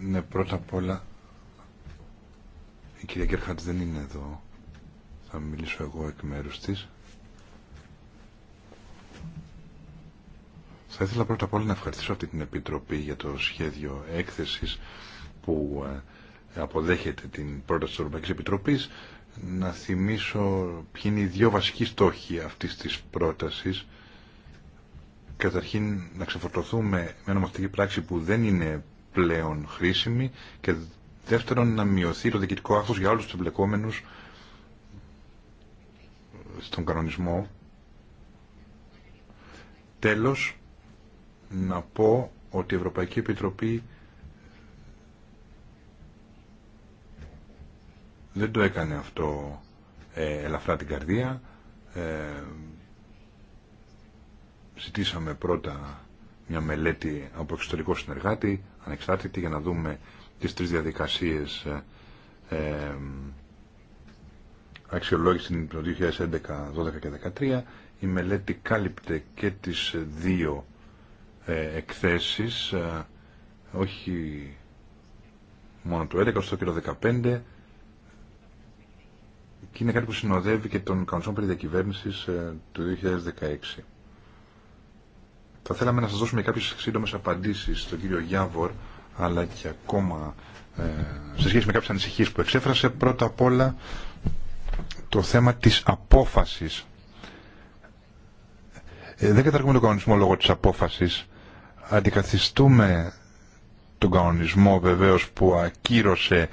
Ναι, πρώτα απ' όλα η κυρία Γκερχάτ δεν είναι εδώ. Θα μιλήσω εγώ εκ μέρους της. Θα ήθελα πρώτα απ' όλα να ευχαριστήσω αυτή την Επιτροπή για το σχέδιο έκθεσης που ε, αποδέχεται την πρόταση της Ευρωπαϊκής Επιτροπής να θυμίσω ποιοι είναι οι δύο βασικοί στόχοι αυτής της πρότασης. Καταρχήν να ξεφορτωθούμε με νομοθετική πράξη που δεν είναι πλέον χρήσιμη και δεύτερον να μειωθεί το διοικητικό άχθος για όλους τους εμπλεκόμενους στον κανονισμό. Τέλος, να πω ότι η Ευρωπαϊκή Επιτροπή δεν το έκανε αυτό ε, ελαφρά την καρδία. Ε, ζητήσαμε πρώτα μια μελέτη από εξωτερικό συνεργάτη, ανεξάρτητη, για να δούμε τις τρεις διαδικασίες ε, ε αξιολόγηση το 2011, 2012 και 2013. Η μελέτη κάλυπτε και τις δύο ε, εκθέσεις, ε, όχι μόνο το 2011, το 2015, και είναι κάτι που συνοδεύει και τον κανονισμό περί διακυβέρνησης ε, του 2016. Θα θέλαμε να σα δώσουμε κάποιες σύντομε απαντήσεις στον κύριο Γιάβορ, αλλά και ακόμα ε, σε σχέση με κάποιε ανησυχίε που εξέφρασε. Πρώτα απ' όλα το θέμα της απόφασης. Ε, δεν καταργούμε τον κανονισμό λόγω της απόφασης. Αντικαθιστούμε τον κανονισμό βεβαίως που ακύρωσε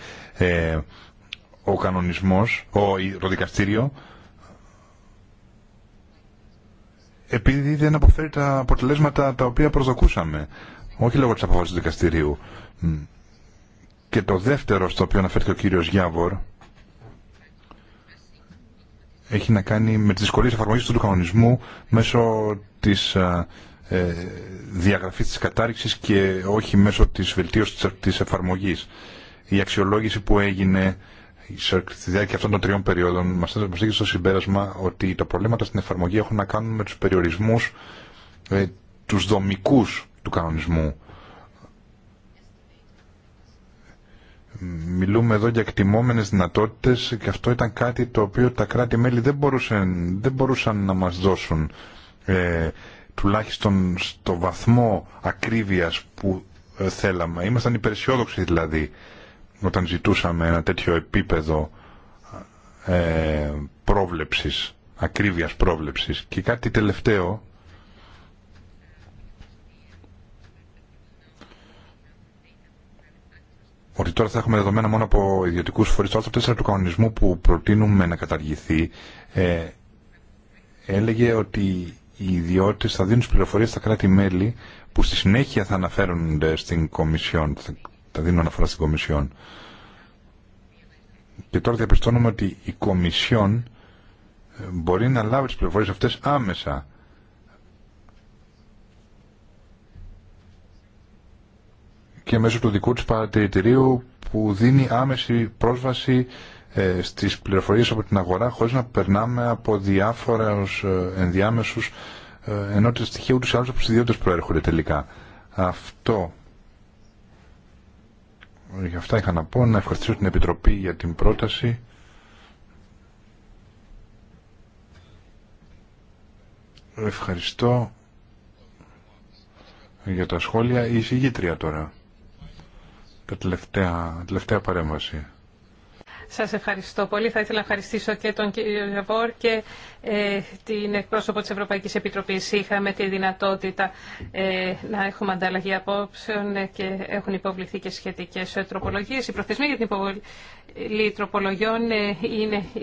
ο κανονισμός, ο, το δικαστήριο, επειδή δεν αποφέρει τα αποτελέσματα τα οποία προσδοκούσαμε. Όχι λόγω της αποφάσης του δικαστηρίου. Και το δεύτερο στο οποίο αναφέρθηκε ο κύριος Γιάβορ έχει να κάνει με τις δυσκολίες εφαρμογής του κανονισμού μέσω της ε, ε διαγραφής της κατάρριξης και όχι μέσω της βελτίωσης της εφαρμογής. Η αξιολόγηση που έγινε στη διάρκεια αυτών των τριών περίοδων μας έδωσε στο συμπέρασμα ότι τα προβλήματα στην εφαρμογή έχουν να κάνουν με τους περιορισμούς ε, τους δομικούς του κανονισμού. Μιλούμε εδώ για εκτιμόμενες δυνατότητες και αυτό ήταν κάτι το οποίο τα κράτη-μέλη δεν, μπορούσαν, δεν μπορούσαν να μας δώσουν ε, τουλάχιστον στο βαθμό ακρίβειας που ε, θέλαμε. Ήμασταν υπεραισιόδοξοι δηλαδή όταν ζητούσαμε ένα τέτοιο επίπεδο ε, πρόβλεψης, ακρίβειας πρόβλεψης. Και κάτι τελευταίο, ότι τώρα θα έχουμε δεδομένα μόνο από ιδιωτικούς φορείς. Το άρθρο 4 του κανονισμού που προτείνουμε να καταργηθεί ε, έλεγε ότι οι ιδιώτες θα δίνουν τις πληροφορίες στα κράτη-μέλη που στη συνέχεια θα αναφέρονται στην Κομισιόν τα δίνω αναφορά στην Κομισιόν. Και τώρα διαπιστώνουμε ότι η Κομισιόν ε, μπορεί να λάβει τις πληροφορίες αυτές άμεσα. και μέσω του δικού της παρατηρητηρίου που δίνει άμεση πρόσβαση ε, στις πληροφορίες από την αγορά χωρίς να περνάμε από διάφορους ε, ενδιάμεσους ε, ενώ τα στοιχεία ούτως ή άλλως από τις ιδιότητες προέρχονται τελικά. Αυτό Γι' αυτά είχα να πω. Να ευχαριστήσω την Επιτροπή για την πρόταση. Ευχαριστώ για τα σχόλια. Η εισηγήτρια τώρα. Τα τελευταία, τελευταία παρέμβαση. Σας ευχαριστώ πολύ. Θα ήθελα να ευχαριστήσω και τον κύριο Λεβόρ και ε, την εκπρόσωπο της Ευρωπαϊκής Επιτροπής. Είχαμε τη δυνατότητα ε, να έχουμε ανταλλαγή απόψεων ε, και έχουν υποβληθεί και σχετικές ε, τροπολογίες. Οι προθεσμοί για την υποβολή τροπολογιών ε, είναι 26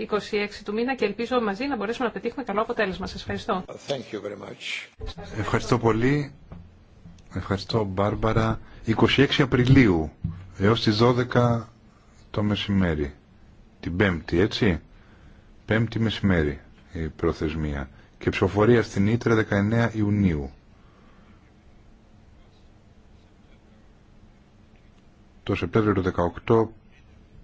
του μήνα και ελπίζω μαζί να μπορέσουμε να πετύχουμε καλό αποτέλεσμα. Σας ευχαριστώ. Ευχαριστώ πολύ. Ευχαριστώ Μπάρμπαρα. 26 Απριλίου έως τις 12 το μεσημέρι την Πέμπτη, έτσι. Πέμπτη μεσημέρι η προθεσμία. Και ψηφοφορία στην Ήτρα 19 Ιουνίου. Το Σεπτέμβριο του 18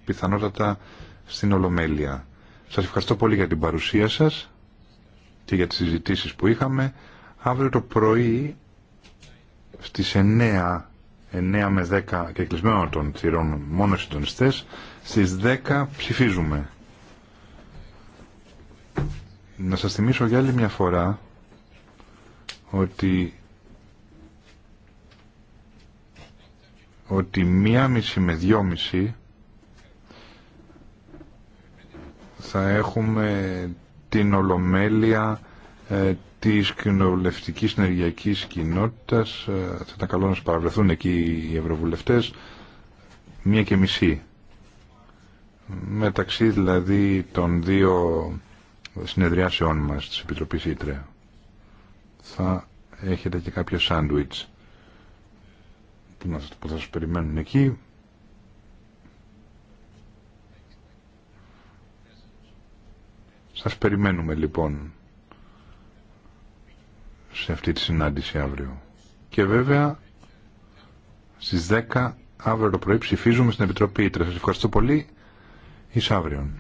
πιθανότατα στην Ολομέλεια. Σας ευχαριστώ πολύ για την παρουσία σας και για τις συζητήσεις που είχαμε. Αύριο το πρωί στις 9, 9 με 10 και κλεισμένο των θυρών μόνο συντονιστές στις 10 ψηφίζουμε. Να σας θυμίσω για άλλη μια φορά ότι ότι μία μισή με δυόμιση θα έχουμε την ολομέλεια ε, της κοινοβουλευτικής συνεργειακής κοινότητας. Ε, θα ήταν καλό να σας παραβρεθούν εκεί οι ευρωβουλευτές. Μία και μισή μεταξύ δηλαδή των δύο συνεδριάσεών μας της Επιτροπής Ήτρε. Θα έχετε και κάποιο σάντουιτς που θα σας περιμένουν εκεί. Σας περιμένουμε λοιπόν σε αυτή τη συνάντηση αύριο. Και βέβαια στις 10 αύριο το πρωί ψηφίζουμε στην Επιτροπή Ήτρε. Σας ευχαριστώ πολύ εις αύριον.